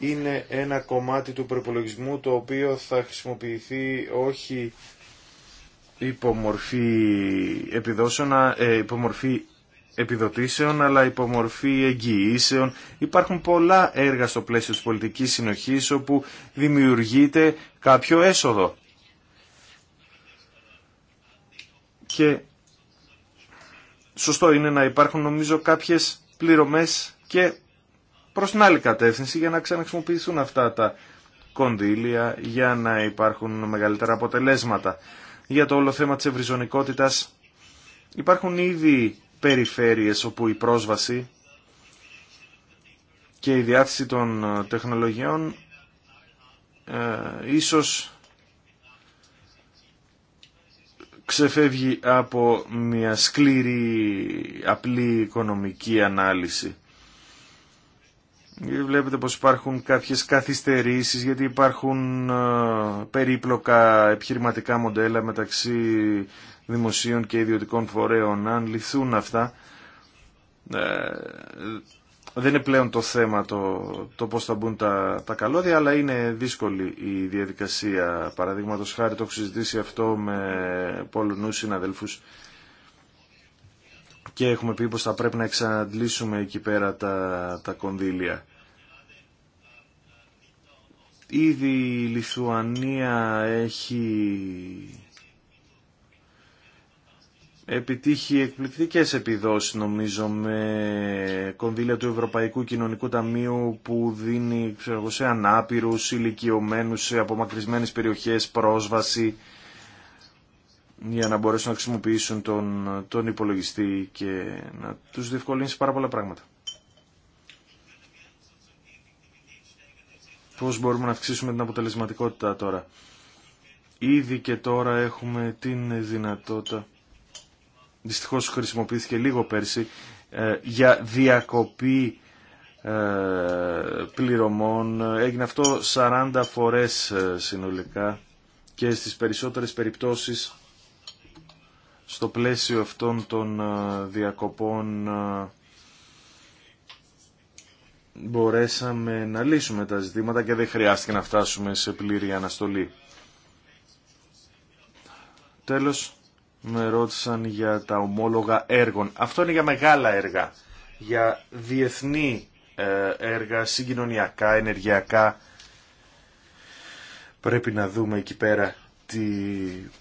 είναι ένα κομμάτι του προπολογισμού το οποίο θα χρησιμοποιηθεί όχι υπομορφή επιδόσεων, ε, υπομορφή επιδοτήσεων αλλά υπομορφή εγγυήσεων. Υπάρχουν πολλά έργα στο πλαίσιο της πολιτικής συνοχής όπου δημιουργείται κάποιο έσοδο. Και σωστό είναι να υπάρχουν νομίζω κάποιες πληρωμές και προς την άλλη κατεύθυνση για να ξαναχρησιμοποιηθούν αυτά τα κονδύλια για να υπάρχουν μεγαλύτερα αποτελέσματα. Για το όλο θέμα της ευρυζωνικότητας υπάρχουν ήδη περιφέρειες όπου η πρόσβαση και η διάθεση των ε, τεχνολογιών ε, ίσως ξεφεύγει από μια σκληρή απλή οικονομική ανάλυση. Βλέπετε πως υπάρχουν κάποιες καθυστερήσεις γιατί υπάρχουν ε, περίπλοκα επιχειρηματικά μοντέλα μεταξύ δημοσίων και ιδιωτικών φορέων. Αν λυθούν αυτά, ε, δεν είναι πλέον το θέμα το, το πώς θα μπουν τα, τα καλώδια, αλλά είναι δύσκολη η διαδικασία. Παραδείγματο χάρη το έχω συζητήσει αυτό με πολλούς συναδελφούς και έχουμε πει πως θα πρέπει να εξαντλήσουμε εκεί πέρα τα, τα κονδύλια. Ήδη η Λιθουανία έχει επιτύχει εκπληκτικές επιδόσεις νομίζω με κονδύλια του Ευρωπαϊκού Κοινωνικού Ταμείου που δίνει ξέρω, σε ανάπηρους, ηλικιωμένους, σε απομακρυσμένες περιοχές πρόσβαση για να μπορέσουν να χρησιμοποιήσουν τον, τον υπολογιστή και να τους σε πάρα πολλά πράγματα. Πώς μπορούμε να αυξήσουμε την αποτελεσματικότητα τώρα. Ήδη και τώρα έχουμε την δυνατότητα, δυστυχώς χρησιμοποιήθηκε λίγο πέρσι, ε, για διακοπή ε, πληρωμών. Έγινε αυτό 40 φορές ε, συνολικά και στις περισσότερες περιπτώσεις στο πλαίσιο αυτών των διακοπών μπορέσαμε να λύσουμε τα ζητήματα και δεν χρειάστηκε να φτάσουμε σε πλήρη αναστολή. Τέλος, με ρώτησαν για τα ομόλογα έργων. Αυτό είναι για μεγάλα έργα, για διεθνή ε, έργα, συγκοινωνιακά, ενεργειακά. Πρέπει να δούμε εκεί πέρα τι,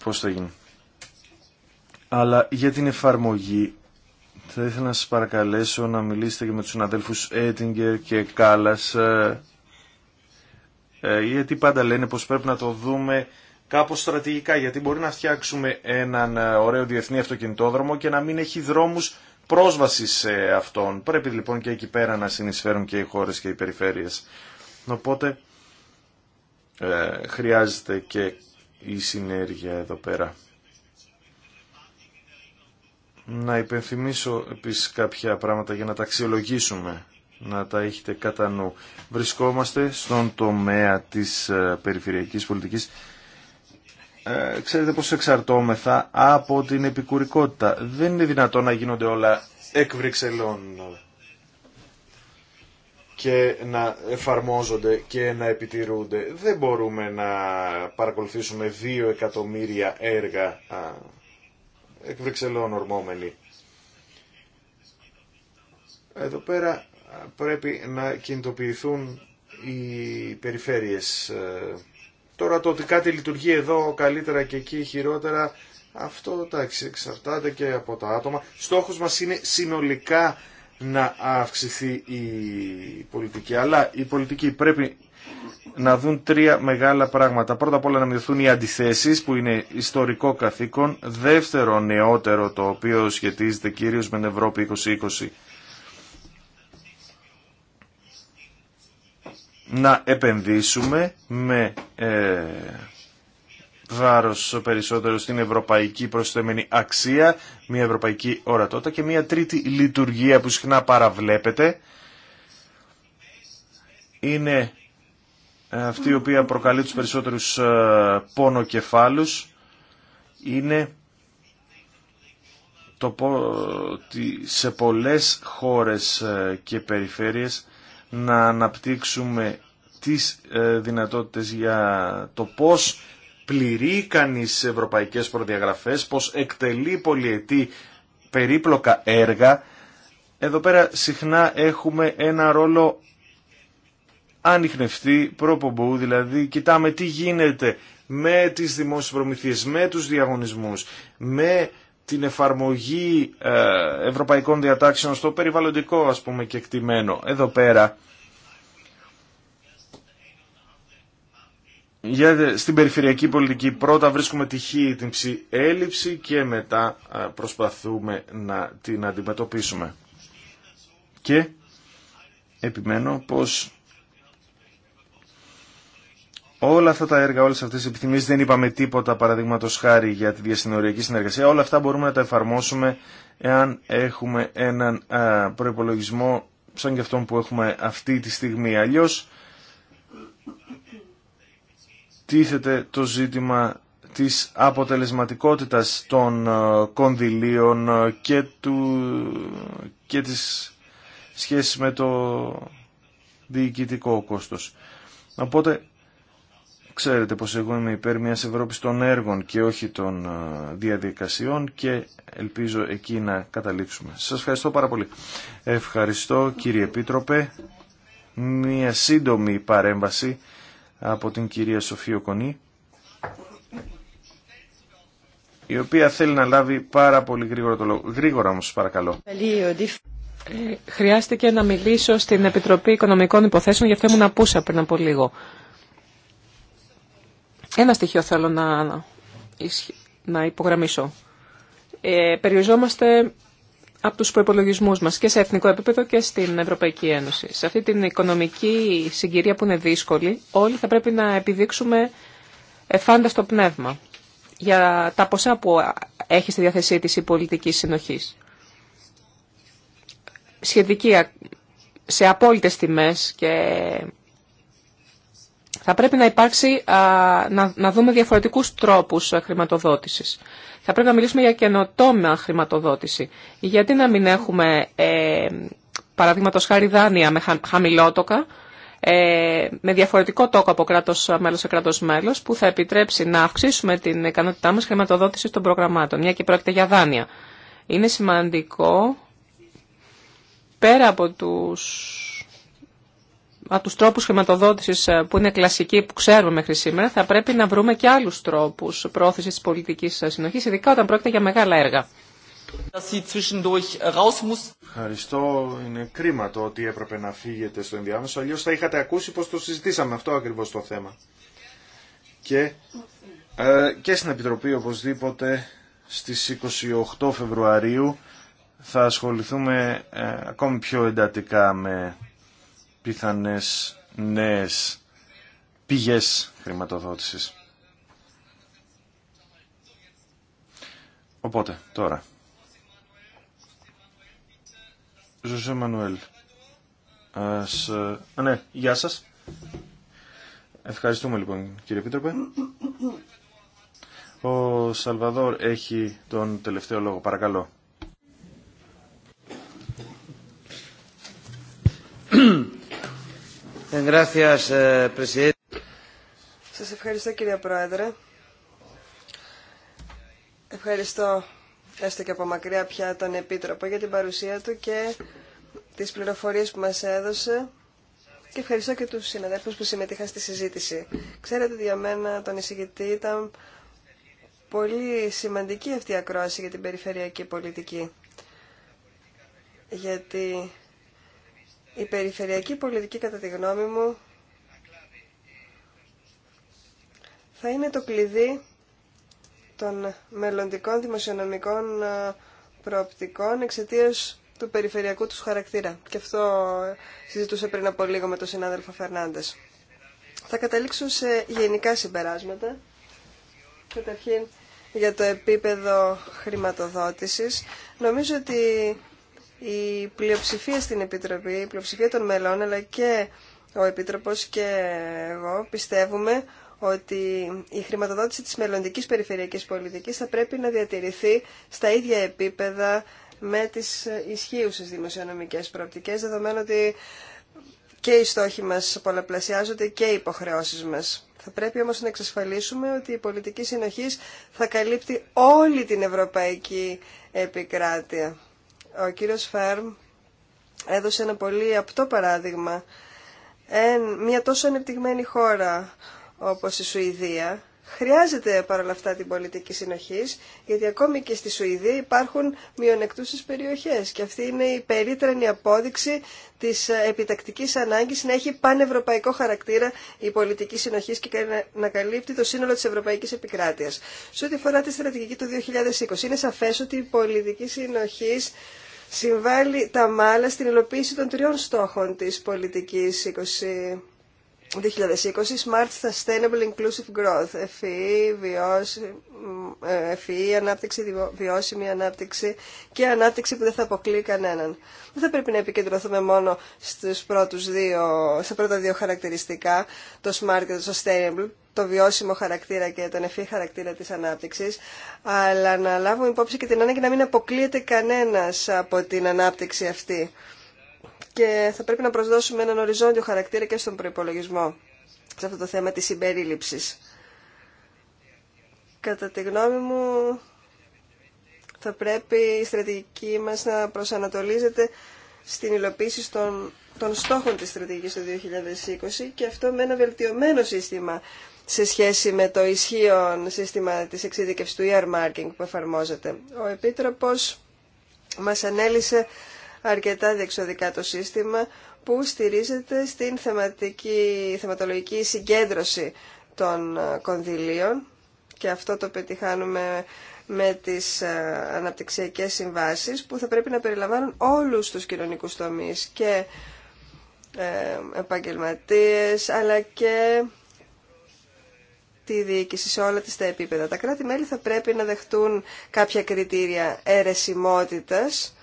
πώς θα γίνει. Αλλά για την εφαρμογή θα ήθελα να σας παρακαλέσω να μιλήσετε και με τους συναδέλφους Έτιγκερ και Κάλλας ε, ε, γιατί πάντα λένε πως πρέπει να το δούμε κάπως στρατηγικά γιατί μπορεί να φτιάξουμε έναν ε, ωραίο διεθνή αυτοκινητόδρομο και να μην έχει δρόμους πρόσβασης σε αυτόν. Πρέπει λοιπόν και εκεί πέρα να συνεισφέρουν και οι χώρες και οι περιφέρειες. Οπότε ε, χρειάζεται και η συνέργεια εδώ πέρα να υπενθυμίσω επίσης κάποια πράγματα για να τα αξιολογήσουμε, να τα έχετε κατά νου. Βρισκόμαστε στον τομέα της ε, περιφερειακής πολιτικής. Ε, ξέρετε πώς εξαρτώμεθα από την επικουρικότητα. Δεν είναι δυνατό να γίνονται όλα εκ Βρυξελών και να εφαρμόζονται και να επιτηρούνται. Δεν μπορούμε να παρακολουθήσουμε δύο εκατομμύρια έργα εκ Βρυξελών ορμόμενοι. Εδώ πέρα πρέπει να κινητοποιηθούν οι περιφέρειες. Τώρα το ότι κάτι λειτουργεί εδώ καλύτερα και εκεί χειρότερα, αυτό εντάξει εξαρτάται και από τα άτομα. Στόχος μας είναι συνολικά να αυξηθεί η πολιτική. Αλλά η πολιτική πρέπει να δουν τρία μεγάλα πράγματα. Πρώτα απ' όλα να μειωθούν οι αντιθέσεις που είναι ιστορικό καθήκον. Δεύτερο νεότερο το οποίο σχετίζεται κυρίως με την Ευρώπη 2020. Να επενδύσουμε με ε, βάρος περισσότερο στην ευρωπαϊκή προσθέμενη αξία, μια ευρωπαϊκή ορατότητα και μια τρίτη λειτουργία που συχνά παραβλέπεται είναι αυτή η οποία προκαλεί τους περισσότερους ε, πόνο κεφάλους είναι το ότι σε πολλές χώρες ε, και περιφέρειες να αναπτύξουμε τις ε, δυνατότητες για το πώς πληρεί κανείς ευρωπαϊκές προδιαγραφές, πώς εκτελεί πολυετή περίπλοκα έργα. Εδώ πέρα συχνά έχουμε ένα ρόλο ανοιχνευτεί προπομπού, δηλαδή κοιτάμε τι γίνεται με τις δημόσιες προμηθείες, με τους διαγωνισμούς, με την εφαρμογή ε, ευρωπαϊκών διατάξεων στο περιβαλλοντικό ας πούμε και εκτιμένο. Εδώ πέρα, στην περιφερειακή πολιτική πρώτα βρίσκουμε τυχή την έλλειψη και μετά ε, προσπαθούμε να την αντιμετωπίσουμε. Και επιμένω πως Όλα αυτά τα έργα, όλε αυτέ τι επιθυμίε, δεν είπαμε τίποτα παραδείγματο χάρη για τη διασυνοριακή συνεργασία. Όλα αυτά μπορούμε να τα εφαρμόσουμε εάν έχουμε έναν α, προπολογισμό σαν και αυτόν που έχουμε αυτή τη στιγμή. Αλλιώ τίθεται το ζήτημα της αποτελεσματικότητας των κονδυλίων και, του, και της σχέσης με το διοικητικό κόστος. Οπότε Ξέρετε πως εγώ είμαι υπέρ μιας Ευρώπης των έργων και όχι των ε, διαδικασιών και ελπίζω εκεί να καταλήξουμε. Σας ευχαριστώ πάρα πολύ. Ευχαριστώ κύριε Επίτροπε. Μια σύντομη παρέμβαση από την κυρία Σοφία Κονή η οποία θέλει να λάβει πάρα πολύ γρήγορα το λόγο. Γρήγορα όμως παρακαλώ. Ε, χρειάστηκε να μιλήσω στην Επιτροπή Οικονομικών Υποθέσεων, γι' αυτό ήμουν απούσα πριν από λίγο. Ένα στοιχείο θέλω να, να υπογραμμίσω. Ε, περιοριζόμαστε από τους προϋπολογισμούς μας και σε εθνικό επίπεδο και στην Ευρωπαϊκή Ένωση. Σε αυτή την οικονομική συγκυρία που είναι δύσκολη, όλοι θα πρέπει να επιδείξουμε εφάνταστο πνεύμα για τα ποσά που έχει στη διάθεσή της η πολιτική συνοχής. Σχετική σε απόλυτες τιμές και θα πρέπει να υπάρξει, να, να δούμε διαφορετικούς τρόπους χρηματοδότησης. Θα πρέπει να μιλήσουμε για καινοτόμια χρηματοδότηση. Γιατί να μην έχουμε, ε, παραδείγματο χάρη δάνεια με χαμηλότοκα, ε, με διαφορετικό τόκο από κράτος μέλος σε κράτος μέλος, που θα επιτρέψει να αυξήσουμε την ικανότητά μας χρηματοδότηση των προγραμμάτων, μια και πρόκειται για δάνεια. Είναι σημαντικό, πέρα από τους από τους τρόπους χρηματοδότησης ε, που είναι κλασικοί που ξέρουμε μέχρι σήμερα, θα πρέπει να βρούμε και άλλους τρόπους προώθησης της πολιτικής ε, συνοχής, ειδικά όταν πρόκειται για μεγάλα έργα. Äh, Ευχαριστώ. Είναι κρίμα το ότι έπρεπε να φύγετε στο ενδιάμεσο, αλλιώ θα είχατε ακούσει πως το συζητήσαμε αυτό ακριβώς το θέμα. Και, ε, και στην Επιτροπή οπωσδήποτε στις 28 Φεβρουαρίου θα ασχοληθούμε ε, ακόμη πιο εντατικά με πιθανές νέες πηγές χρηματοδότησης. Οπότε, τώρα. Ζωζέ Μανουέλ. Ας... Ε, α, ναι, γεια σας. Ευχαριστούμε λοιπόν κύριε Πίτροπε. Ο Σαλβαδόρ έχει τον τελευταίο λόγο, παρακαλώ. Eh, Σας ευχαριστώ κύριε Πρόεδρε. Ευχαριστώ έστω και από μακριά πια τον Επίτροπο για την παρουσία του και τις πληροφορίες που μας έδωσε και ευχαριστώ και τους συναδέλφους που συμμετείχαν στη συζήτηση. Ξέρετε, για μένα τον εισηγητή ήταν πολύ σημαντική αυτή η ακρόαση για την περιφερειακή πολιτική. Γιατί η περιφερειακή πολιτική, κατά τη γνώμη μου, θα είναι το κλειδί των μελλοντικών δημοσιονομικών ε, προοπτικών εξαιτία του περιφερειακού του χαρακτήρα. Και αυτό συζητούσα πριν από λίγο με τον συνάδελφο Φερνάντες. Θα καταλήξω σε γενικά συμπεράσματα. Καταρχήν για το επίπεδο χρηματοδότησης. Νομίζω ότι η πλειοψηφία στην Επιτροπή, η πλειοψηφία των μελών, αλλά και ο Επίτροπος και εγώ πιστεύουμε ότι η χρηματοδότηση της μελλοντικής περιφερειακής πολιτικής θα πρέπει να διατηρηθεί στα ίδια επίπεδα με τις ισχύουσες δημοσιονομικές προοπτικές, δεδομένου ότι και οι στόχοι μας πολλαπλασιάζονται και οι υποχρεώσεις μας. Θα πρέπει όμως να εξασφαλίσουμε ότι η πολιτική συνοχής θα καλύπτει όλη την ευρωπαϊκή επικράτεια. Ο κύριος Φέρμ έδωσε ένα πολύ απτό παράδειγμα. Εν, μια τόσο ανεπτυγμένη χώρα όπως η Σουηδία Χρειάζεται όλα αυτά την πολιτική συνοχή, γιατί ακόμη και στη Σουηδία υπάρχουν μειονεκτούσε περιοχέ. Και αυτή είναι η περίτρανη απόδειξη τη επιτακτική ανάγκη να έχει πανευρωπαϊκό χαρακτήρα η πολιτική συνοχή και να καλύπτει το σύνολο τη ευρωπαϊκή επικράτεια. Σε ό,τι αφορά τη στρατηγική του 2020, είναι σαφέ ότι η πολιτική συνοχή συμβάλλει τα μάλα στην υλοποίηση των τριών στόχων της πολιτικής 20 2020 Smart Sustainable Inclusive Growth, FEE, βιώσιμη, ε, e, ανάπτυξη, βιώσιμη ανάπτυξη και ανάπτυξη που δεν θα αποκλείει κανέναν. Δεν θα πρέπει να επικεντρωθούμε μόνο στους πρώτους δύο, στα πρώτα δύο χαρακτηριστικά, το Smart και το Sustainable, το βιώσιμο χαρακτήρα και τον ευφύ e χαρακτήρα της ανάπτυξης, αλλά να λάβουμε υπόψη και την ανάγκη να μην αποκλείεται κανένας από την ανάπτυξη αυτή και θα πρέπει να προσδώσουμε έναν οριζόντιο χαρακτήρα και στον προϋπολογισμό σε αυτό το θέμα της συμπερίληψης. Κατά τη γνώμη μου θα πρέπει η στρατηγική μας να προσανατολίζεται στην υλοποίηση των, στόχων της στρατηγικής του 2020 και αυτό με ένα βελτιωμένο σύστημα σε σχέση με το ισχύον σύστημα της εξειδικευσης του earmarking που εφαρμόζεται. Ο Επίτροπος μας ανέλησε αρκετά διεξοδικά το σύστημα που στηρίζεται στην θεματική, θεματολογική συγκέντρωση των ε, κονδυλίων και αυτό το πετυχάνουμε με τις ε, αναπτυξιακές συμβάσεις που θα πρέπει να περιλαμβάνουν όλους τους κοινωνικούς τομείς και ε, επαγγελματίες αλλά και τη διοίκηση σε όλα τις τα επίπεδα. Τα κράτη-μέλη θα πρέπει να δεχτούν κάποια κριτήρια αιρεσιμότητας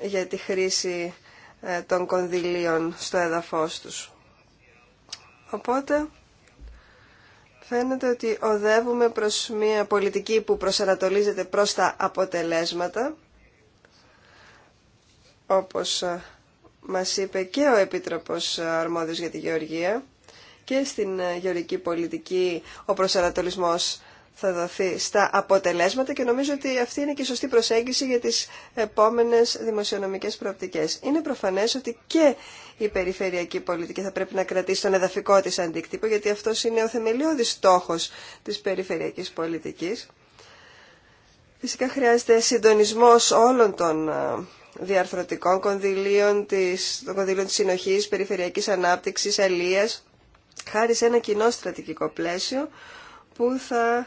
για τη χρήση ε, των κονδυλίων στο έδαφος τους. Οπότε φαίνεται ότι οδεύουμε προς μια πολιτική που προσανατολίζεται προς τα αποτελέσματα, όπως ε, μας είπε και ο Επίτροπος ε, Αρμόδιος για τη Γεωργία και στην γεωργική πολιτική ο προσανατολισμός θα δοθεί στα αποτελέσματα και νομίζω ότι αυτή είναι και η σωστή προσέγγιση για τις επόμενες δημοσιονομικές προοπτικές. Είναι προφανές ότι και η περιφερειακή πολιτική θα πρέπει να κρατήσει τον εδαφικό της αντίκτυπο, γιατί αυτός είναι ο θεμελιώδης στόχος της περιφερειακής πολιτικής. Φυσικά χρειάζεται συντονισμός όλων των διαρθρωτικών κονδυλίων της, των κονδυλίων της συνοχής, περιφερειακής ανάπτυξης, αλίας, χάρη σε ένα κοινό στρατηγικό πλαίσιο που θα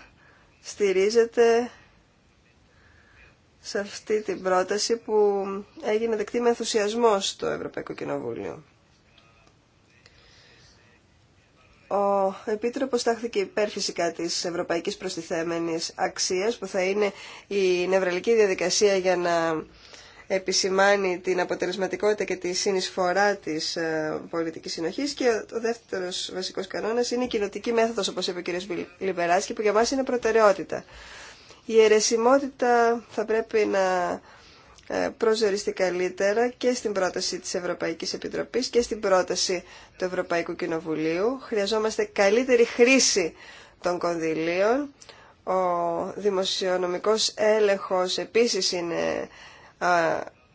στηρίζεται σε αυτή την πρόταση που έγινε δεκτή με ενθουσιασμό στο Ευρωπαϊκό Κοινοβούλιο. Ο Επίτροπος τάχθηκε υπέρ φυσικά της ευρωπαϊκής προστιθέμενης αξίας που θα είναι η νευραλική διαδικασία για να επισημάνει την αποτελεσματικότητα και τη συνεισφορά της ε, πολιτικής συνοχής και ο δεύτερος βασικός κανόνας είναι η κοινοτική μέθοδος, όπως είπε ο κ. Λιμπεράσκη, που για μας είναι προτεραιότητα. Η αιρεσιμότητα θα πρέπει να ε, προσδιοριστεί καλύτερα και στην πρόταση της Ευρωπαϊκής Επιτροπής και στην πρόταση του Ευρωπαϊκού Κοινοβουλίου. Χρειαζόμαστε καλύτερη χρήση των κονδυλίων. Ο δημοσιονομικός έλεγχος επίσης είναι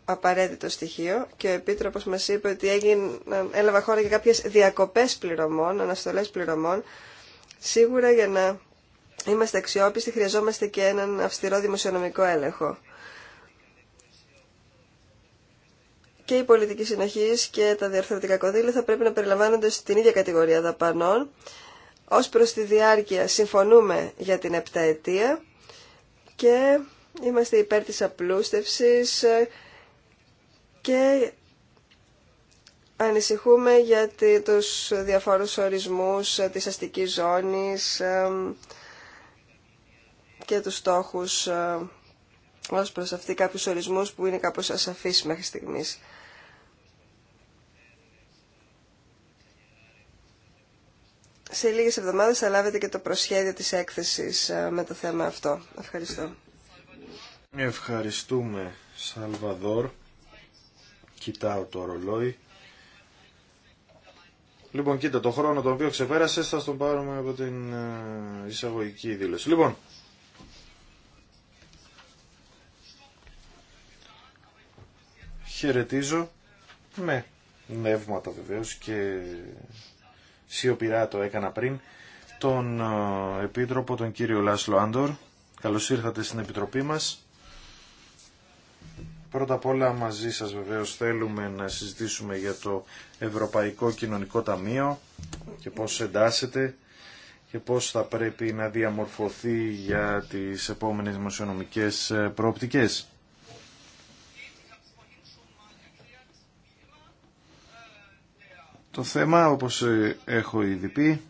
απαραίτητο στοιχείο και ο Επίτροπος μας είπε ότι έγινε, έλαβα χώρα και κάποιες διακοπές πληρωμών, αναστολές πληρωμών. Σίγουρα για να είμαστε αξιόπιστοι χρειαζόμαστε και έναν αυστηρό δημοσιονομικό έλεγχο. Και η πολιτική συνοχή και τα διαρθρωτικά κονδύλια θα πρέπει να περιλαμβάνονται στην ίδια κατηγορία δαπανών. Ως προς τη διάρκεια συμφωνούμε για την επταετία και Είμαστε υπέρ της απλούστευσης και ανησυχούμε για τους διαφόρους ορισμούς της αστικής ζώνης και τους στόχους ως προς αυτή κάποιους ορισμούς που είναι κάπως ασαφείς μέχρι στιγμής. Σε λίγες εβδομάδες θα λάβετε και το προσχέδιο της έκθεσης ε, με το θέμα αυτό. Ευχαριστώ. Ευχαριστούμε Σαλβαδόρ. Κοιτάω το ρολόι. Λοιπόν, κοίτα, το χρόνο τον οποίο ξεπέρασε θα τον πάρουμε από την ε, εισαγωγική δήλωση. Λοιπόν, χαιρετίζω με νεύματα βεβαίως και σιωπηρά το έκανα πριν τον ε, Επίτροπο, τον κύριο Λάσλο Άντορ. Καλώς ήρθατε στην Επιτροπή μας. Πρώτα απ' όλα μαζί σας βεβαίως θέλουμε να συζητήσουμε για το Ευρωπαϊκό Κοινωνικό Ταμείο και πώς εντάσσεται και πώς θα πρέπει να διαμορφωθεί για τις επόμενες δημοσιονομικές ε, προοπτικές. Το θέμα, όπως ε, έχω ήδη πει,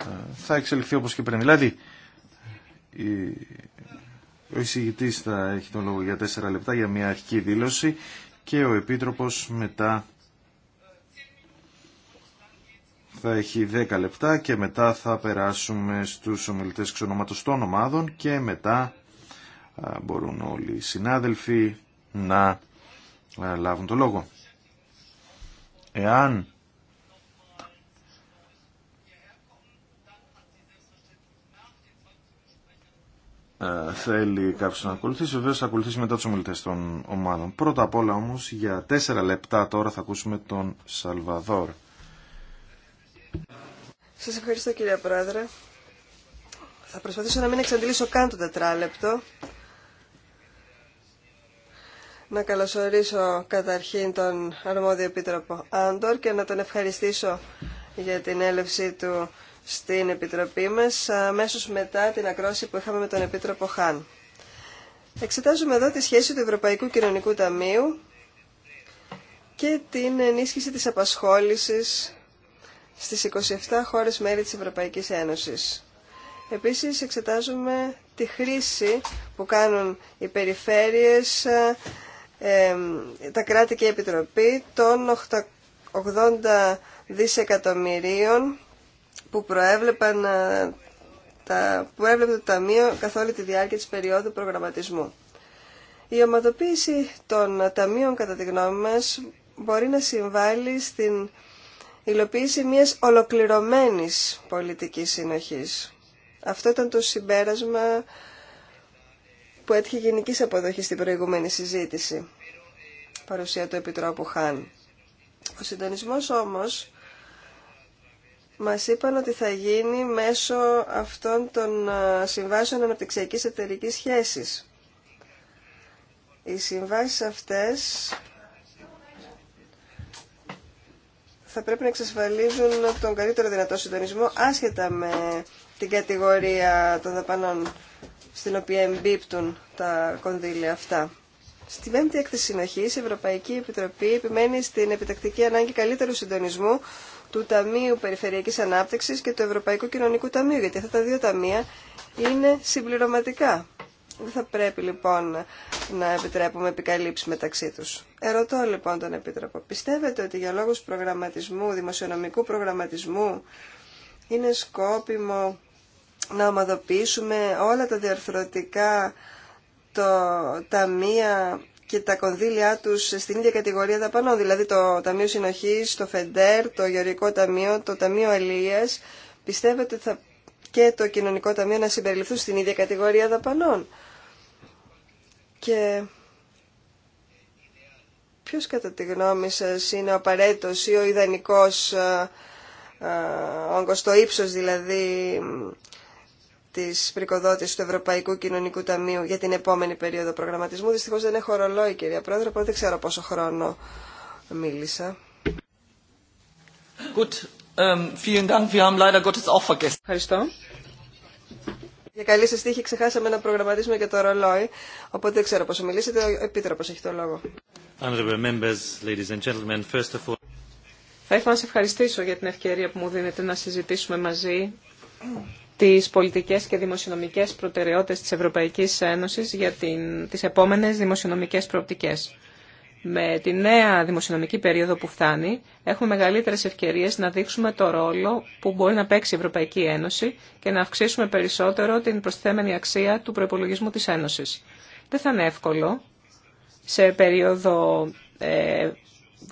ε, θα εξελιχθεί όπως και πριν. Δηλαδή, ο εισηγητή θα έχει τον λόγο για τέσσερα λεπτά για μια αρχική δήλωση και ο Επίτροπος μετά θα έχει 10 λεπτά και μετά θα περάσουμε στους ομιλητέ ξενόματος των ομάδων και μετά μπορούν όλοι οι συνάδελφοι να λάβουν το λόγο. Εάν Ε, θέλει κάποιο να ακολουθήσει, βεβαίω θα ακολουθήσει μετά του ομιλητέ των ομάδων. Πρώτα απ' όλα όμω, για τέσσερα λεπτά τώρα θα ακούσουμε τον Σαλβαδόρ. Σας ευχαριστώ κύριε Πρόεδρε. Θα προσπαθήσω να μην εξαντλήσω καν το τετράλεπτο. Να καλωσορίσω καταρχήν τον αρμόδιο επίτροπο Άντορ και να τον ευχαριστήσω για την έλευση του στην Επιτροπή μας αμέσω μετά την ακρόση που είχαμε με τον Επίτροπο Χάν. Εξετάζουμε εδώ τη σχέση του Ευρωπαϊκού Κοινωνικού Ταμείου και την ενίσχυση της απασχόλησης στις 27 χώρες μέρη της Ευρωπαϊκής Ένωσης. Επίσης εξετάζουμε τη χρήση που κάνουν οι περιφέρειες, τα κράτη και η Επιτροπή των 80 δισεκατομμυρίων που προέβλεπαν ε, τα, που έβλεπε το Ταμείο καθ' όλη τη διάρκεια της περίοδου προγραμματισμού. Η ομαδοποίηση των ταμείων, κατά τη γνώμη μας, μπορεί να συμβάλλει στην υλοποίηση μιας ολοκληρωμένης πολιτικής συνοχής. Αυτό ήταν το συμπέρασμα που έτυχε γενική αποδοχή στην προηγούμενη συζήτηση, παρουσία του Επιτρόπου Χάν. Ο συντονισμός όμως μας είπαν ότι θα γίνει μέσω αυτών των συμβάσεων αναπτυξιακής εταιρική σχέσης. Οι συμβάσεις αυτές θα πρέπει να εξασφαλίζουν τον καλύτερο δυνατό συντονισμό άσχετα με την κατηγορία των δαπανών στην οποία εμπίπτουν τα κονδύλια αυτά. Στην πέμπτη έκθεση συνοχή, η Ευρωπαϊκή Επιτροπή επιμένει στην επιτακτική ανάγκη καλύτερου συντονισμού του Ταμείου Περιφερειακής Ανάπτυξης και του Ευρωπαϊκού Κοινωνικού Ταμείου, γιατί αυτά τα δύο ταμεία είναι συμπληρωματικά. Δεν θα πρέπει λοιπόν να επιτρέπουμε επικαλύψει μεταξύ τους. Ερωτώ λοιπόν τον Επίτροπο. Πιστεύετε ότι για λόγους προγραμματισμού, δημοσιονομικού προγραμματισμού, είναι σκόπιμο να ομαδοποιήσουμε όλα τα διαρθρωτικά το ταμεία και τα κονδύλια του στην ίδια κατηγορία δαπανών, δηλαδή το Ταμείο συνοχή το ΦΕΝΤΕΡ, το Γεωργικό Ταμείο, το Ταμείο Αλίας, πιστεύετε ότι θα και το Κοινωνικό Ταμείο να συμπεριληφθούν στην ίδια κατηγορία δαπανών. Και ποιο κατά τη γνώμη σα είναι ο απαραίτητο ή ο ιδανικό, ε, ε, όγκο, το ύψο, δηλαδή Τη πρικοδότηση του Ευρωπαϊκού Κοινωνικού Ταμείου για την επόμενη περίοδο προγραμματισμού. Δυστυχώ δεν έχω ρολόι, κυρία Πρόεδρε, οπότε δεν ξέρω πόσο χρόνο μίλησα. Ευχαριστώ. Για καλή σα τύχη ξεχάσαμε να προγραμματίσουμε και το ρολόι, οπότε δεν ξέρω πόσο μιλήσετε. Ο Επίτροπο έχει το λόγο. Θα ήθελα να σα ευχαριστήσω για την ευκαιρία που μου δίνετε να συζητήσουμε μαζί τις πολιτικές και δημοσιονομικές προτεραιότητες της Ευρωπαϊκής Ένωσης για την, τις επόμενες δημοσιονομικές προοπτικές. Με τη νέα δημοσιονομική περίοδο που φτάνει, έχουμε μεγαλύτερες ευκαιρίες να δείξουμε το ρόλο που μπορεί να παίξει η Ευρωπαϊκή Ένωση και να αυξήσουμε περισσότερο την προσθέμενη αξία του προπολογισμού της Ένωσης. Δεν θα είναι εύκολο σε περίοδο ε,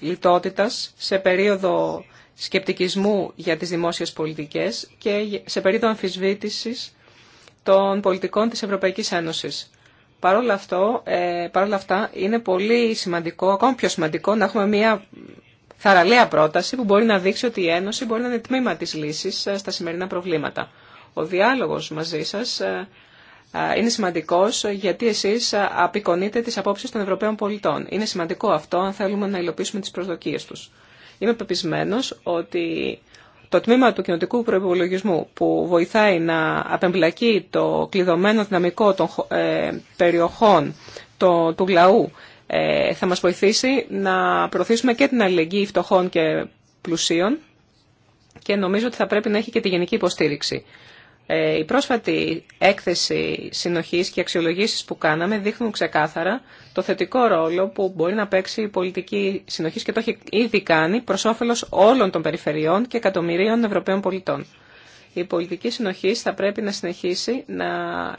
λιτότητας, σε περίοδο σκεπτικισμού για τις δημόσιες πολιτικές και σε περίοδο αμφισβήτησης των πολιτικών της Ευρωπαϊκής Ένωσης. Παρ' όλα, αυτό, ε, παρ όλα αυτά είναι πολύ σημαντικό, ακόμα πιο σημαντικό, να έχουμε μια θαραλέα πρόταση που μπορεί να δείξει ότι η Ένωση μπορεί να είναι τμήμα της λύσης ε, στα σημερινά προβλήματα. Ο διάλογος μαζί σας ε, είναι σημαντικός γιατί εσείς απεικονείτε τις απόψεις των Ευρωπαίων πολιτών. Είναι σημαντικό αυτό αν θέλουμε να υλοποιήσουμε τις προσδοκίες τους. Είμαι πεπισμένο ότι το τμήμα του κοινοτικού προπολογισμού που βοηθάει να απεμπλακεί το κλειδωμένο δυναμικό των ε, περιοχών του λαού ε, θα μας βοηθήσει να προωθήσουμε και την αλληλεγγύη φτωχών και πλουσίων και νομίζω ότι θα πρέπει να έχει και τη γενική υποστήριξη. Ε, η πρόσφατη έκθεση συνοχής και αξιολογήσεις που κάναμε δείχνουν ξεκάθαρα το θετικό ρόλο που μπορεί να παίξει η πολιτική συνοχής και το έχει ήδη κάνει προς όφελος όλων των περιφερειών και εκατομμυρίων Ευρωπαίων πολιτών. Η πολιτική συνοχή θα πρέπει να συνεχίσει να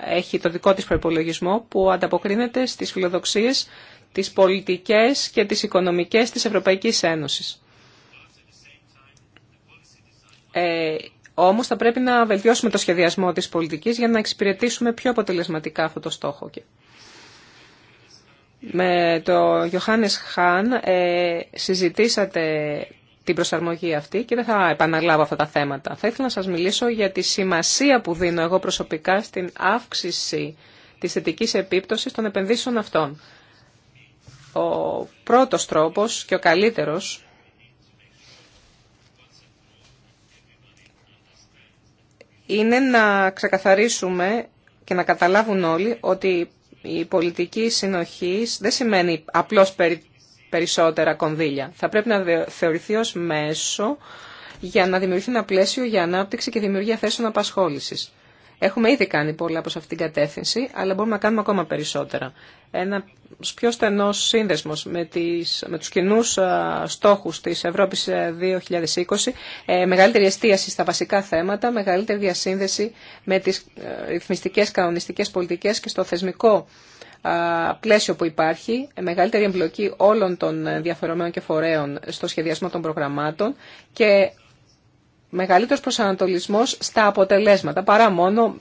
έχει το δικό της προπολογισμό που ανταποκρίνεται στις φιλοδοξίες, τις πολιτικές και τις οικονομικές της Ευρωπαϊκής Ένωσης. Ε, Όμω θα πρέπει να βελτιώσουμε το σχεδιασμό της πολιτικής για να εξυπηρετήσουμε πιο αποτελεσματικά αυτό το στόχο. Με το Johannes Χάν ε, συζητήσατε την προσαρμογή αυτή και δεν θα επαναλάβω αυτά τα θέματα. Θα ήθελα να σας μιλήσω για τη σημασία που δίνω εγώ προσωπικά στην αύξηση της θετική επίπτωσης των επενδύσεων αυτών. Ο πρώτος τρόπος και ο καλύτερος είναι να ξεκαθαρίσουμε και να καταλάβουν όλοι ότι η πολιτική συνοχής δεν σημαίνει απλώς περισσότερα κονδύλια. Θα πρέπει να θεωρηθεί ως μέσο για να δημιουργηθεί ένα πλαίσιο για ανάπτυξη και δημιουργία θέσεων απασχόλησης. Έχουμε ήδη κάνει πολλά προς αυτήν την κατεύθυνση, αλλά μπορούμε να κάνουμε ακόμα περισσότερα. Ένα πιο στενό σύνδεσμος με, τις, με τους κοινού στόχους της Ευρώπης 2020, ε, ε, μεγαλύτερη εστίαση στα βασικά θέματα, μεγαλύτερη διασύνδεση με τις ε, ρυθμιστικές κανονιστικές πολιτικές και στο θεσμικό πλαίσιο που υπάρχει, μεγαλύτερη εμπλοκή όλων των διαφορεμένων και φορέων στο σχεδιασμό των προγραμμάτων και μεγαλύτερος προσανατολισμός στα αποτελέσματα παρά μόνο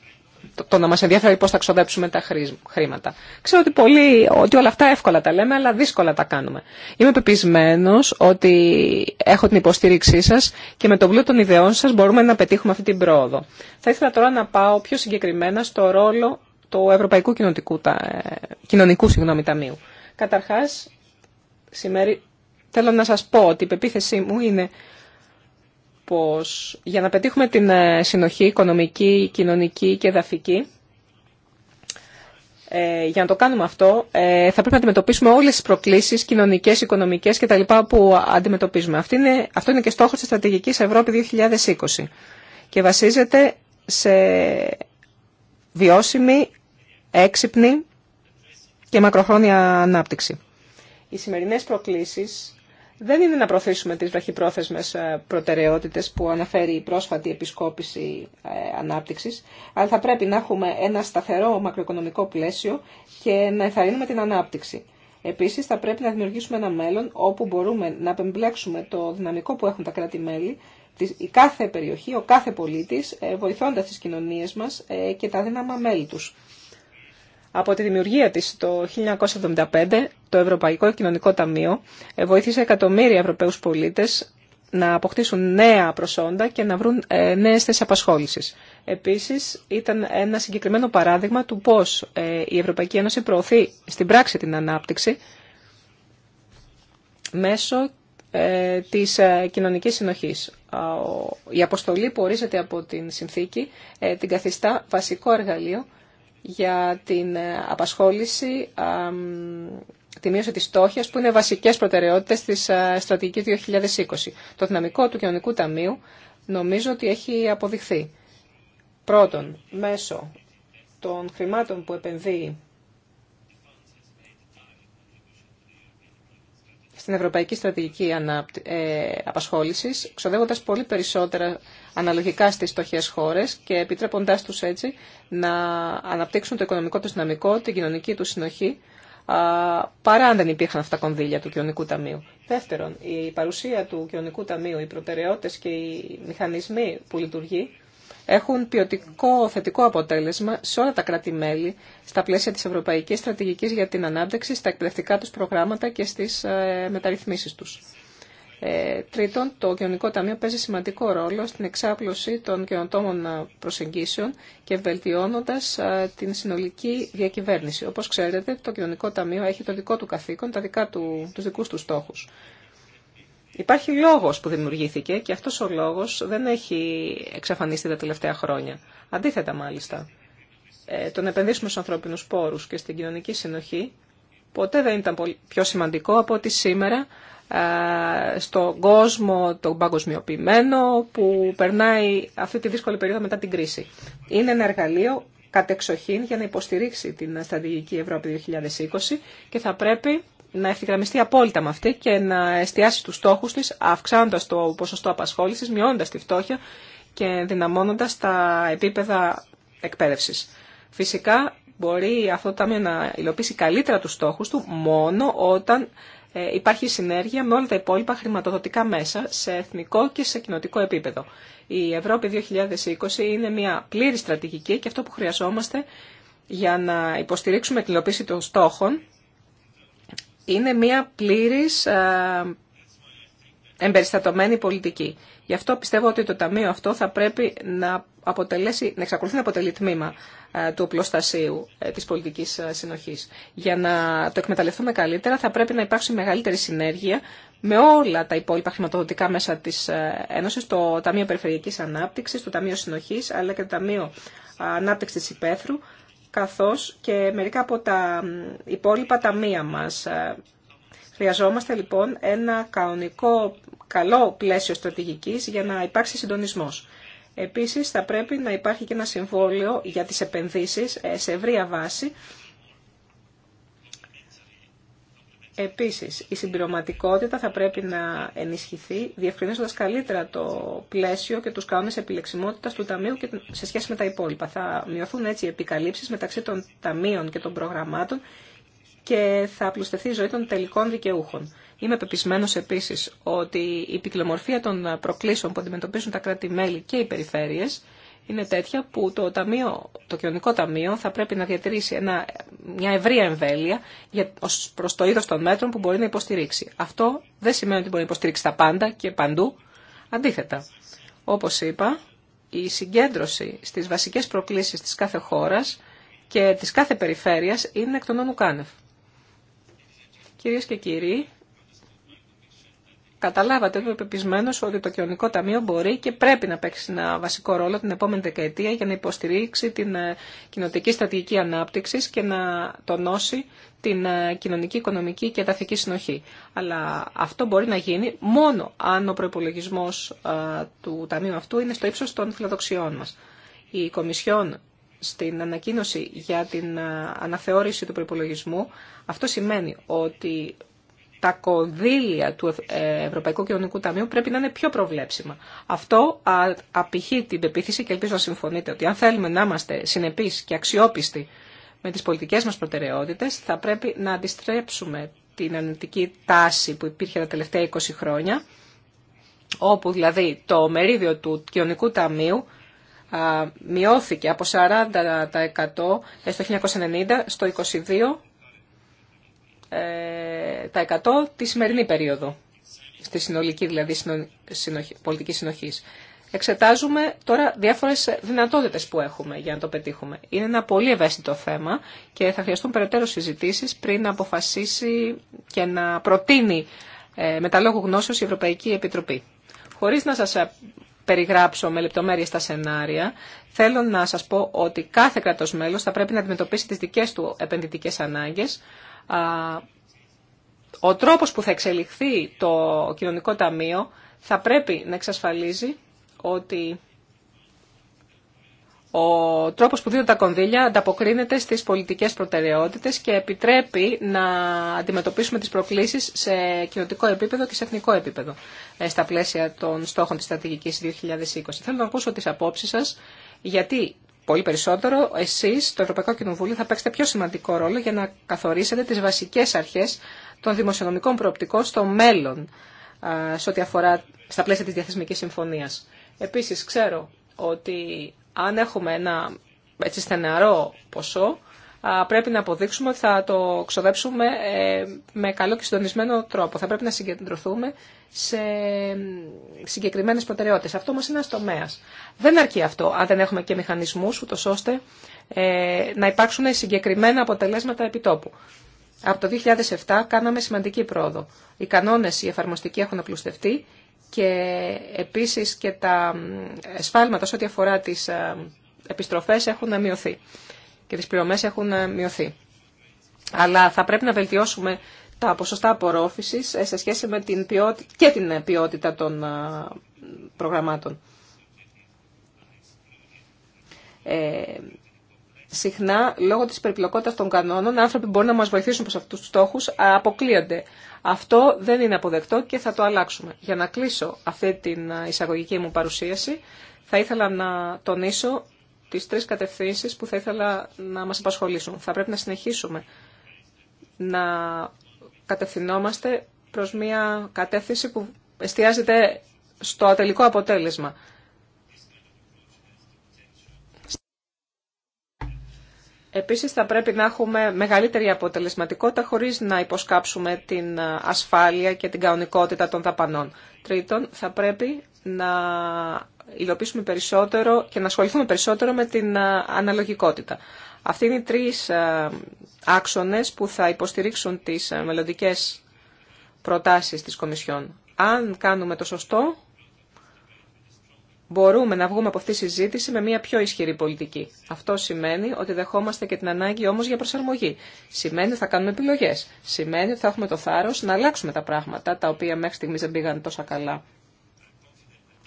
το να μας ενδιαφέρει πώς θα ξοδέψουμε τα χρήματα. Ξέρω ότι, πολύ, ότι όλα αυτά εύκολα τα λέμε, αλλά δύσκολα τα κάνουμε. Είμαι πεπισμένος ότι έχω την υποστήριξή σας και με το βιβλίο των ιδεών σας μπορούμε να πετύχουμε αυτή την πρόοδο. Θα ήθελα τώρα να πάω πιο συγκεκριμένα στο ρόλο του Ευρωπαϊκού Κοινωνικού, ε, Κοινωνικού συγγνώμη, Ταμείου. Καταρχάς, σημερι... θέλω να σας πω ότι η πεποίθησή μου είναι για να πετύχουμε την ε, συνοχή οικονομική, κοινωνική και εδαφική. Ε, για να το κάνουμε αυτό, ε, θα πρέπει να αντιμετωπίσουμε όλες τις προκλήσεις κοινωνικές, οικονομικές κτλ. που αντιμετωπίζουμε. είναι, αυτό είναι και στόχος της στρατηγικής Ευρώπη 2020 και βασίζεται σε βιώσιμη, έξυπνη και μακροχρόνια ανάπτυξη. Οι σημερινές προκλήσεις δεν είναι να προωθήσουμε τις βραχυπρόθεσμες ε, προτεραιότητες που αναφέρει η πρόσφατη επισκόπηση ε, ανάπτυξης, αλλά θα πρέπει να έχουμε ένα σταθερό μακροοικονομικό πλαίσιο και να εθαρρύνουμε την ανάπτυξη. Επίσης, θα πρέπει να δημιουργήσουμε ένα μέλλον όπου μπορούμε να απεμπλέξουμε το δυναμικό που έχουν τα κράτη-μέλη, η κάθε περιοχή, ο κάθε πολίτης, ε, βοηθώντας τις κοινωνίες μας και τα δύναμα μέλη τους. Από τη δημιουργία της το 1975, το Ευρωπαϊκό Κοινωνικό Ταμείο ε, βοήθησε εκατομμύρια Ευρωπαίους πολίτες να αποκτήσουν νέα προσόντα και να βρουν ε, νέες θέσεις απασχόλησης. Επίσης, ήταν ένα συγκεκριμένο παράδειγμα του πώς ε, η Ευρωπαϊκή Ένωση προωθεί στην πράξη την ανάπτυξη μέσω της κοινωνικής συνοχής. Η αποστολή που ορίζεται από την συνθήκη την καθιστά βασικό εργαλείο για την ε, απασχόληση, τη μείωση της στόχιας που είναι βασικές προτεραιότητες της ε, στρατηγικής 2020. Το δυναμικό του κοινωνικού ταμείου νομίζω ότι έχει αποδειχθεί. Πρώτον, μέσω των χρημάτων που επενδύει στην Ευρωπαϊκή Στρατηγική ε, Απασχόλησης, ξοδεύοντας πολύ περισσότερα αναλογικά στις στοχές χώρες και επιτρέποντάς τους έτσι να αναπτύξουν το οικονομικό του δυναμικό, την κοινωνική του συνοχή, παρά αν δεν υπήρχαν αυτά κονδύλια του κοινωνικού ταμείου. Δεύτερον, η παρουσία του κοινωνικού ταμείου, οι προτεραιότητες και οι μηχανισμοί που λειτουργεί έχουν ποιοτικό θετικό αποτέλεσμα σε όλα τα κράτη-μέλη στα πλαίσια της Ευρωπαϊκής Στρατηγικής για την Ανάπτυξη, στα εκπαιδευτικά τους προγράμματα και στις ε, μεταρρυθμίσεις τους. Ε, τρίτον, το Κοινωνικό Ταμείο παίζει σημαντικό ρόλο στην εξάπλωση των καινοτόμων ε, προσεγγίσεων και βελτιώνοντα ε, την συνολική διακυβέρνηση. Όπω ξέρετε, το Κοινωνικό Ταμείο έχει το δικό του καθήκον, τα δικά του, τους δικούς του στόχου. Υπάρχει λόγος που δημιουργήθηκε και αυτός ο λόγος δεν έχει εξαφανιστεί τα τελευταία χρόνια. Αντίθετα μάλιστα, τον επενδύσουμε στου ανθρώπινου πόρους και στην κοινωνική συνοχή ποτέ δεν ήταν πιο σημαντικό από ότι σήμερα ε, στον κόσμο το παγκοσμιοποιημένο που περνάει αυτή τη δύσκολη περίοδο μετά την κρίση. Είναι ένα εργαλείο κατεξοχήν για να υποστηρίξει την στρατηγική Ευρώπη 2020 και θα πρέπει να ευθυγραμμιστεί απόλυτα με αυτή και να εστιάσει τους στόχους της αυξάνοντας το ποσοστό απασχόλησης, μειώνοντας τη φτώχεια και δυναμώνοντας τα επίπεδα εκπαίδευσης. Φυσικά μπορεί αυτό το ταμείο να υλοποιήσει καλύτερα τους στόχους του μόνο όταν ε, υπάρχει συνέργεια με όλα τα υπόλοιπα χρηματοδοτικά μέσα σε εθνικό και σε κοινοτικό επίπεδο. Η Ευρώπη 2020 είναι μια πλήρη στρατηγική και αυτό που χρειαζόμαστε για να υποστηρίξουμε την υλοποίηση των στόχων είναι μια πλήρης ε, εμπεριστατωμένη πολιτική. Γι' αυτό πιστεύω ότι το Ταμείο αυτό θα πρέπει να αποτελέσει, να εξακολουθεί να αποτελεί τμήμα ε, του οπλοστασίου ε, τη πολιτική ε, συνοχή. Για να το εκμεταλλευτούμε καλύτερα θα πρέπει να υπάρξει μεγαλύτερη συνέργεια με όλα τα υπόλοιπα χρηματοδοτικά μέσα τη Ένωση, το Ταμείο Περιφερειακής ανάπτυξη, το Ταμείο Συνοχή αλλά και το Ταμείο ανάπτυξη Υπέθρου, Υπαίθρου, καθώς και μερικά από τα υπόλοιπα ταμεία μα. Χρειαζόμαστε λοιπόν ένα κανονικό καλό πλαίσιο στρατηγικής για να υπάρξει συντονισμός. Επίσης θα πρέπει να υπάρχει και ένα συμβόλαιο για τις επενδύσεις ε, σε ευρία βάση. Επίσης, η συμπληρωματικότητα θα πρέπει να ενισχυθεί, διευκρινίζοντας καλύτερα το πλαίσιο και τους κανόνες επιλεξιμότητας του Ταμείου και σε σχέση με τα υπόλοιπα. Θα μειωθούν έτσι οι επικαλύψεις μεταξύ των Ταμείων και των προγραμμάτων και θα απλουστευτεί η ζωή των τελικών δικαιούχων. Είμαι πεπισμένο επίση ότι η πυκλομορφία των προκλήσεων που αντιμετωπίζουν τα κράτη-μέλη και οι περιφέρειες είναι τέτοια που το, ταμείο, το κοινωνικό ταμείο θα πρέπει να διατηρήσει ένα, μια ευρεία εμβέλεια για, το είδο των μέτρων που μπορεί να υποστηρίξει. Αυτό δεν σημαίνει ότι μπορεί να υποστηρίξει τα πάντα και παντού. Αντίθετα, Όπω είπα, η συγκέντρωση στι βασικέ προκλήσει τη κάθε χώρα και τη κάθε περιφέρεια είναι εκ των κάνευ. Κυρίες και κύριοι, καταλάβατε ότι πεπισμένος ότι το κοινωνικό ταμείο μπορεί και πρέπει να παίξει ένα βασικό ρόλο την επόμενη δεκαετία για να υποστηρίξει την ε, κοινοτική στρατηγική ανάπτυξη και να τονώσει την ε, κοινωνική, οικονομική και ταφική συνοχή. Αλλά αυτό μπορεί να γίνει μόνο αν ο προπολογισμό ε, του ταμείου αυτού είναι στο ύψος των φιλοδοξιών μας. Η Κομισιόν στην ανακοίνωση για την ε, αναθεώρηση του προπολογισμού, αυτό σημαίνει ότι τα κονδύλια του ε, Ευρωπαϊκού Κοινωνικού Ταμείου πρέπει να είναι πιο προβλέψιμα. Αυτό απηχεί την πεποίθηση και ελπίζω να συμφωνείτε ότι αν θέλουμε να είμαστε συνεπείς και αξιόπιστοι με τις πολιτικές μας προτεραιότητες, θα πρέπει να αντιστρέψουμε την αρνητική τάση που υπήρχε τα τελευταία 20 χρόνια, όπου δηλαδή το μερίδιο του Κοινωνικού Ταμείου μειώθηκε από 40% ε, στο 1990 στο 22% ε, τα 100 τη σημερινή περίοδο, στη συνολική δηλαδή πολιτική συνοχή. Εξετάζουμε τώρα διάφορες δυνατότητες που έχουμε για να το πετύχουμε. Είναι ένα πολύ ευαίσθητο θέμα και θα χρειαστούν περαιτέρω συζητήσεις πριν να αποφασίσει και να προτείνει ε, με τα λόγου η Ευρωπαϊκή Επιτροπή. Χωρίς να σας περιγράψω με λεπτομέρειες τα σενάρια, θέλω να σας πω ότι κάθε κρατός μέλος θα πρέπει να αντιμετωπίσει τις δικές του επενδυτικές ανάγκες. Ο τρόπος που θα εξελιχθεί το κοινωνικό ταμείο θα πρέπει να εξασφαλίζει ότι ο τρόπος που δίνουν τα κονδύλια ανταποκρίνεται στις πολιτικές προτεραιότητες και επιτρέπει να αντιμετωπίσουμε τις προκλήσεις σε κοινωτικό επίπεδο και σε εθνικό επίπεδο ε, στα πλαίσια των στόχων της στρατηγικής 2020. Θέλω να ακούσω τις απόψεις σας γιατί πολύ περισσότερο εσείς το Ευρωπαϊκό Κοινοβούλιο θα παίξετε πιο σημαντικό ρόλο για να καθορίσετε τις βασικές αρχές των δημοσιονομικών προοπτικών στο μέλλον σε αφορά στα πλαίσια της διαθεσμικής συμφωνίας. Επίσης ξέρω ότι αν έχουμε ένα έτσι στεναρό ποσό, πρέπει να αποδείξουμε ότι θα το ξοδέψουμε ε, με καλό και συντονισμένο τρόπο. Θα πρέπει να συγκεντρωθούμε σε συγκεκριμένες προτεραιότητες. Αυτό όμως είναι ένας τομέας. Δεν αρκεί αυτό αν δεν έχουμε και μηχανισμούς ούτως ώστε ε, να υπάρξουν συγκεκριμένα αποτελέσματα επιτόπου. Από το 2007 κάναμε σημαντική πρόοδο. Οι κανόνες οι εφαρμοστικοί έχουν απλουστευτεί και επίσης και τα σφάλματα σε ό,τι αφορά τις ε, επιστροφές έχουν μειωθεί και τις πληρωμές έχουν ε, μειωθεί. Αλλά θα πρέπει να βελτιώσουμε τα ποσοστά απορρόφησης ε, σε σχέση με την ποιότητα και την ποιότητα των προγραμμάτων. Ε, συχνά, λόγω της περιπλοκότητας των κανόνων, άνθρωποι μπορούν να μας βοηθήσουν προς αυτούς τους στόχους, αποκλείονται αυτό δεν είναι αποδεκτό και θα το αλλάξουμε. Για να κλείσω αυτή την εισαγωγική μου παρουσίαση, θα ήθελα να τονίσω τις τρεις κατευθύνσεις που θα ήθελα να μας απασχολήσουν. Θα πρέπει να συνεχίσουμε να κατευθυνόμαστε προς μια κατεύθυνση που εστιάζεται στο ατελικό αποτέλεσμα. Επίσης θα πρέπει να έχουμε μεγαλύτερη αποτελεσματικότητα χωρίς να υποσκάψουμε την ασφάλεια και την κανονικότητα των δαπανών. Τρίτον, θα πρέπει να υλοποιήσουμε περισσότερο και να ασχοληθούμε περισσότερο με την αναλογικότητα. Αυτοί είναι οι τρεις ε, άξονες που θα υποστηρίξουν τις μελλοντικέ προτάσεις της Κομισιόν. Αν κάνουμε το σωστό, μπορούμε να βγούμε από αυτή τη συζήτηση με μια πιο ισχυρή πολιτική. Αυτό σημαίνει ότι δεχόμαστε και την ανάγκη όμω για προσαρμογή. Σημαίνει ότι θα κάνουμε επιλογέ. Σημαίνει ότι θα έχουμε το θάρρο να αλλάξουμε τα πράγματα τα οποία μέχρι στιγμή δεν πήγαν τόσο καλά.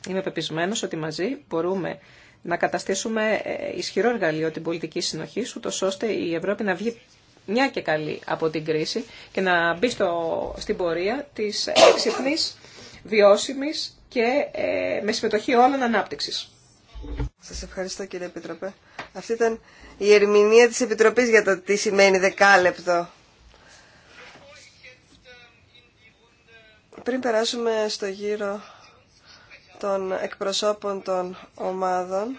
Είμαι πεπισμένο ότι μαζί μπορούμε να καταστήσουμε ε, ισχυρό εργαλείο την πολιτική συνοχή, ούτω ώστε η Ευρώπη να βγει μια και καλή από την κρίση και να μπει στο, στην πορεία τη έξυπνη. Ε, βιώσιμης και ε, με συμμετοχή όλων ανάπτυξης. Σας ευχαριστώ κύριε Επίτροπε. Αυτή ήταν η ερμηνεία της Επιτροπής για το τι σημαίνει δεκάλεπτο. Πριν περάσουμε στο γύρο των εκπροσώπων των ομάδων,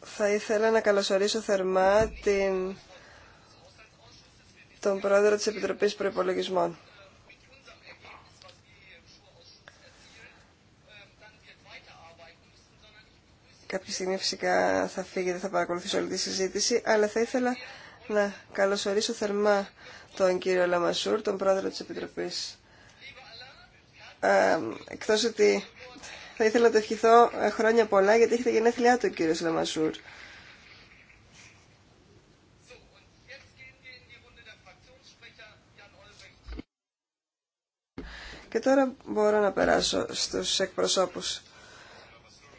θα ήθελα να καλωσορίσω θερμά την, τον πρόεδρο της Επιτροπής Προϋπολογισμών. Κάποια στιγμή φυσικά θα φύγει δεν θα παρακολουθήσω όλη τη συζήτηση, αλλά θα ήθελα να καλωσορίσω θερμά τον κύριο Λαμασούρ, τον πρόεδρο της Επιτροπής. Εκτός ότι θα ήθελα να το ευχηθώ ε, χρόνια πολλά, γιατί έχετε γενέθλιά του ο Λαμασούρ. Και τώρα μπορώ να περάσω στους εκπροσώπους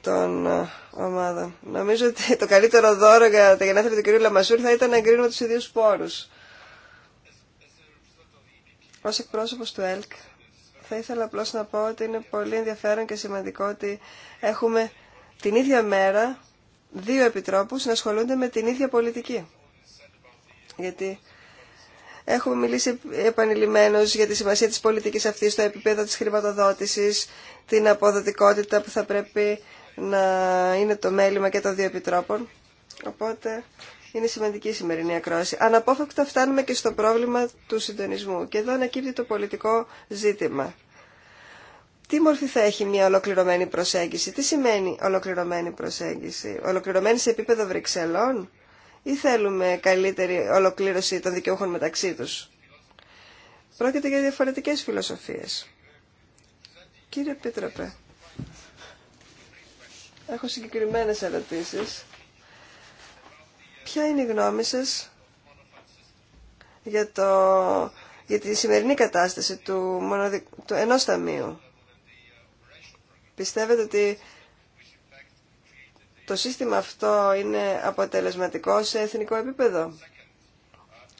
των ε, ομάδων. Νομίζω ότι το καλύτερο δώρο για τα γενέθλια του κ. Λαμασούρ θα ήταν να εγκρίνουμε του ίδιου πόρου. Ω εκπρόσωπο του ΕΛΚ θα ήθελα απλώ να πω ότι είναι πολύ ενδιαφέρον και σημαντικό ότι έχουμε την ίδια μέρα δύο επιτρόπου να ασχολούνται με την ίδια πολιτική. Γιατί έχουμε μιλήσει επανειλημμένω για τη σημασία τη πολιτική αυτή, στο επίπεδο τη χρηματοδότηση, την αποδοτικότητα που θα πρέπει να είναι το μέλημα και των δύο επιτρόπων. Οπότε είναι σημαντική η σημερινή ακρόαση. Αναπόφευκτα φτάνουμε και στο πρόβλημα του συντονισμού. Και εδώ ανακύπτει το πολιτικό ζήτημα. Τι μορφή θα έχει μια ολοκληρωμένη προσέγγιση, τι σημαίνει ολοκληρωμένη προσέγγιση, ολοκληρωμένη σε επίπεδο Βρυξελών ή θέλουμε καλύτερη ολοκλήρωση των δικαιούχων μεταξύ τους. Πρόκειται για διαφορετικές φιλοσοφίες. Κύριε Πίτροπε, Έχω συγκεκριμένες ερωτήσεις. Ποια είναι η γνώμη σας για, το, για τη σημερινή κατάσταση του, του ενός ταμείου. Πιστεύετε ότι το σύστημα αυτό είναι αποτελεσματικό σε εθνικό επίπεδο.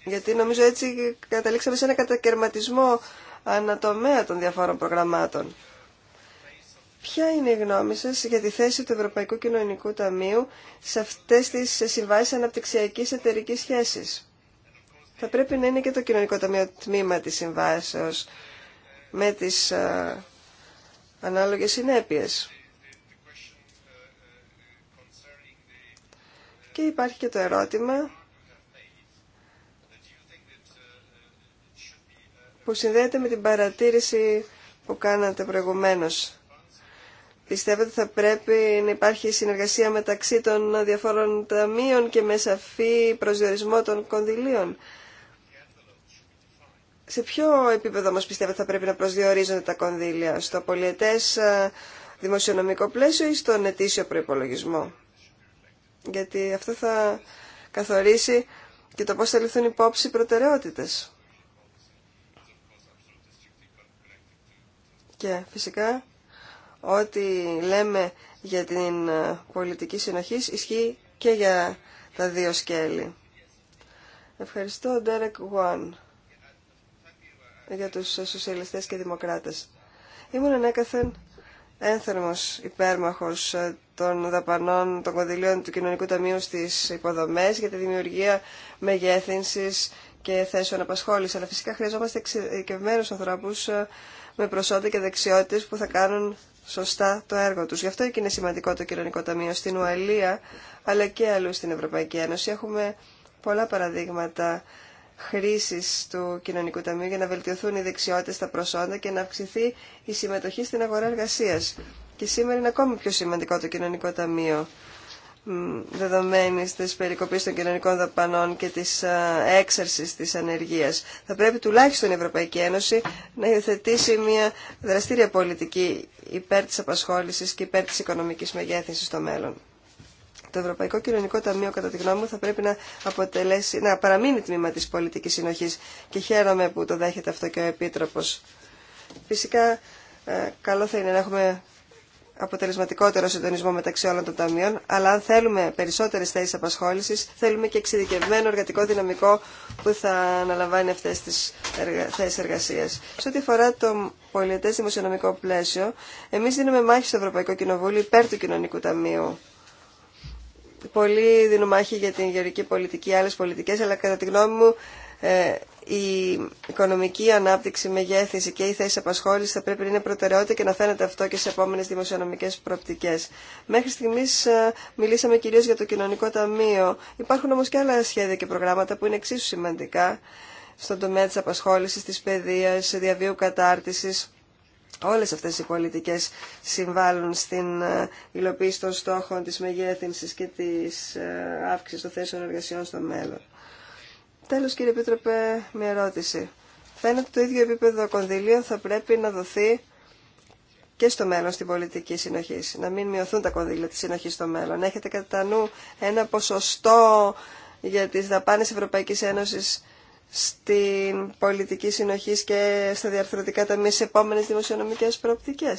Γιατί νομίζω έτσι καταλήξαμε σε ένα κατακαιρματισμό ανατομέα των διαφόρων προγραμμάτων. Ποια είναι η γνώμη σας για τη θέση του Ευρωπαϊκού Κοινωνικού Ταμείου σε αυτές τις συμβάσεις αναπτυξιακής εταιρικής σχέσης. Θα πρέπει να είναι και το Κοινωνικό Ταμείο τμήμα της συμβάσεως με τις ανάλογε ανάλογες συνέπειες. Και υπάρχει και το ερώτημα που συνδέεται με την παρατήρηση που κάνατε προηγουμένως πιστεύετε ότι θα πρέπει να υπάρχει συνεργασία μεταξύ των διαφόρων ταμείων και με σαφή προσδιορισμό των κονδυλίων. Σε ποιο επίπεδο όμως πιστεύετε θα πρέπει να προσδιορίζονται τα κονδύλια, στο πολιετές ε, δημοσιονομικό πλαίσιο ή στον ετήσιο προϋπολογισμό. Γιατί αυτό θα καθορίσει και το πώς θα λυθούν υπόψη προτεραιότητες. Και φυσικά ό,τι λέμε για την ε, πολιτική συνοχή ισχύει και για τα δύο σκέλη. Ευχαριστώ, Derek Γουάν για τους σοσιαλιστές και δημοκράτες. Ήμουν ανέκαθεν ένθερμος υπέρμαχος ε, των δαπανών των κονδυλίων του Κοινωνικού Ταμείου στις υποδομές για τη δημιουργία μεγέθυνσης και θέσεων απασχόληση. Αλλά φυσικά χρειαζόμαστε εξειδικευμένους ανθρώπους ε, με προσόντα και δεξιότητες που θα κάνουν σωστά το έργο τους. Γι' αυτό και είναι σημαντικό το κοινωνικό ταμείο στην Ουαλία, αλλά και αλλού στην Ευρωπαϊκή Ένωση. Έχουμε πολλά παραδείγματα χρήσης του κοινωνικού ταμείου για να βελτιωθούν οι δεξιότητες, τα προσόντα και να αυξηθεί η συμμετοχή στην αγορά εργασίας. Και σήμερα είναι ακόμη πιο σημαντικό το κοινωνικό ταμείο Δεδομένη της περικοπής των κοινωνικών δαπανών και τη ε, έξαρση τη ανεργία. Θα πρέπει τουλάχιστον η Ευρωπαϊκή Ένωση να υιοθετήσει μια δραστήρια πολιτική υπέρ τη απασχόλησης και υπέρ τη οικονομικής μεγέθυνση στο μέλλον. Το Ευρωπαϊκό Κοινωνικό Ταμείο, κατά τη γνώμη μου, θα πρέπει να, αποτελέσει, να παραμείνει τμήμα τη πολιτική συνοχή και χαίρομαι που το δέχεται αυτό και ο επίτροπο. Φυσικά, ε, καλό θα είναι να έχουμε αποτελεσματικότερο συντονισμό μεταξύ όλων των ταμείων, αλλά αν θέλουμε περισσότερε θέσει απασχόληση, θέλουμε και εξειδικευμένο εργατικό δυναμικό που θα αναλαμβάνει αυτέ τι θέσει εργασία. Σε ό,τι αφορά το πολιτέ δημοσιονομικό πλαίσιο, εμεί δίνουμε μάχη στο Ευρωπαϊκό Κοινοβούλιο υπέρ του Κοινωνικού Ταμείου. Πολλοί δίνουν μάχη για την γεωρική πολιτική, άλλε πολιτικέ, αλλά κατά τη γνώμη μου ε, η οικονομική ανάπτυξη, η μεγέθυνση και η θέση απασχόληση θα πρέπει να είναι προτεραιότητα και να φαίνεται αυτό και σε επόμενε δημοσιονομικέ προοπτικέ. Μέχρι στιγμή ε, μιλήσαμε κυρίω για το κοινωνικό ταμείο. Υπάρχουν όμω και άλλα σχέδια και προγράμματα που είναι εξίσου σημαντικά στον τομέα τη απασχόληση, τη παιδεία, διαβίου κατάρτιση. Όλε αυτέ οι πολιτικέ συμβάλλουν στην ε, υλοποίηση των στόχων τη μεγέθυνση και τη ε, αύξηση των θέσεων εργασιών στο μέλλον. Τέλος κύριε Επίτροπε, μια ερώτηση. Φαίνεται το ίδιο επίπεδο κονδυλίων θα πρέπει να δοθεί και στο μέλλον στην πολιτική συνοχή. Να μην μειωθούν τα κονδύλια τη συνοχή στο μέλλον. Έχετε κατά νου ένα ποσοστό για τι δαπάνε Ευρωπαϊκής Ένωσης στην πολιτική συνοχή και στα διαρθρωτικά ταμεία σε επόμενε δημοσιονομικέ προοπτικέ.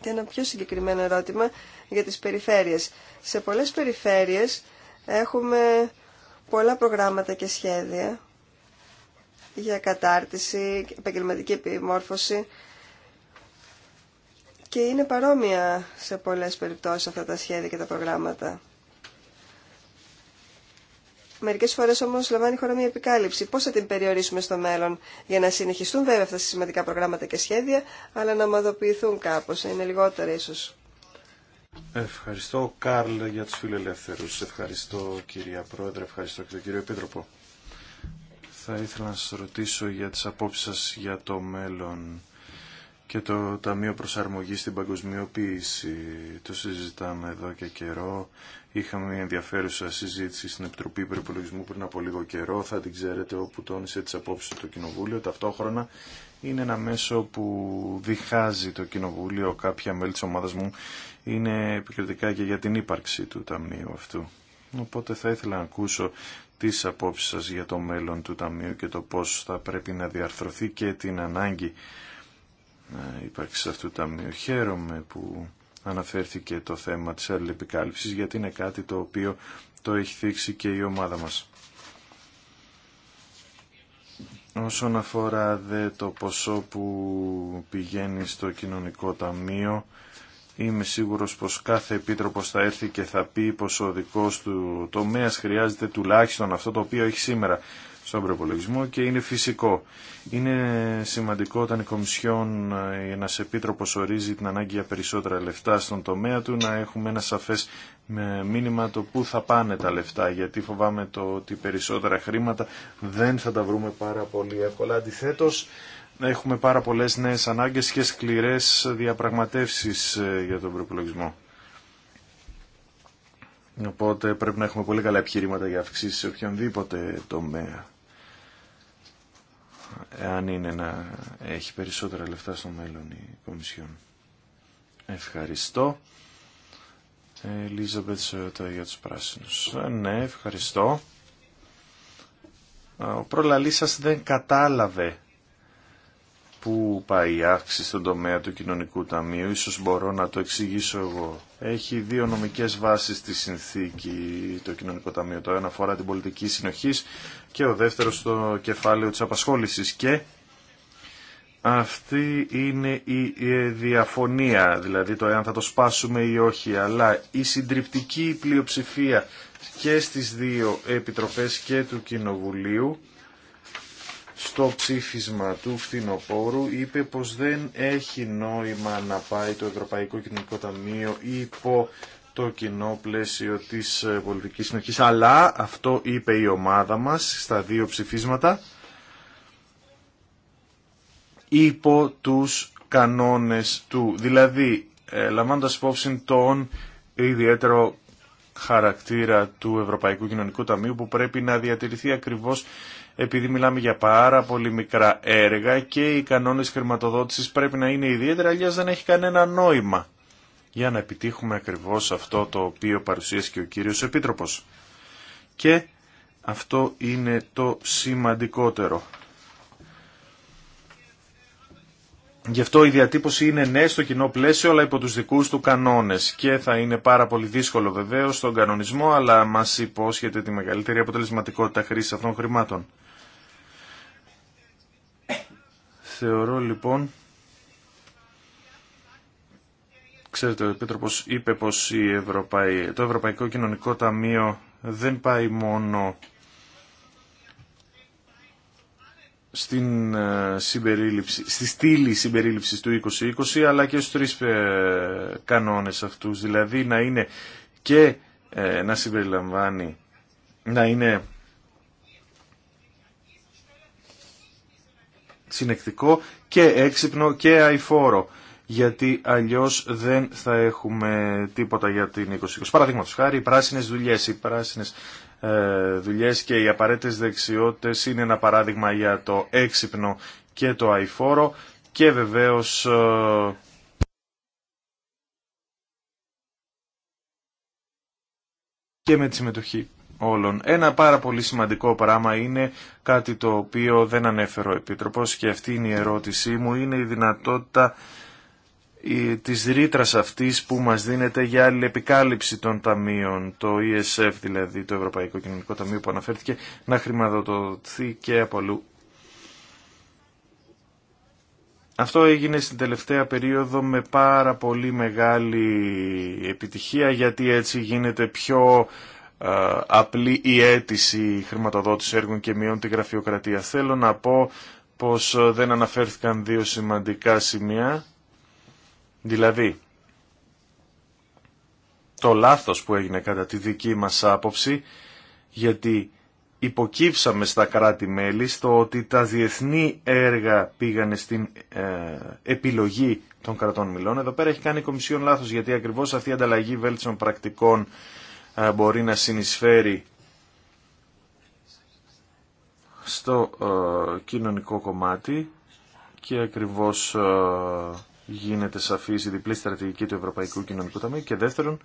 Και ένα πιο συγκεκριμένο ερώτημα για τι περιφέρειες. Σε πολλέ περιφέρειες έχουμε πολλά προγράμματα και σχέδια για κατάρτιση, επαγγελματική επιμόρφωση και είναι παρόμοια σε πολλές περιπτώσεις αυτά τα σχέδια και τα προγράμματα. Μερικές φορές όμως λαμβάνει η χώρα μια επικάλυψη. Πώς θα την περιορίσουμε στο μέλλον για να συνεχιστούν βέβαια αυτά τα σημαντικά προγράμματα και σχέδια, αλλά να ομαδοποιηθούν κάπως, είναι λιγότερα ίσως. Ευχαριστώ, Κάρλ, για τους φιλελεύθερους. Ευχαριστώ, κυρία Πρόεδρε, ευχαριστώ και τον κύριο Επίτροπο. Θα ήθελα να σας ρωτήσω για τις απόψεις σας για το μέλλον και το Ταμείο Προσαρμογής στην Παγκοσμιοποίηση. Το συζητάμε εδώ και καιρό. Είχαμε μια ενδιαφέρουσα συζήτηση στην Επιτροπή Υπερπολογισμού πριν από λίγο καιρό. Θα την ξέρετε όπου τόνισε τις απόψεις του Κοινοβούλιο. Ταυτόχρονα είναι ένα μέσο που διχάζει το Κοινοβούλιο. Κάποια μέλη της ομάδας μου είναι επικριτικά και για την ύπαρξη του Ταμείου αυτού. Οπότε θα ήθελα να ακούσω τις απόψεις σας για το μέλλον του Ταμείου και το πώς θα πρέπει να διαρθρωθεί και την ανάγκη ε, ύπαρξης αυτού του Ταμείου. Χαίρομαι που αναφέρθηκε το θέμα της αλληλεπικάλυψης γιατί είναι κάτι το οποίο το έχει θίξει και η ομάδα μας. Όσον αφορά δε το ποσό που πηγαίνει στο κοινωνικό ταμείο, Είμαι σίγουρος πως κάθε επίτροπος θα έρθει και θα πει πως ο δικός του τομέας χρειάζεται τουλάχιστον αυτό το οποίο έχει σήμερα στον προπολογισμό και είναι φυσικό. Είναι σημαντικό όταν η Κομισιόν, ε, ένα επίτροπο ορίζει την ανάγκη για περισσότερα λεφτά στον τομέα του, να έχουμε ένα σαφέ ε, μήνυμα το πού θα πάνε τα λεφτά. Γιατί φοβάμαι το ότι περισσότερα χρήματα δεν θα τα βρούμε πάρα πολύ εύκολα. Αντιθέτω, έχουμε πάρα πολλές νέες ανάγκες και σκληρές διαπραγματεύσεις ε, για τον προπολογισμό. Οπότε πρέπει να έχουμε πολύ καλά επιχειρήματα για αυξήσεις σε οποιονδήποτε τομέα. Εάν είναι να έχει περισσότερα λεφτά στο μέλλον η Κομισιόν. Ευχαριστώ. Ελίζαμπετ για τους πράσινους. Ε, ναι, ευχαριστώ. Ο προλαλής σας δεν κατάλαβε πού πάει η αύξηση στον τομέα του κοινωνικού ταμείου, ίσως μπορώ να το εξηγήσω εγώ. Έχει δύο νομικές βάσεις στη συνθήκη το κοινωνικό ταμείο. Το ένα αφορά την πολιτική συνοχής και ο δεύτερος το κεφάλαιο της απασχόλησης και αυτή είναι η διαφωνία, δηλαδή το εάν θα το σπάσουμε ή όχι, αλλά η συντριπτική πλειοψηφία και στις δύο επιτροπές και του Κοινοβουλίου στο ψήφισμα του φθινοπόρου είπε πως δεν έχει νόημα να πάει το Ευρωπαϊκό Κοινωνικό Ταμείο υπό το κοινό πλαίσιο της ε, πολιτικής συνοχής. Αλλά αυτό είπε η ομάδα μας στα δύο ψηφίσματα υπό τους κανόνες του. Δηλαδή, ε, λαμβάνοντας υπόψη τον ιδιαίτερο χαρακτήρα του Ευρωπαϊκού Κοινωνικού Ταμείου που πρέπει να διατηρηθεί ακριβώς επειδή μιλάμε για πάρα πολύ μικρά έργα και οι κανόνες χρηματοδότησης πρέπει να είναι ιδιαίτερα, αλλιώς δεν έχει κανένα νόημα για να επιτύχουμε ακριβώς αυτό το οποίο παρουσίασε και ο κύριος Επίτροπος. Και αυτό είναι το σημαντικότερο. Γι' αυτό η διατύπωση είναι ναι στο κοινό πλαίσιο αλλά υπό τους δικούς του κανόνες και θα είναι πάρα πολύ δύσκολο βεβαίως στον κανονισμό αλλά μας υπόσχεται τη μεγαλύτερη αποτελεσματικότητα χρήσης αυτών χρημάτων. Θεωρώ λοιπόν, ξέρετε ο Επίτροπος είπε πως η το Ευρωπαϊκό Κοινωνικό Ταμείο δεν πάει μόνο στην ε, συμπερίληψη, στη στήλη συμπερίληψης του 2020 αλλά και στους τρεις ε, κανόνες αυτούς δηλαδή να είναι και ε, να συμπεριλαμβάνει να είναι συνεκτικό και έξυπνο και αηφόρο γιατί αλλιώς δεν θα έχουμε τίποτα για την 2020. Παραδείγματο χάρη, οι πράσινε δουλειέ, οι πράσινες ε, δουλειές και οι απαραίτητε δεξιότητες είναι ένα παράδειγμα για το έξυπνο και το αηφόρο και βεβαίω ε, και με τη συμμετοχή ένα πάρα πολύ σημαντικό πράγμα είναι κάτι το οποίο δεν ανέφερε ο Επίτροπος και αυτή είναι η ερώτησή μου, είναι η δυνατότητα της ρήτρα αυτής που μας δίνεται για αλληλεπικάλυψη των ταμείων, το ESF δηλαδή, το Ευρωπαϊκό Κοινωνικό Ταμείο που αναφέρθηκε, να χρηματοδοτηθεί και από αλλού. Αυτό έγινε στην τελευταία περίοδο με πάρα πολύ μεγάλη επιτυχία γιατί έτσι γίνεται πιο απλή η αίτηση χρηματοδότηση έργων και μειών τη γραφειοκρατία. Θέλω να πω πως ε, δεν αναφέρθηκαν δύο σημαντικά σημεία, δηλαδή το λάθος που έγινε κατά τη δική μας άποψη, γιατί υποκύψαμε στα κράτη-μέλη στο ότι τα διεθνή έργα πήγανε στην ε, επιλογή των κρατών μιλών. Εδώ πέρα έχει κάνει η Κομισιόν λάθος, γιατί ακριβώς αυτή η ανταλλαγή βέλτιστων πρακτικών ε, μπορεί να συνεισφέρει στο ε, κοινωνικό κομμάτι και ακριβώς ε, γίνεται σαφής η διπλή στρατηγική του Ευρωπαϊκού Κοινωνικού Ταμείου και δεύτερον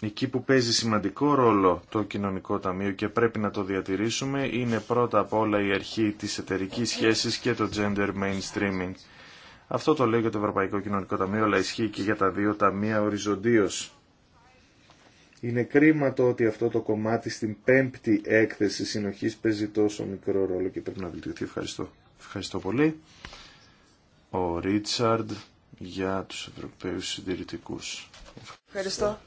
εκεί που παίζει σημαντικό ρόλο το Κοινωνικό Ταμείο και πρέπει να το διατηρήσουμε είναι πρώτα απ' όλα η αρχή της εταιρική σχέσης και το gender mainstreaming. Αυτό το λέει για το Ευρωπαϊκό Κοινωνικό Ταμείο αλλά ισχύει και για τα δύο ταμεία οριζοντίως είναι κρίμα το ότι αυτό το κομμάτι στην πέμπτη έκθεση συνοχής παίζει τόσο μικρό ρόλο και πρέπει να βελτιωθεί. Ευχαριστώ. Ευχαριστώ πολύ. Ο Ρίτσαρντ για τους Ευρωπαίους συντηρητικού. Ευχαριστώ.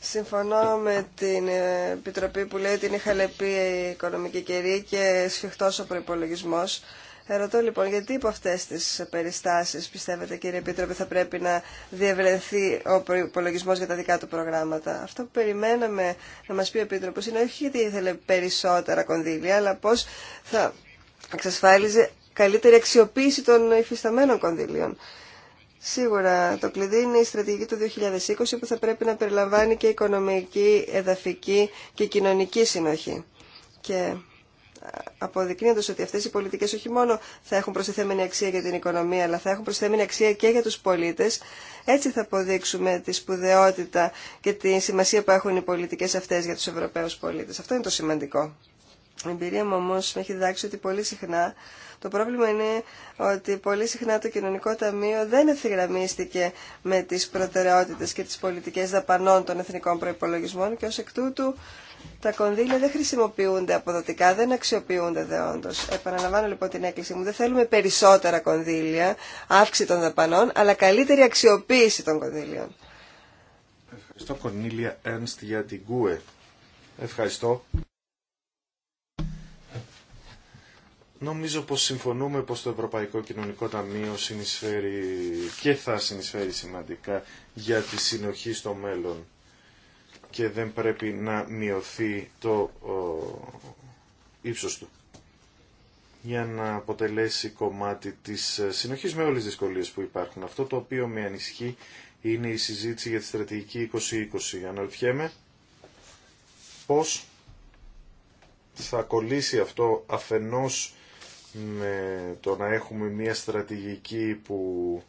Συμφωνώ με την Επιτροπή που λέει ότι είναι χαλεπή η οικονομική καιρή και σφιχτός ο προϋπολογισμός. Ερωτώ λοιπόν γιατί από αυτέ τι περιστάσει πιστεύετε κύριε Επίτροπε θα πρέπει να διευρεθεί ο υπολογισμό για τα δικά του προγράμματα. Αυτό που περιμέναμε να μα πει ο Επίτροπο είναι όχι γιατί ήθελε περισσότερα κονδύλια, αλλά πώ θα εξασφάλιζε καλύτερη αξιοποίηση των υφισταμένων κονδύλιων. Σίγουρα το κλειδί είναι η στρατηγική του 2020 που θα πρέπει να περιλαμβάνει και οικονομική, εδαφική και κοινωνική συνοχή. Και αποδεικνύοντας ότι αυτές οι πολιτικές όχι μόνο θα έχουν προστιθέμενη αξία για την οικονομία, αλλά θα έχουν προστιθέμενη αξία και για τους πολίτες, έτσι θα αποδείξουμε τη σπουδαιότητα και τη σημασία που έχουν οι πολιτικές αυτές για τους Ευρωπαίους πολίτες. Αυτό είναι το σημαντικό. Η εμπειρία μου όμω με έχει διδάξει ότι πολύ συχνά το πρόβλημα είναι ότι πολύ συχνά το κοινωνικό ταμείο δεν ευθυγραμμίστηκε με τις προτεραιότητες και τις πολιτικές δαπανών των εθνικών προϋπολογισμών και ως εκ τούτου τα κονδύλια δεν χρησιμοποιούνται αποδοτικά, δεν αξιοποιούνται δεόντως. Επαναλαμβάνω λοιπόν την έκκληση μου. Δεν θέλουμε περισσότερα κονδύλια, αύξηση των δαπανών, αλλά καλύτερη αξιοποίηση των κονδύλιων. Ευχαριστώ Κονίλια Ένστ για την ΚΟΕ. Ευχαριστώ. Νομίζω πως συμφωνούμε πως το Ευρωπαϊκό Κοινωνικό Ταμείο συνεισφέρει και θα συνεισφέρει σημαντικά για τη συνοχή στο μέλλον και δεν πρέπει να μειωθεί το ύψος του για να αποτελέσει κομμάτι της ε, συνοχής με όλες τις δυσκολίες που υπάρχουν. Αυτό το οποίο με ανισχύει είναι η συζήτηση για τη στρατηγική 2020. Αναρωτιέμαι πώς θα κολλήσει αυτό αφενός με το να έχουμε μια στρατηγική που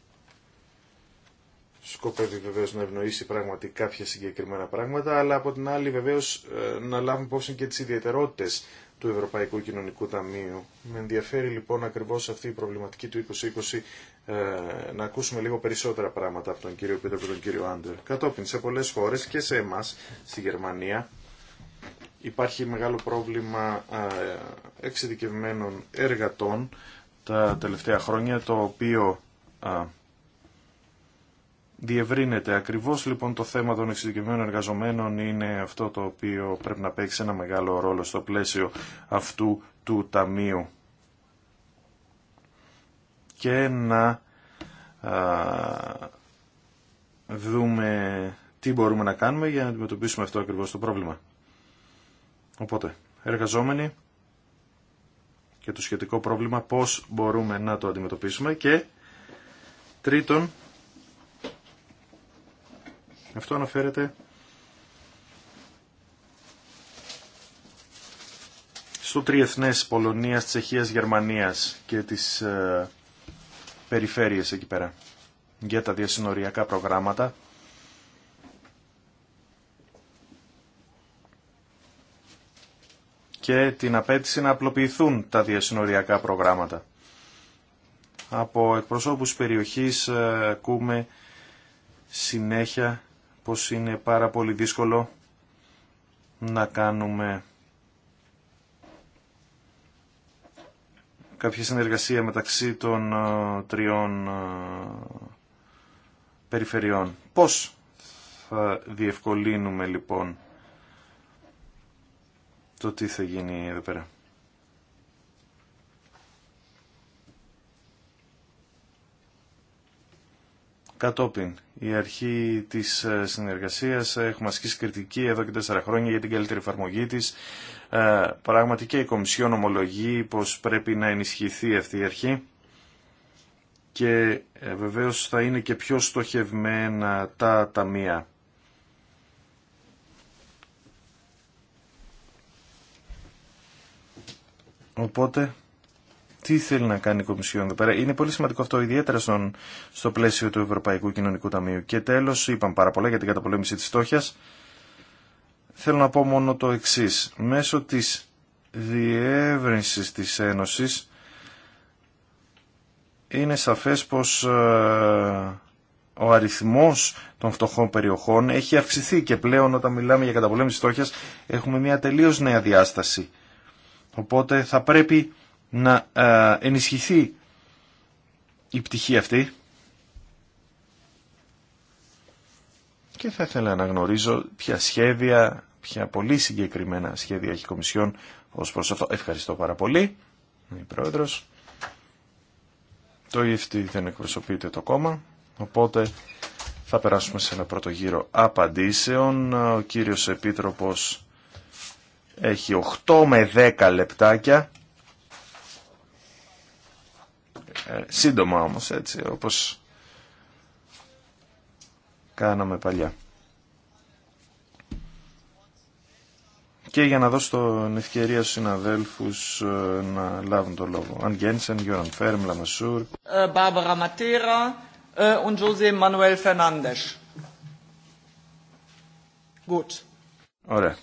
σκοπεύει βεβαίως να ευνοήσει πράγματι κάποια συγκεκριμένα πράγματα, αλλά από την άλλη βεβαίως ε, να λάβουμε υπόψη και τις ιδιαιτερότητες του Ευρωπαϊκού Κοινωνικού Ταμείου. Με ενδιαφέρει λοιπόν ακριβώς αυτή η προβληματική του 2020 ε, να ακούσουμε λίγο περισσότερα πράγματα από τον κύριο Πίτρο και τον κύριο Άντερ. Κατόπιν σε πολλές χώρες και σε εμάς, στη Γερμανία, υπάρχει μεγάλο πρόβλημα ε, εξειδικευμένων εργατών τα τελευταία χρόνια, το οποίο διευρύνεται. Ακριβώς λοιπόν το θέμα των εξειδικευμένων εργαζομένων είναι αυτό το οποίο πρέπει να παίξει ένα μεγάλο ρόλο στο πλαίσιο αυτού του Ταμείου και να δούμε τι μπορούμε να κάνουμε για να αντιμετωπίσουμε αυτό ακριβώς το πρόβλημα. Οπότε, εργαζόμενοι και το σχετικό πρόβλημα πώς μπορούμε να το αντιμετωπίσουμε και τρίτον, αυτό αναφέρεται στο τριεθνές Πολωνίας, Τσεχίας, Γερμανίας και τις ε, περιφέρειες εκεί πέρα για τα διασυνοριακά προγράμματα. και την απέτηση να απλοποιηθούν τα διασυνοριακά προγράμματα. Από εκπροσώπους περιοχής ε, ακούμε συνέχεια πως είναι πάρα πολύ δύσκολο να κάνουμε κάποια συνεργασία μεταξύ των ε, τριών ε, περιφερειών. Πώς θα διευκολύνουμε λοιπόν το τι θα γίνει εδώ πέρα. Κατόπιν, η αρχή της ε, συνεργασίας, ε, έχουμε ασκήσει κριτική εδώ και τέσσερα χρόνια για την καλύτερη εφαρμογή της. Ε, πράγματι και η Κομισιόν ομολογεί πως πρέπει να ενισχυθεί αυτή η αρχή και βεβαίως θα είναι και πιο στοχευμένα τα ταμεία. Οπότε τι θέλει να κάνει η Κομισιόν εδώ πέρα. Είναι πολύ σημαντικό αυτό, ιδιαίτερα στον, στο πλαίσιο του Ευρωπαϊκού Κοινωνικού Ταμείου. Και τέλος, είπαμε πάρα πολλά για την καταπολέμηση της στόχιας. Θέλω να πω μόνο το εξή. Μέσω της διεύρυνση της Ένωσης είναι σαφές πως ε, ο αριθμός των φτωχών περιοχών έχει αυξηθεί και πλέον όταν μιλάμε για καταπολέμηση στόχιας έχουμε μια τελείω νέα διάσταση. Οπότε θα πρέπει να ε, ενισχυθεί η πτυχή αυτή και θα ήθελα να γνωρίζω ποια σχέδια, ποια πολύ συγκεκριμένα σχέδια έχει η Κομισιόν ως προς αυτό. Ευχαριστώ πάρα πολύ, η Πρόεδρος. Το EFT δεν εκπροσωπείται το κόμμα, οπότε θα περάσουμε σε ένα πρώτο γύρο απαντήσεων. Ο κύριος Επίτροπος έχει 8 με 10 λεπτάκια ε, σύντομα όμως έτσι όπως κάναμε παλιά. Και για να δώσω την ευκαιρία στους συναδέλφους ε, να λάβουν το λόγο. Αν Γκένσεν, Γιώραν Φέρμ, Λαμασούρ. Ε, Μπάρμπαρα Ματέρα και Ζωζέ Μανουέλ Φερνάντες. Ωραία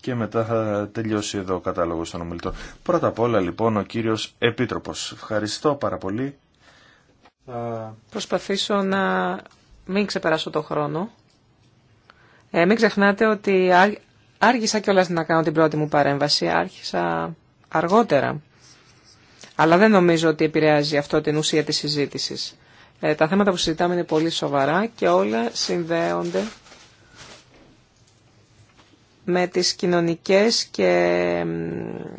και μετά θα τελειώσει εδώ ο κατάλογος των ομιλητών. Πρώτα απ' όλα λοιπόν ο κύριος Επίτροπος. Ευχαριστώ πάρα πολύ. Θα προσπαθήσω να μην ξεπεράσω το χρόνο. Ε, μην ξεχνάτε ότι άργησα κιόλας να κάνω την πρώτη μου παρέμβαση. Άρχισα αργότερα. Αλλά δεν νομίζω ότι επηρεάζει αυτό την ουσία της συζήτησης. Ε, τα θέματα που συζητάμε είναι πολύ σοβαρά και όλα συνδέονται με τις κοινωνικές και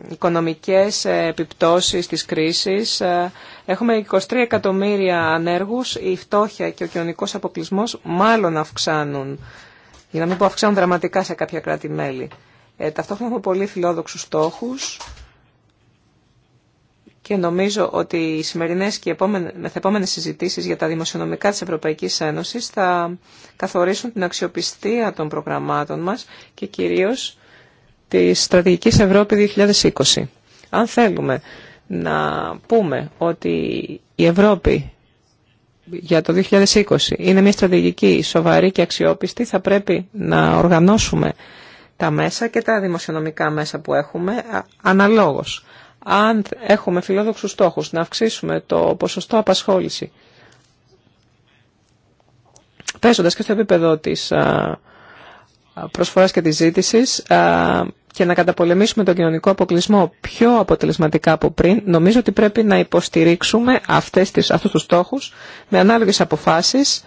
οικονομικές ε, επιπτώσεις της κρίσης. Ε, έχουμε 23 εκατομμύρια ανέργους, η φτώχεια και ο κοινωνικός αποκλεισμός μάλλον αυξάνουν, για να μην πω αυξάνουν δραματικά σε κάποια κράτη-μέλη. Ε, ταυτόχρονα έχουμε πολύ φιλόδοξους στόχους και νομίζω ότι οι σημερινές και μεθεπόμενες συζητήσεις για τα δημοσιονομικά της Ευρωπαϊκής Ένωσης θα καθορίσουν την αξιοπιστία των προγραμμάτων μας και κυρίως της Στρατηγικής Ευρώπη 2020. Αν θέλουμε να πούμε ότι η Ευρώπη για το 2020 είναι μια στρατηγική σοβαρή και αξιόπιστη, θα πρέπει να οργανώσουμε τα μέσα και τα δημοσιονομικά μέσα που έχουμε αναλόγως αν έχουμε φιλόδοξους στόχους να αυξήσουμε το ποσοστό απασχόληση, πέσοντας και στο επίπεδο της προσφοράς και της ζήτησης και να καταπολεμήσουμε τον κοινωνικό αποκλεισμό πιο αποτελεσματικά από πριν, νομίζω ότι πρέπει να υποστηρίξουμε αυτές τις, αυτούς τους στόχους με ανάλογες αποφάσεις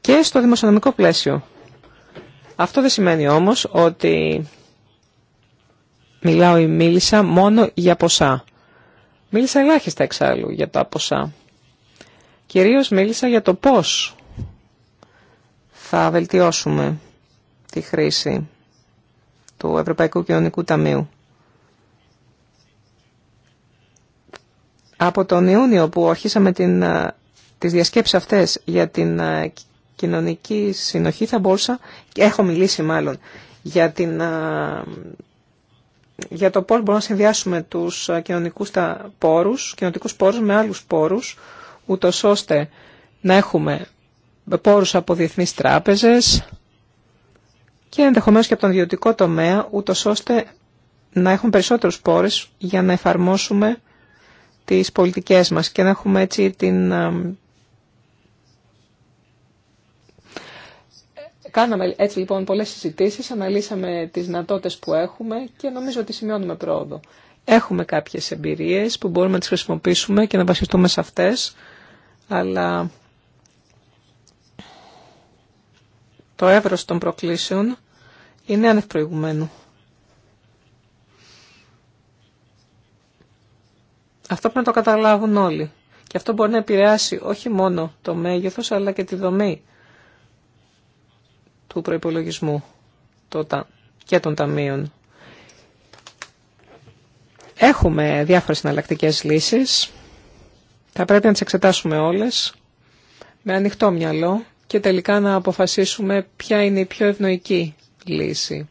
και στο δημοσιονομικό πλαίσιο. Αυτό δεν σημαίνει όμως ότι Μιλάω ή μίλησα μόνο για ποσά. Μίλησα ελάχιστα εξάλλου για τα ποσά. Κυρίως μίλησα για το πώς θα βελτιώσουμε τη χρήση του Ευρωπαϊκού Κοινωνικού Ταμείου. Από τον Ιούνιο που αρχίσαμε την, ε, τις διασκέψεις αυτές για την ε, κοινωνική συνοχή θα μπορούσα, και έχω μιλήσει μάλλον, για την ε, για το πώς μπορούμε να συνδυάσουμε τους ε, κοινωνικούς τα πόρους, κοινωνικούς πόρους με άλλους πόρους, ούτω ώστε να έχουμε πόρους από διεθνείς τράπεζες και ενδεχομένως και από τον ιδιωτικό τομέα, ούτω ώστε να έχουμε περισσότερους πόρους για να εφαρμόσουμε τις πολιτικές μας και να έχουμε έτσι την ε, Κάναμε έτσι λοιπόν πολλές συζητήσεις, αναλύσαμε τις δυνατότητε που έχουμε και νομίζω ότι σημειώνουμε πρόοδο. Έχουμε κάποιες εμπειρίες που μπορούμε να τις χρησιμοποιήσουμε και να βασιστούμε σε αυτές, αλλά το εύρος των προκλήσεων είναι ανευπροηγουμένο. Αυτό πρέπει να το καταλάβουν όλοι. Και αυτό μπορεί να επηρεάσει όχι μόνο το μέγεθος, αλλά και τη δομή του προϋπολογισμού και των ταμείων. Έχουμε διάφορες συναλλακτικέ λύσεις. Θα πρέπει να τις εξετάσουμε όλες με ανοιχτό μυαλό και τελικά να αποφασίσουμε ποια είναι η πιο ευνοϊκή λύση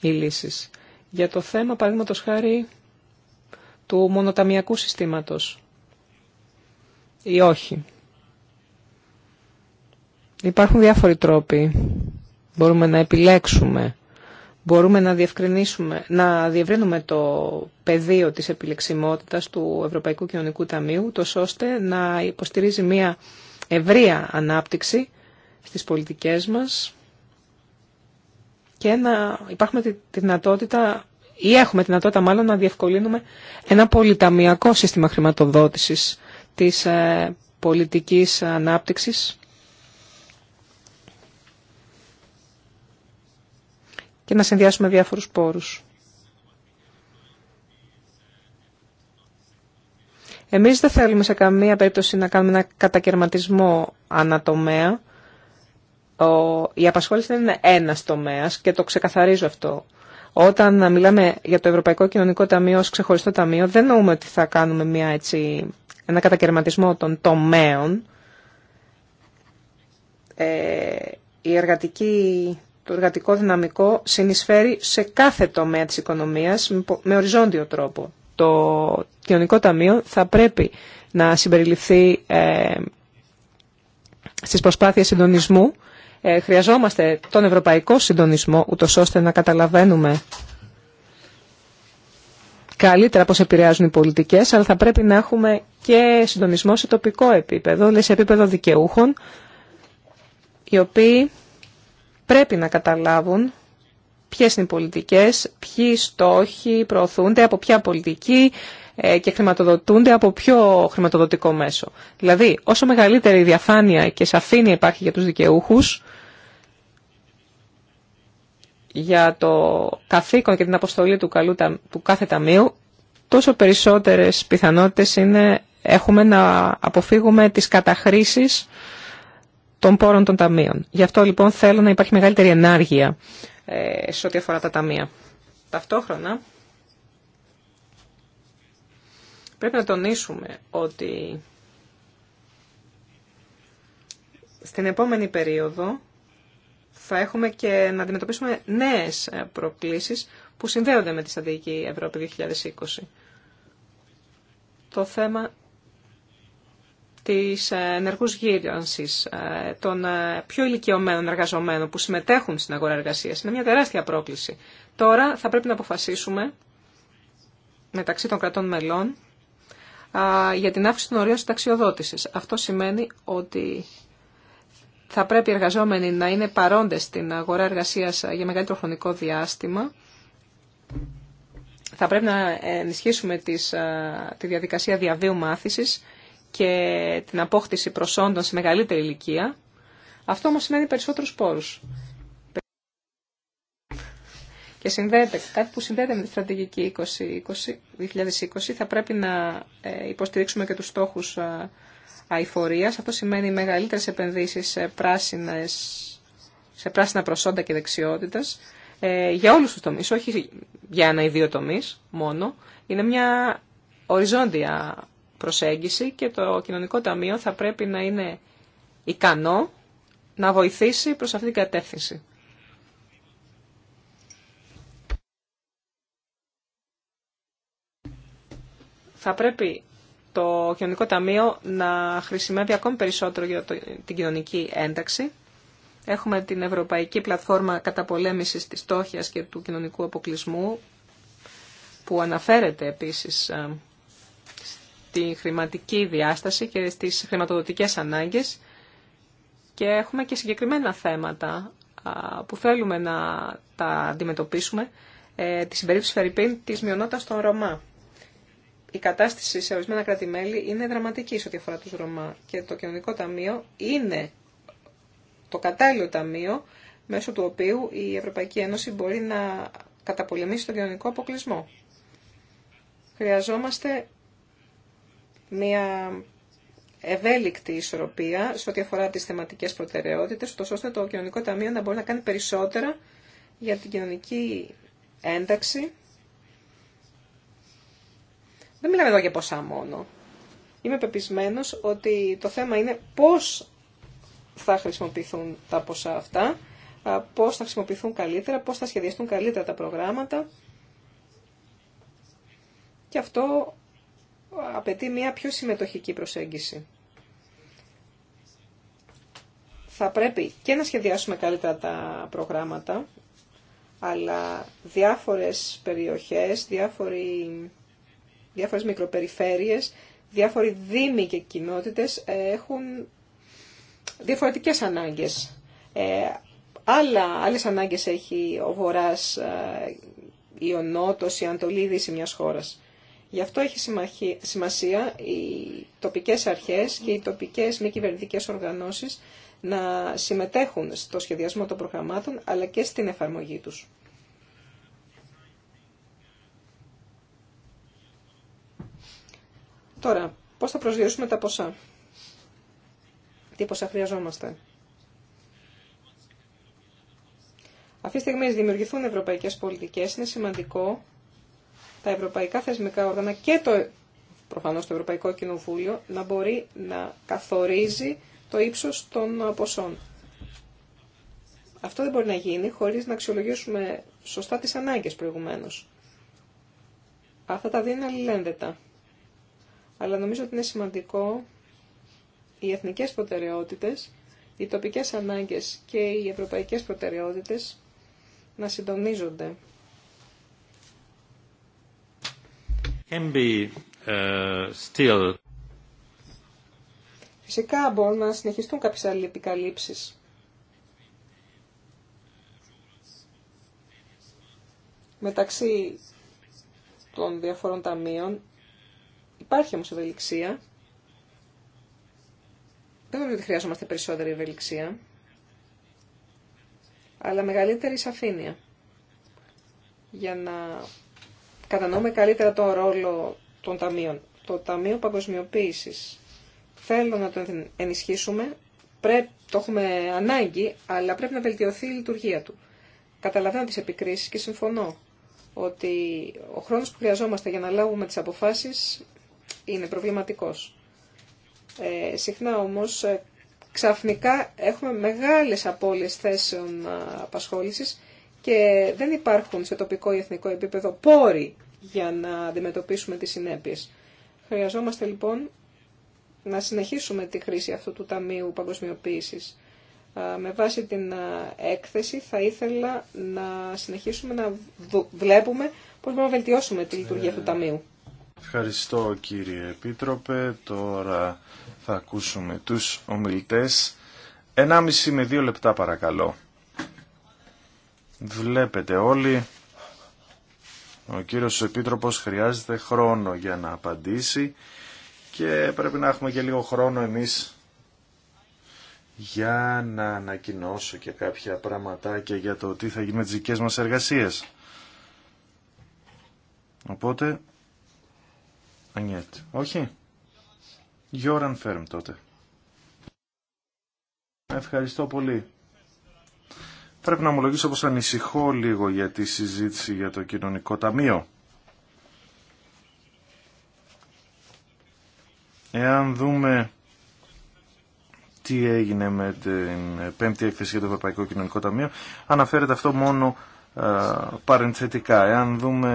ή λύσεις. Για το θέμα, παραδείγματο χάρη, του μονοταμιακού συστήματος ή όχι. Υπάρχουν διάφοροι τρόποι Μπορούμε να επιλέξουμε, μπορούμε να, διευκρινίσουμε, να διευρύνουμε το πεδίο της επιλεξιμότητας του Ευρωπαϊκού Κοινωνικού Ταμείου, τόσο ώστε να υποστηρίζει μια ευρεία ανάπτυξη στις πολιτικές μας και να υπάρχουμε τη δυνατότητα ή έχουμε τη δυνατότητα μάλλον να διευκολύνουμε ένα πολυταμιακό σύστημα χρηματοδότησης της ε, πολιτικής ανάπτυξης και να συνδυάσουμε διάφορους πόρους. Εμείς δεν θέλουμε σε καμία περίπτωση να κάνουμε ένα κατακαιρματισμό ανατομέα. Η απασχόληση είναι ένα τομέας και το ξεκαθαρίζω αυτό. Όταν μιλάμε για το Ευρωπαϊκό Κοινωνικό Ταμείο ως ξεχωριστό ταμείο, δεν νοούμε ότι θα κάνουμε μια, έτσι, ένα κατακαιρματισμό των τομέων. Ε, η εργατική το εργατικό δυναμικό συνεισφέρει σε κάθε τομέα της οικονομίας με οριζόντιο τρόπο. Το κοινωνικό ταμείο θα πρέπει να συμπεριληφθεί ε, στις προσπάθειες συντονισμού. Ε, χρειαζόμαστε τον ευρωπαϊκό συντονισμό, ούτω ώστε να καταλαβαίνουμε καλύτερα πώς επηρεάζουν οι πολιτικές, αλλά θα πρέπει να έχουμε και συντονισμό σε τοπικό επίπεδο, σε επίπεδο δικαιούχων, οι οποίοι πρέπει να καταλάβουν ποιες είναι οι πολιτικές, ποιοι στόχοι προωθούνται, από ποια πολιτική ε, και χρηματοδοτούνται από ποιο χρηματοδοτικό μέσο. Δηλαδή, όσο μεγαλύτερη διαφάνεια και σαφήνεια υπάρχει για τους δικαιούχους, για το καθήκον και την αποστολή του, καλού, του κάθε ταμείου, τόσο περισσότερες πιθανότητες είναι, έχουμε να αποφύγουμε τις καταχρήσεις των πόρων των ταμείων. Γι' αυτό λοιπόν θέλω να υπάρχει μεγαλύτερη ενάργεια ε, σε ό,τι αφορά τα ταμεία. Ταυτόχρονα πρέπει να τονίσουμε ότι στην επόμενη περίοδο θα έχουμε και να αντιμετωπίσουμε νέες ε, προκλήσεις που συνδέονται με τη στρατηγική Ευρώπη 2020. Το θέμα της ε, ενεργούς γύρανσης ε, των ε, πιο ηλικιωμένων εργαζομένων που συμμετέχουν στην αγορά εργασίας είναι μια τεράστια πρόκληση. Τώρα θα πρέπει να αποφασίσουμε μεταξύ των κρατών μελών για την αύξηση των ορίων ταξιοδότησης. Αυτό σημαίνει ότι θα πρέπει οι εργαζόμενοι να είναι παρόντες στην αγορά εργασίας για μεγαλύτερο χρονικό διάστημα. Θα πρέπει να ενισχύσουμε τη διαδικασία διαβίου μάθησης και την απόκτηση προσόντων σε μεγαλύτερη ηλικία. Αυτό όμως σημαίνει περισσότερους πόρους. Και συνδέεται, κάτι που συνδέεται με τη στρατηγική 2020, 2020 θα πρέπει να ε, υποστηρίξουμε και τους στόχους ε, αηφορίας. Αυτό σημαίνει μεγαλύτερες επενδύσεις σε, πράσινες, σε πράσινα προσόντα και δεξιότητες ε, για όλους τους τομείς, όχι για ένα ή δύο τομείς μόνο. Είναι μια οριζόντια προσέγγιση και το κοινωνικό ταμείο θα πρέπει να είναι ικανό να βοηθήσει προς αυτή την κατεύθυνση. Θα πρέπει το κοινωνικό ταμείο να χρησιμεύει ακόμη περισσότερο για την κοινωνική ένταξη. Έχουμε την Ευρωπαϊκή Πλατφόρμα Καταπολέμησης της Στόχιας και του Κοινωνικού Αποκλεισμού, που αναφέρεται επίσης ε, τη χρηματική διάσταση και στις χρηματοδοτικές ανάγκες και έχουμε και συγκεκριμένα θέματα που θέλουμε να τα αντιμετωπίσουμε ε, τη συμπερίπτωση Φερρυπίν της μειονότητας των Ρωμά. Η κατάσταση σε ορισμένα κράτη-μέλη είναι δραματική σε ό,τι αφορά τους Ρωμά και το Κοινωνικό Ταμείο είναι το κατάλληλο ταμείο μέσω του οποίου η Ευρωπαϊκή Ένωση μπορεί να καταπολεμήσει τον κοινωνικό αποκλεισμό. Χρειαζόμαστε μια ευέλικτη ισορροπία σε ό,τι αφορά τις θεματικές προτεραιότητες, ώστε το Κοινωνικό Ταμείο να μπορεί να κάνει περισσότερα για την κοινωνική ένταξη. Δεν μιλάμε εδώ για ποσά μόνο. Είμαι πεπισμένος ότι το θέμα είναι πώς θα χρησιμοποιηθούν τα ποσά αυτά, πώς θα χρησιμοποιηθούν καλύτερα, πώς θα σχεδιαστούν καλύτερα τα προγράμματα. Και αυτό απαιτεί μια πιο συμμετοχική προσέγγιση. Θα πρέπει και να σχεδιάσουμε καλύτερα τα προγράμματα, αλλά διάφορες περιοχές, διάφοροι, διάφορες μικροπεριφέρειες, διάφοροι δήμοι και κοινότητες έχουν διαφορετικές ανάγκες. Ε, άλλα, άλλες ανάγκες έχει ο Βορράς, ε, η Ονότος, η Αντολή, η μιας χώρας. Γι' αυτό έχει σημασία οι τοπικές αρχές και οι τοπικές μη κυβερνητικές οργανώσεις να συμμετέχουν στο σχεδιασμό των προγραμμάτων αλλά και στην εφαρμογή τους. Τώρα, πώς θα προσδιορίσουμε τα ποσά. Τι ποσά χρειαζόμαστε. Αυτή τη στιγμή δημιουργηθούν ευρωπαϊκές πολιτικές. Είναι σημαντικό τα ευρωπαϊκά θεσμικά όργανα και το, προφανώς το Ευρωπαϊκό Κοινοβούλιο να μπορεί να καθορίζει το ύψος των ποσών. Αυτό δεν μπορεί να γίνει χωρίς να αξιολογήσουμε σωστά τις ανάγκες προηγουμένως. Αυτά τα δύο είναι αλληλένδετα. Αλλά νομίζω ότι είναι σημαντικό οι εθνικές προτεραιότητες, οι τοπικές ανάγκες και οι ευρωπαϊκές προτεραιότητες να συντονίζονται Uh, Φυσικά μπορούν να συνεχιστούν κάποιες άλλες επικαλύψεις. Μεταξύ των διαφορών ταμείων υπάρχει όμως ευελιξία. Δεν νομίζω ότι χρειάζομαστε περισσότερη ευελιξία, αλλά μεγαλύτερη σαφήνεια για να κατανοούμε καλύτερα τον ρόλο των ταμείων. Το Ταμείο παγκοσμιοποίηση. θέλω να το ενισχύσουμε, πρέπει, το έχουμε ανάγκη, αλλά πρέπει να βελτιωθεί η λειτουργία του. Καταλαβαίνω τις επικρίσεις και συμφωνώ ότι ο χρόνος που χρειαζόμαστε για να λάβουμε τις αποφάσεις είναι προβληματικός. Ε, συχνά όμως ε, ξαφνικά έχουμε μεγάλες απώλειες θέσεων ε, απασχόλησης και δεν υπάρχουν σε τοπικό ή εθνικό επίπεδο πόροι για να αντιμετωπίσουμε τις συνέπειες. Χρειαζόμαστε λοιπόν να συνεχίσουμε τη χρήση αυτού του Ταμείου Παγκοσμιοποίησης. Με βάση την έκθεση θα ήθελα να συνεχίσουμε να βλέπουμε πώς μπορούμε να βελτιώσουμε τη λειτουργία αυτού του ε, Ταμείου. Ευχαριστώ κύριε Επίτροπε. Τώρα θα ακούσουμε τους ομιλητές. 1,5 με 2 λεπτά παρακαλώ. Βλέπετε όλοι, ο κύριος Επίτροπος χρειάζεται χρόνο για να απαντήσει και πρέπει να έχουμε και λίγο χρόνο εμείς για να ανακοινώσω και κάποια πραγματάκια για το τι θα γίνει με τις δικές μας εργασίες. Οπότε, Ανιέτ, όχι, Γιώραν Φέρμ τότε. Ευχαριστώ πολύ. Πρέπει να ομολογήσω πως ανησυχώ λίγο για τη συζήτηση για το κοινωνικό ταμείο. Εάν δούμε τι έγινε με την πέμπτη έκθεση για το Ευρωπαϊκό Κοινωνικό Ταμείο, αναφέρεται αυτό μόνο παρενθετικά. Εάν δούμε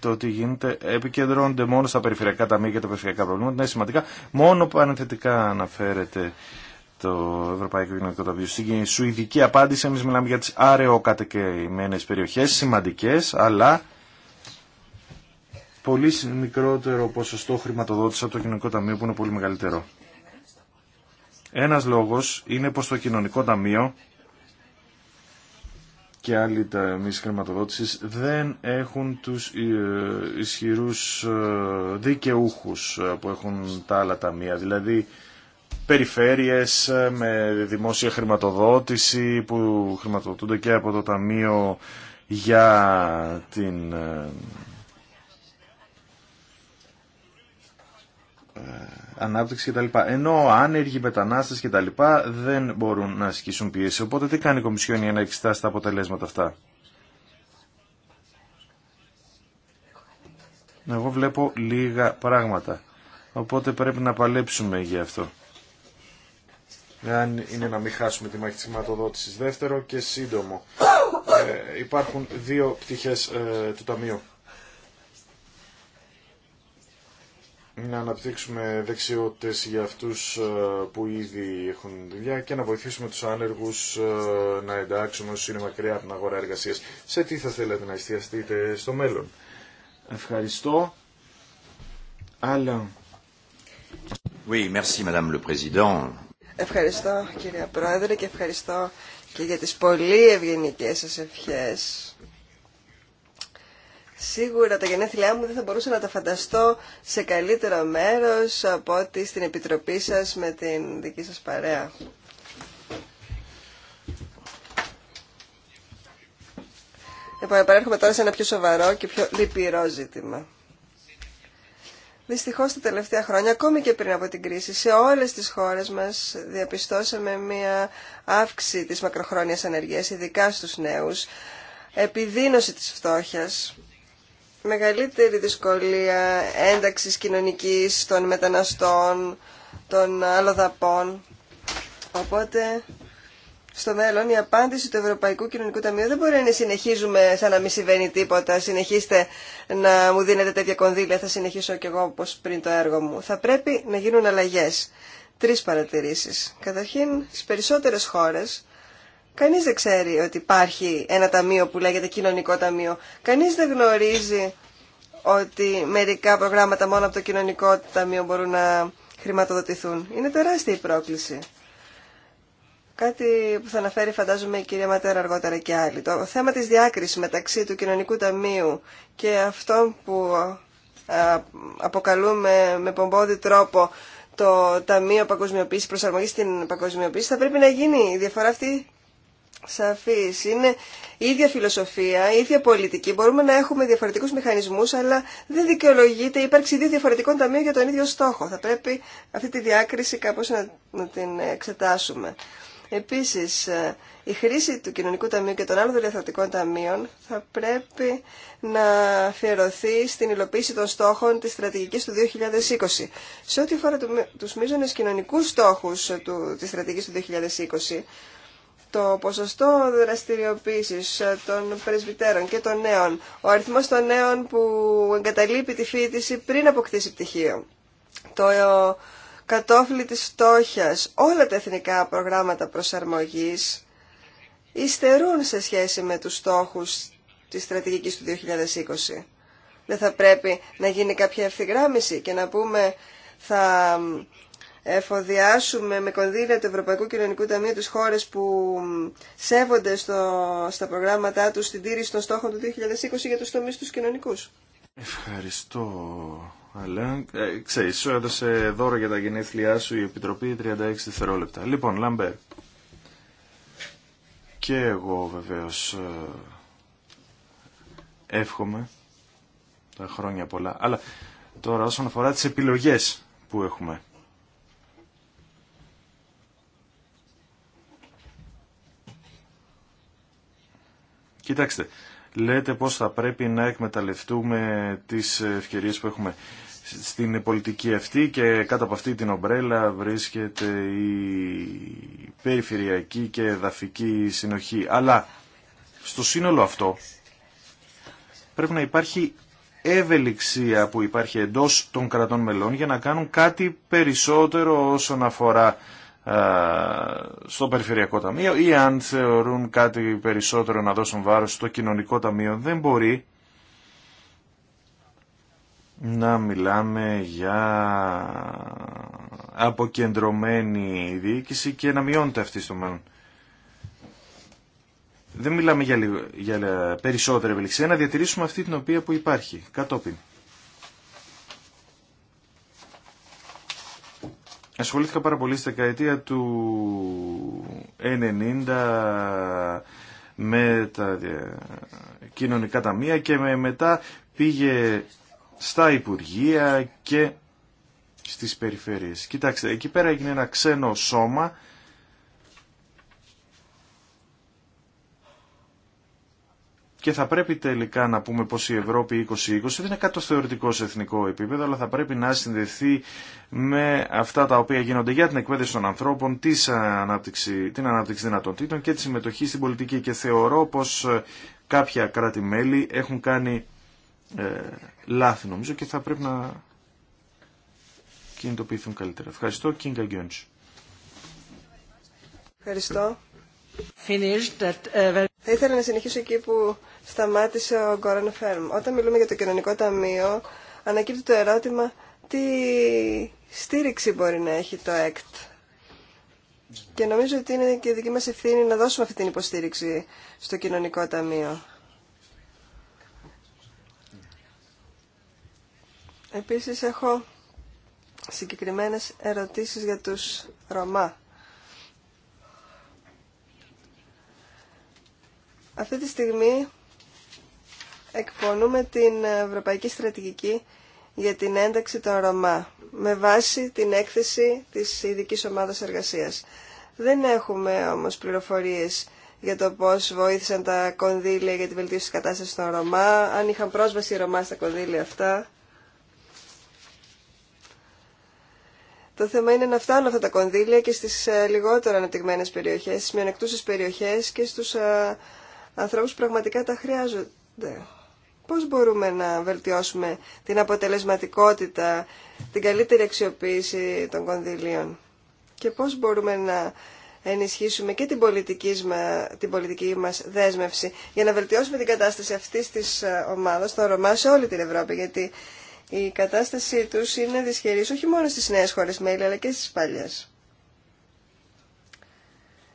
το τι γίνεται, επικεντρώνονται μόνο στα περιφερειακά ταμεία και τα περιφερειακά προβλήματα. Είναι σημαντικά. Μόνο παρενθετικά αναφέρεται το Ευρωπαϊκό Κοινωνικό Ταμείο. Στην Σουηδική απάντηση εμεί μιλάμε για τις αραιοκατοικημένε περιοχές, σημαντικές, αλλά πολύ μικρότερο ποσοστό χρηματοδότηση από το Κοινωνικό Ταμείο που είναι πολύ μεγαλύτερο. Ένας λόγος είναι πως το Κοινωνικό Ταμείο και άλλοι ταμεί χρηματοδότηση δεν έχουν τους ε, ισχυρούς ε, δικαιούχου ε, που έχουν τα άλλα ταμεία. Δηλαδή περιφέρειες ε, με δημόσια χρηματοδότηση που χρηματοδοτούνται και από το Ταμείο για την ε, ε, ανάπτυξη κτλ. Ενώ άνεργοι μετανάστες κτλ. δεν μπορούν να ασκήσουν πίεση. Οπότε τι κάνει η Κομισιόν για να εξετάσει τα αποτελέσματα αυτά. Εγώ βλέπω λίγα πράγματα. Οπότε πρέπει να παλέψουμε για αυτό αν είναι να μην χάσουμε τη μάχη Δεύτερο και σύντομο. Ε, υπάρχουν δύο πτυχές ε, του Ταμείου. Να αναπτύξουμε δεξιότητες για αυτούς ε, που ήδη έχουν δουλειά και να βοηθήσουμε τους άνεργους ε, να εντάξουμε όσοι είναι μακριά από την αγορά εργασίας. Σε τι θα θέλετε να εστιαστείτε στο μέλλον. Ευχαριστώ. Άλλα. Oui, merci, Madame le Président. Ευχαριστώ κύριε Πρόεδρε και ευχαριστώ και για τις πολύ ευγενικές σας ευχές. Σίγουρα τα γενέθλιά μου δεν θα μπορούσα να τα φανταστώ σε καλύτερο μέρος από ότι στην Επιτροπή σας με την δική σας παρέα. Λοιπόν, επανέρχομαι τώρα σε ένα πιο σοβαρό και πιο λυπηρό ζήτημα. Δυστυχώς τα τελευταία χρόνια, ακόμη και πριν από την κρίση, σε όλες τις χώρες μας διαπιστώσαμε μία αύξηση της μακροχρόνιας ανεργίας, ειδικά στους νέους, επιδείνωση της φτώχειας, μεγαλύτερη δυσκολία ένταξης κοινωνικής των μεταναστών, των αλλοδαπών. Οπότε στο μέλλον η απάντηση του Ευρωπαϊκού Κοινωνικού Ταμείου δεν μπορεί να είναι συνεχίζουμε σαν να μην συμβαίνει τίποτα, συνεχίστε να μου δίνετε τέτοια κονδύλια, θα συνεχίσω κι εγώ όπως πριν το έργο μου. Θα πρέπει να γίνουν αλλαγές. Τρεις παρατηρήσεις. Καταρχήν, στις περισσότερες χώρες, κανείς δεν ξέρει ότι υπάρχει ένα ταμείο που λέγεται Κοινωνικό Ταμείο. Κανείς δεν γνωρίζει ότι μερικά προγράμματα μόνο από το Κοινωνικό Ταμείο μπορούν να χρηματοδοτηθούν. Είναι τεράστια η πρόκληση. Κάτι που θα αναφέρει φαντάζομαι η κυρία Ματέρα αργότερα και άλλοι. Το θέμα της διάκρισης μεταξύ του κοινωνικού ταμείου και αυτό που αποκαλούμε με πομπόδι τρόπο το Ταμείο Παγκοσμιοποίησης, προσαρμογή στην παγκοσμιοποίηση, θα πρέπει να γίνει η διαφορά αυτή σαφής. Είναι η ίδια φιλοσοφία, η ίδια πολιτική. Μπορούμε να έχουμε διαφορετικούς μηχανισμούς, αλλά δεν δικαιολογείται η ύπαρξη δύο διαφορετικών ταμείων για τον ίδιο στόχο. Θα πρέπει αυτή τη διάκριση κάπως να την εξετάσουμε. Επίσης, ε, η χρήση του Κοινωνικού Ταμείου και των άλλων διαθετικών ταμείων θα πρέπει να αφιερωθεί στην υλοποίηση των στόχων της στρατηγικής του 2020. Σε ό,τι αφορά τους μείζονες κοινωνικούς στόχους της στρατηγικής του 2020, το ποσοστό δραστηριοποίησης των πρεσβυτέρων και των νέων, ο αριθμός των νέων που εγκαταλείπει τη φοιτηση πριν αποκτήσει πτυχίο, το κατόφλι της φτώχειας, όλα τα εθνικά προγράμματα προσαρμογής υστερούν σε σχέση με τους στόχους της στρατηγικής του 2020. Δεν θα πρέπει να γίνει κάποια ευθυγράμμιση και να πούμε θα εφοδιάσουμε με κονδύλια του Ευρωπαϊκού Κοινωνικού Ταμείου τις χώρες που σέβονται στο, στα προγράμματά τους στην τήρηση των στόχων του 2020 για τους τομείς τους κοινωνικούς. Ευχαριστώ αλλά, ε, ξέρεις, σου έδωσε δώρο για τα γενέθλιά σου η Επιτροπή 36 δευτερόλεπτα. Λοιπόν, Λαμπέρ. Και εγώ βεβαίως ε, εύχομαι τα χρόνια πολλά. Αλλά τώρα όσον αφορά τις επιλογές που έχουμε. Κοιτάξτε, λέτε πώς θα πρέπει να εκμεταλλευτούμε τις ευκαιρίες που έχουμε στην πολιτική αυτή και κάτω από αυτή την ομπρέλα βρίσκεται η περιφερειακή και εδαφική συνοχή. Αλλά στο σύνολο αυτό πρέπει να υπάρχει ευελιξία που υπάρχει εντός των κρατών μελών για να κάνουν κάτι περισσότερο όσον αφορά στο Περιφερειακό Ταμείο ή αν θεωρούν κάτι περισσότερο να δώσουν βάρος στο Κοινωνικό Ταμείο δεν μπορεί να μιλάμε για αποκεντρωμένη διοίκηση και να μειώνεται αυτή στο μέλλον. Δεν μιλάμε για, λίγο, για περισσότερη ευελιξία, να διατηρήσουμε αυτή την οποία που υπάρχει, κατόπιν. Ασχολήθηκα πάρα πολύ στη δεκαετία του 90 με τα κοινωνικά ταμεία και μετά πήγε στα Υπουργεία και στις περιφέρειες. Κοιτάξτε, εκεί πέρα έγινε ένα ξένο σώμα και θα πρέπει τελικά να πούμε πως η Ευρώπη 2020 δεν είναι κάτι θεωρητικό σε εθνικό επίπεδο, αλλά θα πρέπει να συνδεθεί με αυτά τα οποία γίνονται για την εκπαίδευση των ανθρώπων, ανάπτυξη, την ανάπτυξη δυνατοτήτων και τη συμμετοχή στην πολιτική. Και θεωρώ πως κάποια κράτη-μέλη έχουν κάνει ε, λάθη νομίζω και θα πρέπει να κινητοποιηθούν καλύτερα. Ευχαριστώ. Κίνγκα Γκιόντς. Ευχαριστώ. Uh, θα ήθελα να συνεχίσω εκεί που σταμάτησε ο Γκόραν Φέρμ. Όταν μιλούμε για το κοινωνικό ταμείο, ανακύπτει το ερώτημα τι στήριξη μπορεί να έχει το ΕΚΤ. Και νομίζω ότι είναι και δική μας ευθύνη να δώσουμε αυτή την υποστήριξη στο κοινωνικό ταμείο. Επίσης έχω συγκεκριμένες ερωτήσεις για τους Ρωμά. Αυτή τη στιγμή εκπονούμε την Ευρωπαϊκή Στρατηγική για την ένταξη των Ρωμά με βάση την έκθεση της ειδική Ομάδας Εργασίας. Δεν έχουμε όμως πληροφορίες για το πώς βοήθησαν τα κονδύλια για τη βελτίωση της κατάστασης των Ρωμά, αν είχαν πρόσβαση οι Ρωμά στα κονδύλια αυτά. Το θέμα είναι να φτάνουν αυτά τα κονδύλια και στις ε, λιγότερο αναπτυγμένες περιοχές, στις μειονεκτούσες περιοχές και στους ε, ανθρώπους που πραγματικά τα χρειάζονται. Πώς μπορούμε να βελτιώσουμε την αποτελεσματικότητα, την καλύτερη αξιοποίηση των κονδυλίων και πώς μπορούμε να ενισχύσουμε και την πολιτική, την πολιτική μας δέσμευση για να βελτιώσουμε την κατάσταση αυτής της ε, ομάδας, των Ρωμά, σε όλη την Ευρώπη, γιατί η κατάστασή τους είναι δυσχερής όχι μόνο στις νέες χώρες μέλη αλλά και στις παλιές.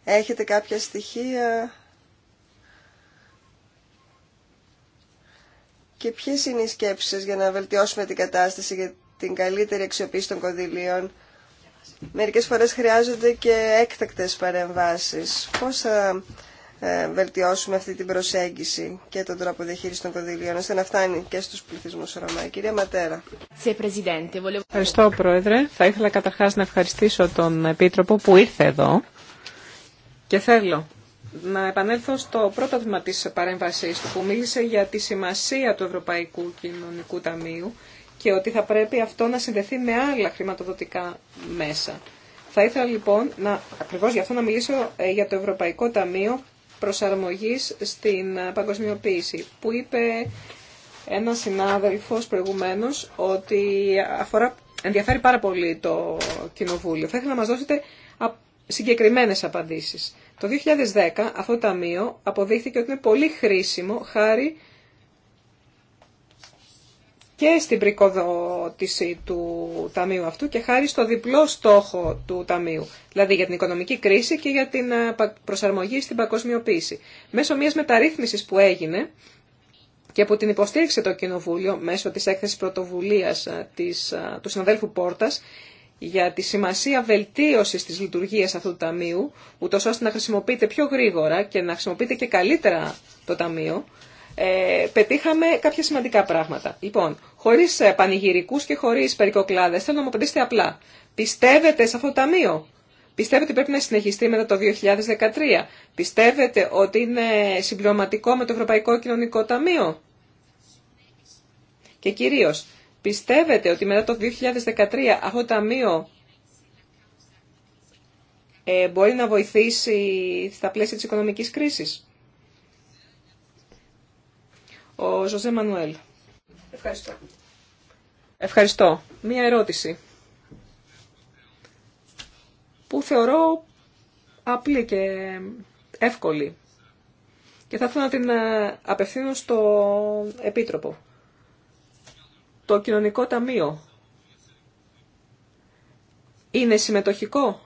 Έχετε κάποια στοιχεία και ποιες είναι οι σκέψεις σας για να βελτιώσουμε την κατάσταση για την καλύτερη αξιοποίηση των κονδυλίων. Μερικές φορές χρειάζονται και έκτακτες παρεμβάσεις. Πώς θα ε, βελτιώσουμε αυτή την προσέγγιση και τον τρόπο διαχείριση των κονδυλίων, ώστε να φτάνει και στου πληθυσμού Ρωμά. Κυρία Ματέρα. Ευχαριστώ, Πρόεδρε. Θα ήθελα καταρχά να ευχαριστήσω τον Επίτροπο που ήρθε εδώ και θέλω να επανέλθω στο πρώτο βήμα τη παρέμβασή του που μίλησε για τη σημασία του Ευρωπαϊκού Κοινωνικού Ταμείου και ότι θα πρέπει αυτό να συνδεθεί με άλλα χρηματοδοτικά μέσα. Θα ήθελα λοιπόν να, ακριβώς γι' αυτό να μιλήσω ε, για το Ευρωπαϊκό Ταμείο προσαρμογής στην παγκοσμιοποίηση, που είπε ένα συνάδελφος προηγουμένως ότι αφορά, ενδιαφέρει πάρα πολύ το Κοινοβούλιο. Θα ήθελα να μας δώσετε συγκεκριμένες απαντήσεις. Το 2010 αυτό το ταμείο αποδείχθηκε ότι είναι πολύ χρήσιμο χάρη και στην πρικοδότηση του Ταμείου αυτού και χάρη στο διπλό στόχο του Ταμείου, δηλαδή για την οικονομική κρίση και για την ε, προσαρμογή στην παγκοσμιοποίηση. Μέσω μιας μεταρρύθμισης που έγινε και που την υποστήριξε το Κοινοβούλιο μέσω της έκθεσης πρωτοβουλίας ε, της, ε, του συναδέλφου Πόρτας, για τη σημασία βελτίωση τη λειτουργία αυτού του Ταμείου, ούτω ώστε να χρησιμοποιείται πιο γρήγορα και να χρησιμοποιείται και καλύτερα το Ταμείο, ε, πετύχαμε κάποια σημαντικά πράγματα. Λοιπόν, χωρί ε, πανηγυρικού και χωρί περικοκλάδε, θέλω να μου απαντήσετε απλά. Πιστεύετε σε αυτό το ταμείο, Πιστεύετε ότι πρέπει να συνεχιστεί μετά το 2013. Πιστεύετε ότι είναι συμπληρωματικό με το Ευρωπαϊκό Κοινωνικό Ταμείο. Και κυρίως, πιστεύετε ότι μετά το 2013 αυτό το ταμείο ε, μπορεί να βοηθήσει στα πλαίσια της οικονομικής κρίσης. Ο Ζωζέ Μανουέλ. Ευχαριστώ. Ευχαριστώ. Μία ερώτηση που θεωρώ απλή και εύκολη. Και θα ήθελα να την ε, απευθύνω στο Επίτροπο. Το κοινωνικό ταμείο είναι συμμετοχικό.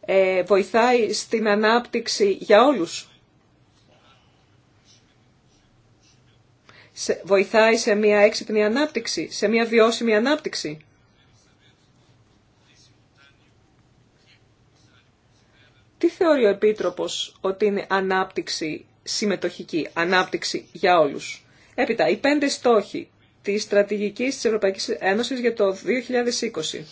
Ε, βοηθάει στην ανάπτυξη για όλους. βοηθάει σε μια έξυπνη ανάπτυξη, σε μια βιώσιμη ανάπτυξη. Τι θεωρεί ο Επίτροπος ότι είναι ανάπτυξη συμμετοχική, ανάπτυξη για όλους. Έπειτα, οι πέντε στόχοι της στρατηγικής της Ευρωπαϊκής Ένωσης για το 2020.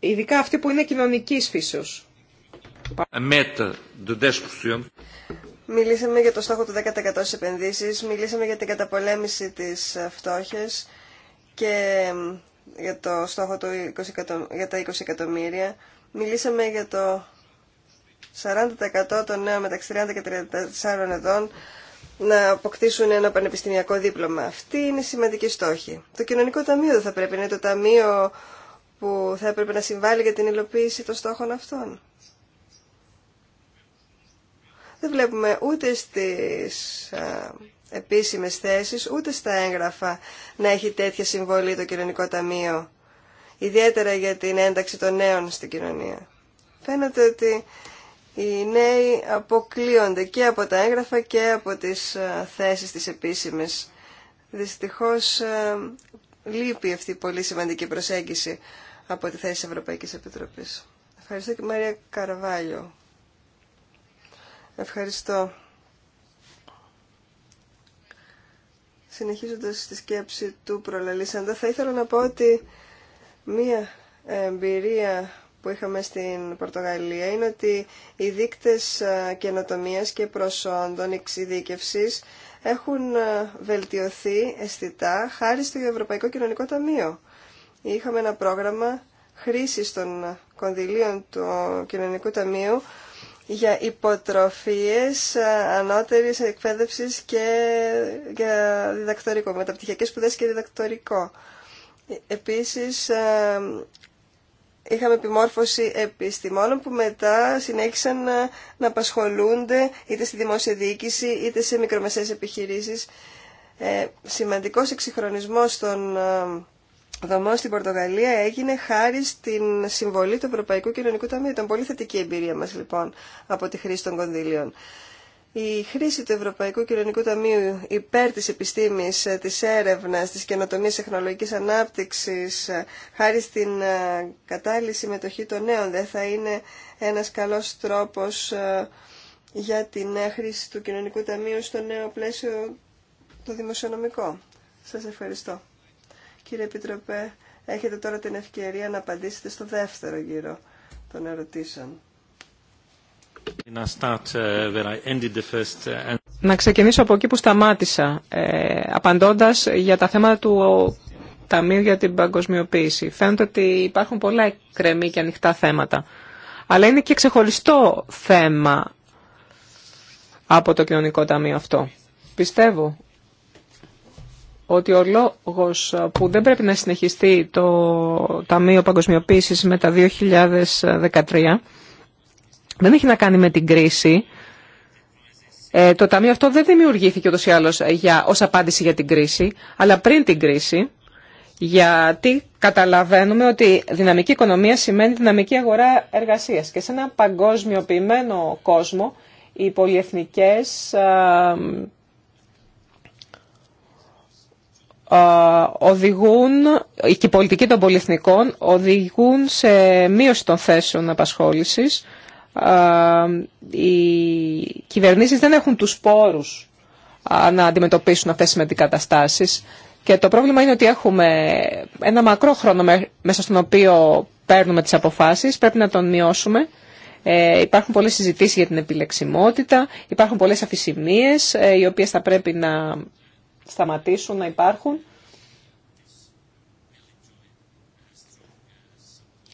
Ειδικά αυτοί που είναι κοινωνικής φύσεως. Μιλήσαμε για το στόχο του 10% στις επενδύσεις, μιλήσαμε για την καταπολέμηση της ε, φτώχειας και για το στόχο του 20 για τα 20 εκατομμύρια. Μιλήσαμε για το 40% των νέων μεταξύ 30 και 34 ετών να αποκτήσουν ένα πανεπιστημιακό δίπλωμα. Αυτή είναι σημαντική στόχη. Το κοινωνικό ταμείο δεν θα πρέπει να είναι το ταμείο που θα έπρεπε να συμβάλλει για την υλοποίηση των στόχων αυτών δεν βλέπουμε ούτε στις α, ε, επίσημες θέσεις, ούτε στα έγγραφα να έχει τέτοια συμβολή το κοινωνικό ταμείο, ιδιαίτερα για την ένταξη των νέων στην κοινωνία. Φαίνεται ότι οι νέοι αποκλείονται και από τα έγγραφα και από τις ε, θέσεις τις επίσημες. Δυστυχώς ε, λείπει αυτή η πολύ σημαντική προσέγγιση από τη θέση της Ευρωπαϊκής Επιτροπής. Ευχαριστώ και Μαρία Καρβάλιο. Ευχαριστώ. Συνεχίζοντας τη σκέψη του προλαλήσαντα, θα ήθελα να πω ότι μία εμπειρία που είχαμε στην Πορτογαλία είναι ότι οι δείκτες καινοτομία και προσόντων εξειδίκευση έχουν βελτιωθεί αισθητά χάρη στο Ευρωπαϊκό Κοινωνικό Ταμείο. Είχαμε ένα πρόγραμμα χρήσης των κονδυλίων του Κοινωνικού Ταμείου για υποτροφίες ε, ανώτερης εκπαίδευσης και για διδακτορικό, μεταπτυχιακές σπουδές και διδακτορικό. Ε, επίσης, ε, είχαμε επιμόρφωση επιστημόνων που μετά συνέχισαν να, να απασχολούνται είτε στη δημόσια διοίκηση είτε σε μικρομεσαίες επιχειρήσεις. Ε, σημαντικός εξυγχρονισμός των Δωμό στην Πορτογαλία έγινε χάρη στην συμβολή του Ευρωπαϊκού Κοινωνικού Ταμείου. Ήταν πολύ θετική η εμπειρία μας λοιπόν από τη χρήση των κονδύλιων. Η χρήση του Ευρωπαϊκού Κοινωνικού Ταμείου υπέρ της επιστήμης, ε, της έρευνας, της καινοτομίας τεχνολογικής ανάπτυξης, ε, χάρη στην ε, κατάλληλη συμμετοχή των νέων, δεν θα είναι ένας καλός τρόπος για την χρήση του Κοινωνικού Ταμείου στο νέο πλαίσιο το δημοσιονομικό. Σας ευχαριστώ. Κύριε Επιτροπέ, έχετε τώρα την ευκαιρία να απαντήσετε στο δεύτερο γύρο των ερωτήσεων. Uh, uh, να ξεκινήσω από εκεί που σταμάτησα, ε, απαντώντας για τα θέματα του Ταμείου για την Παγκοσμιοποίηση. Φαίνεται ότι υπάρχουν πολλά κρεμή και ανοιχτά θέματα. Αλλά είναι και ξεχωριστό θέμα από το Κοινωνικό Ταμείο αυτό. Πιστεύω ότι ο λόγος που δεν πρέπει να συνεχιστεί το Ταμείο Παγκοσμιοποίησης μετά 2013 δεν έχει να κάνει με την κρίση. Ε, το Ταμείο αυτό δεν δημιουργήθηκε ούτως ή άλλως για, ως απάντηση για την κρίση, αλλά πριν την κρίση, γιατί καταλαβαίνουμε ότι δυναμική οικονομία σημαίνει δυναμική αγορά εργασίας και σε ένα παγκοσμιοποιημένο κόσμο οι πολυεθνικές ε, οδηγούν, και η πολιτική των πολυεθνικών οδηγούν σε μείωση των θέσεων απασχόλησης. Οι κυβερνήσεις δεν έχουν τους πόρους να αντιμετωπίσουν αυτές τις καταστάσεις Και το πρόβλημα είναι ότι έχουμε ένα μακρό χρόνο μέσα στον οποίο παίρνουμε τις αποφάσεις, πρέπει να τον μειώσουμε. Ε, υπάρχουν πολλές συζητήσεις για την επιλεξιμότητα, υπάρχουν πολλές αφησιμίες ε, οι οποίες θα πρέπει να σταματήσουν να υπάρχουν.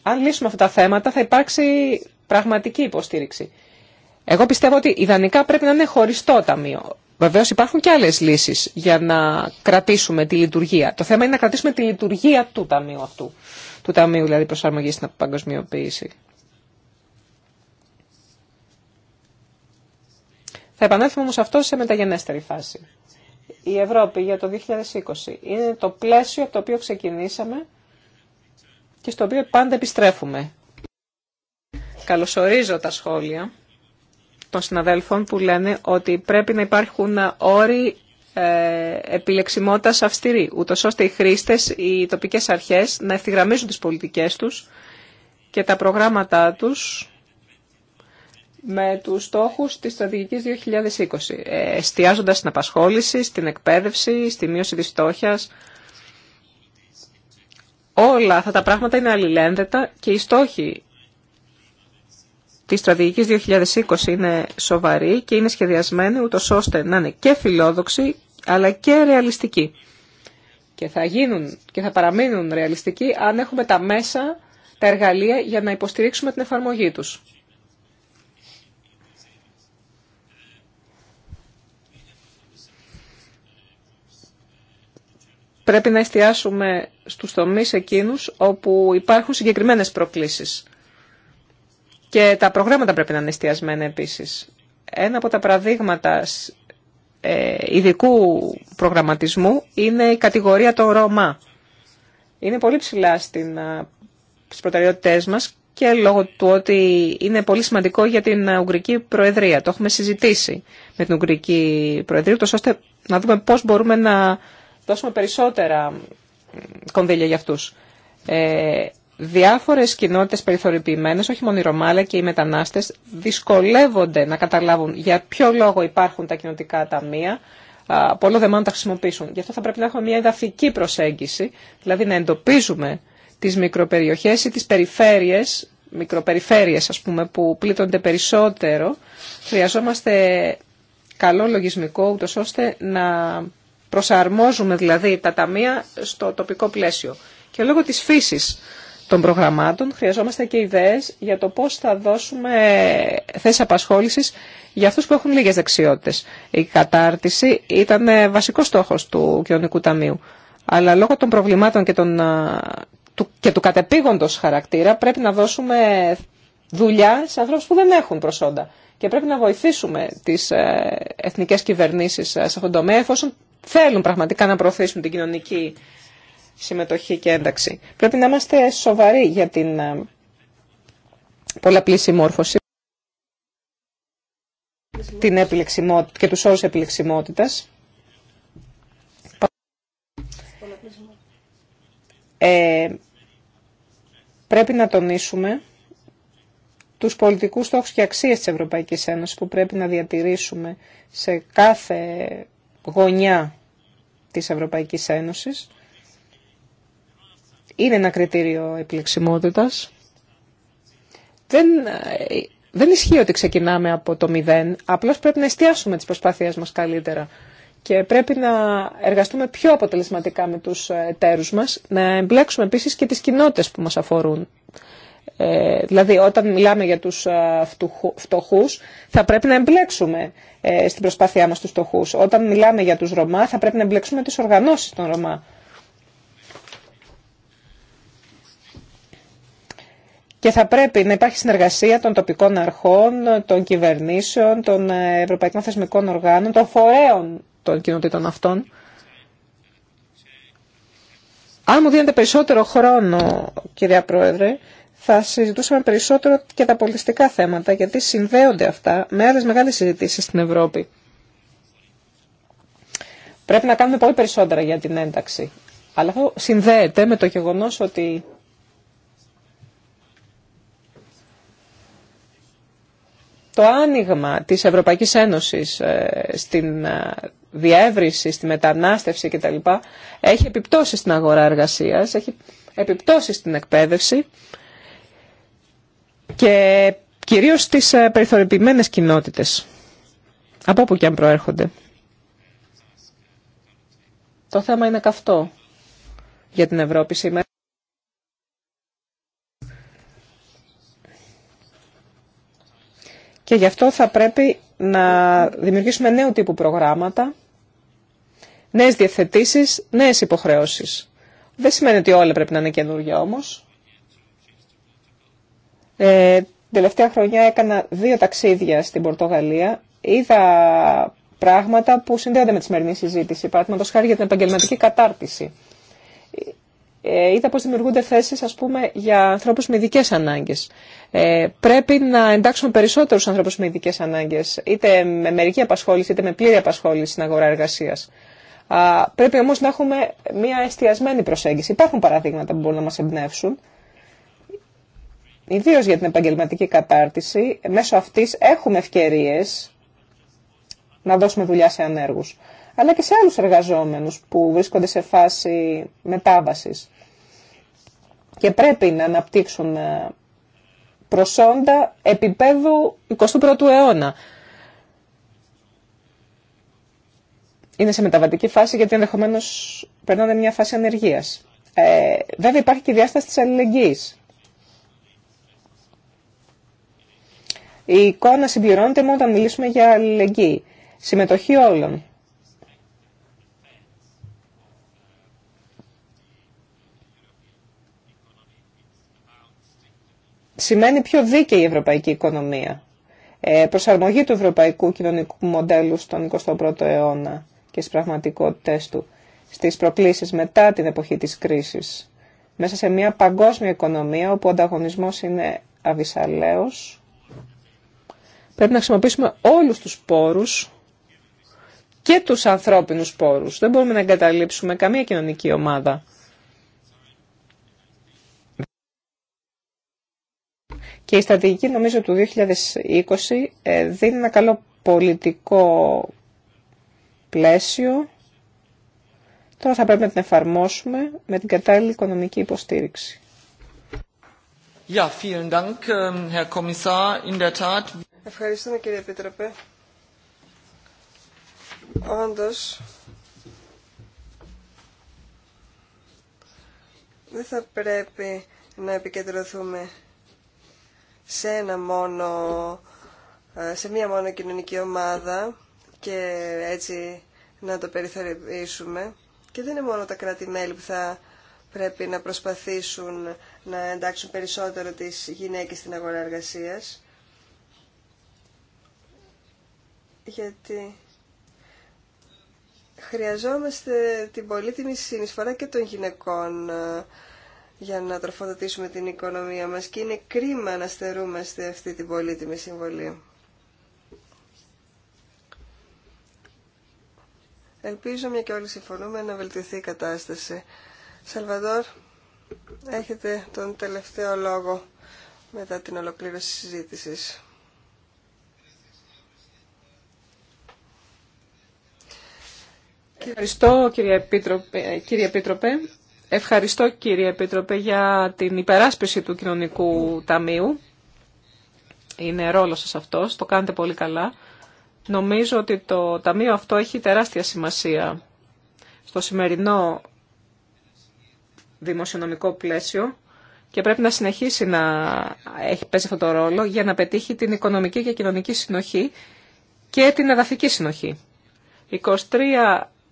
Αν λύσουμε αυτά τα θέματα θα υπάρξει πραγματική υποστήριξη. Εγώ πιστεύω ότι ιδανικά πρέπει να είναι χωριστό ταμείο. Βεβαίως υπάρχουν και άλλες λύσεις για να κρατήσουμε τη λειτουργία. Το θέμα είναι να κρατήσουμε τη λειτουργία του ταμείου αυτού. Του ταμείου δηλαδή προσαρμογή στην παγκοσμιοποίηση. Θα επανέλθουμε όμως αυτό σε μεταγενέστερη φάση η Ευρώπη για το 2020 είναι το πλαίσιο από το οποίο ξεκινήσαμε και στο οποίο πάντα επιστρέφουμε. Καλωσορίζω τα σχόλια των συναδέλφων που λένε ότι πρέπει να υπάρχουν όροι ε, επιλεξιμότητας αυστηρή, ούτως ώστε οι χρήστες, οι τοπικές αρχές να ευθυγραμμίζουν τις πολιτικές τους και τα προγράμματά τους με τους στόχους της στρατηγικής 2020, ε, εστιάζοντας στην απασχόληση, στην εκπαίδευση, στη μείωση της στόχιας. Όλα αυτά τα πράγματα είναι αλληλένδετα και οι στόχοι της στρατηγικής 2020 είναι σοβαροί και είναι σχεδιασμένοι ούτως ώστε να είναι και φιλόδοξοι αλλά και ρεαλιστικοί. Και θα γίνουν και θα παραμείνουν ρεαλιστικοί αν έχουμε τα μέσα, τα εργαλεία για να υποστηρίξουμε την εφαρμογή τους. Πρέπει να εστιάσουμε στους τομείς εκείνους όπου υπάρχουν συγκεκριμένες προκλήσεις. Και τα προγράμματα πρέπει να είναι εστιασμένα επίσης. Ένα από τα παραδείγματα ε, ειδικού προγραμματισμού είναι η κατηγορία των Ρωμά. Είναι πολύ ψηλά στην, στις προτεραιότητές μας και λόγω του ότι είναι πολύ σημαντικό για την Ουγγρική Προεδρία. Το έχουμε συζητήσει με την Ουγγρική Προεδρία, ώστε να δούμε πώς μπορούμε να δώσουμε περισσότερα κονδύλια για αυτούς. Ε, διάφορες κοινότητες περιθωριοποιημένες, όχι μόνο οι Ρωμά, αλλά και οι μετανάστες, δυσκολεύονται να καταλάβουν για ποιο λόγο υπάρχουν τα κοινοτικά ταμεία, πολλό δε μάλλον τα χρησιμοποιήσουν. Γι' αυτό θα πρέπει να έχουμε μια εδαφική προσέγγιση, δηλαδή να εντοπίζουμε τις μικροπεριοχές ή τις περιφέρειες, μικροπεριφέρειες ας πούμε, που πλήττονται περισσότερο. Χρειαζόμαστε καλό λογισμικό, ούτως ώστε να Προσαρμόζουμε δηλαδή τα ταμεία στο τοπικό πλαίσιο. Και λόγω της φύσης των προγραμμάτων χρειαζόμαστε και ιδέες για το πώς θα δώσουμε θέσεις απασχόλησης για αυτούς που έχουν λίγες δεξιότητες. Η κατάρτιση ήταν βασικό στόχος του Κοινωνικού Ταμείου. Αλλά λόγω των προβλημάτων και, του, και του κατεπήγοντος χαρακτήρα πρέπει να δώσουμε δουλειά σε ανθρώπους που δεν έχουν προσόντα. Και πρέπει να βοηθήσουμε τις ε, εθνικές κυβερνήσεις ε, σε αυτόν τον τομέα εφόσον θέλουν πραγματικά να προωθήσουν την κοινωνική συμμετοχή και ένταξη. Πρέπει να είμαστε σοβαροί για την ε, πολλαπλή συμμόρφωση την επιλεξιμότητα και τους όρους επιλεξιμότητας. Ε, πρέπει να τονίσουμε τους πολιτικούς στόχους και αξίες της Ευρωπαϊκής Ένωσης που πρέπει να διατηρήσουμε σε κάθε γωνιά της Ευρωπαϊκής Ένωσης. Είναι ένα κριτήριο επιλεξιμότητας. Δεν, δεν ισχύει ότι ξεκινάμε από το μηδέν, απλώς πρέπει να εστιάσουμε τις προσπάθειές μας καλύτερα και πρέπει να εργαστούμε πιο αποτελεσματικά με τους εταίρους μας, να εμπλέξουμε επίσης και τις κοινότητες που μας αφορούν. Ε, δηλαδή, όταν μιλάμε για τους ε, φτωχούς, θα πρέπει να εμπλέξουμε ε, στην προσπάθειά μας τους φτωχούς. Όταν μιλάμε για τους Ρωμά, θα πρέπει να εμπλέξουμε τις οργανώσεις των Ρωμά. Και θα πρέπει να υπάρχει συνεργασία των τοπικών αρχών, των κυβερνήσεων, των ευρωπαϊκών θεσμικών οργάνων, των φορέων των κοινοτήτων αυτών. Αν μου δίνετε περισσότερο χρόνο, κυρία Πρόεδρε, θα συζητούσαμε περισσότερο και τα πολιτιστικά θέματα, γιατί συνδέονται αυτά με άλλε μεγάλες συζητήσει στην Ευρώπη. Πρέπει να κάνουμε πολύ περισσότερα για την ένταξη. Αλλά αυτό συνδέεται με το γεγονός ότι το άνοιγμα της Ευρωπαϊκής Ένωσης ε, στην ε, διεύρυνση, στη μετανάστευση κτλ. έχει επιπτώσει στην αγορά εργασίας, έχει επιπτώσει στην εκπαίδευση και κυρίως στις ε, περιθωριοποιημένες κοινότητες, από όπου και αν προέρχονται. Το θέμα είναι καυτό για την Ευρώπη σήμερα. Και γι' αυτό θα πρέπει να δημιουργήσουμε νέου τύπου προγράμματα, νέες διευθετήσεις, νέες υποχρεώσεις. Δεν σημαίνει ότι όλα πρέπει να είναι καινούργια όμως. Ε, τελευταία χρονιά έκανα δύο ταξίδια στην Πορτογαλία. Είδα πράγματα που συνδέονται με τη σημερινή συζήτηση. Παραδείγματο χάρη για την επαγγελματική κατάρτιση. Ε, είδα πώς δημιουργούνται θέσεις, ας πούμε, για ανθρώπους με ειδικέ ανάγκες. Ε, πρέπει να εντάξουμε περισσότερους ανθρώπους με ειδικέ ανάγκες, είτε με μερική απασχόληση, είτε με πλήρη απασχόληση στην αγορά εργασίας. πρέπει όμως να έχουμε μια εστιασμένη προσέγγιση. Υπάρχουν παραδείγματα που μπορούν να μας εμπνεύσουν ιδίω για την επαγγελματική κατάρτιση, μέσω αυτής έχουμε ευκαιρίες να δώσουμε δουλειά σε ανέργους, αλλά και σε άλλου εργαζόμενους που βρίσκονται σε φάση μετάβασης και πρέπει να αναπτύξουν ε, προσόντα επίπεδου 21ου αιώνα. Είναι σε μεταβατική φάση γιατί ενδεχομένω περνάνε μια φάση ανεργίας. Ε, βέβαια υπάρχει και η διάσταση της αλληλεγγύη. Η εικόνα συμπληρώνεται μόνο όταν μιλήσουμε για αλληλεγγύη. Συμμετοχή όλων. Σημαίνει πιο δίκαιη η ευρωπαϊκή οικονομία. Ε, προσαρμογή του ευρωπαϊκού κοινωνικού μοντέλου στον 21ο αιώνα και στις πραγματικότητες του, στις προκλήσεις μετά την εποχή της κρίσης. Μέσα σε μια παγκόσμια οικονομία όπου ο ανταγωνισμός είναι αβυσαλαίος, Πρέπει να χρησιμοποιήσουμε όλους τους πόρους και τους ανθρώπινους πόρους. Δεν μπορούμε να εγκαταλείψουμε καμία κοινωνική ομάδα. Και η στρατηγική νομίζω του 2020 ε, δίνει ένα καλό πολιτικό πλαίσιο. Τώρα θα πρέπει να την εφαρμόσουμε με την κατάλληλη οικονομική υποστήριξη. Ja, vielen Dank, ähm, Herr Kommissar. In der Tat. Ευχαριστούμε κύριε Επίτροπε. Όντως, δεν θα πρέπει να επικεντρωθούμε σε ένα μόνο, ε, σε μία μόνο κοινωνική ομάδα και έτσι να το περιθωριοποιήσουμε. Και δεν είναι μόνο τα κράτη-μέλη που θα πρέπει να προσπαθήσουν να εντάξουν περισσότερο τις γυναίκες στην αγορά εργασίας. γιατί χρειαζόμαστε την πολύτιμη συνεισφορά και των γυναικών ε, για να τροφοδοτήσουμε την οικονομία μας και είναι κρίμα να στερούμαστε αυτή την πολύτιμη συμβολή. Ελπίζω, μια και όλοι συμφωνούμε, να βελτιωθεί η κατάσταση. Σαλβαδόρ, έχετε τον τελευταίο λόγο μετά την ολοκλήρωση της συζήτησης. Ευχαριστώ κύριε Επίτροπε. Επίτροπε. Ευχαριστώ κύριε Επίτροπε για την υπεράσπιση του κοινωνικού ταμείου. Είναι ρόλος σας αυτός, το κάνετε πολύ καλά. Νομίζω ότι το ταμείο αυτό έχει τεράστια σημασία στο σημερινό δημοσιονομικό πλαίσιο και πρέπει να συνεχίσει να έχει παίζει αυτό το ρόλο για να πετύχει την οικονομική και κοινωνική συνοχή και την εδαφική συνοχή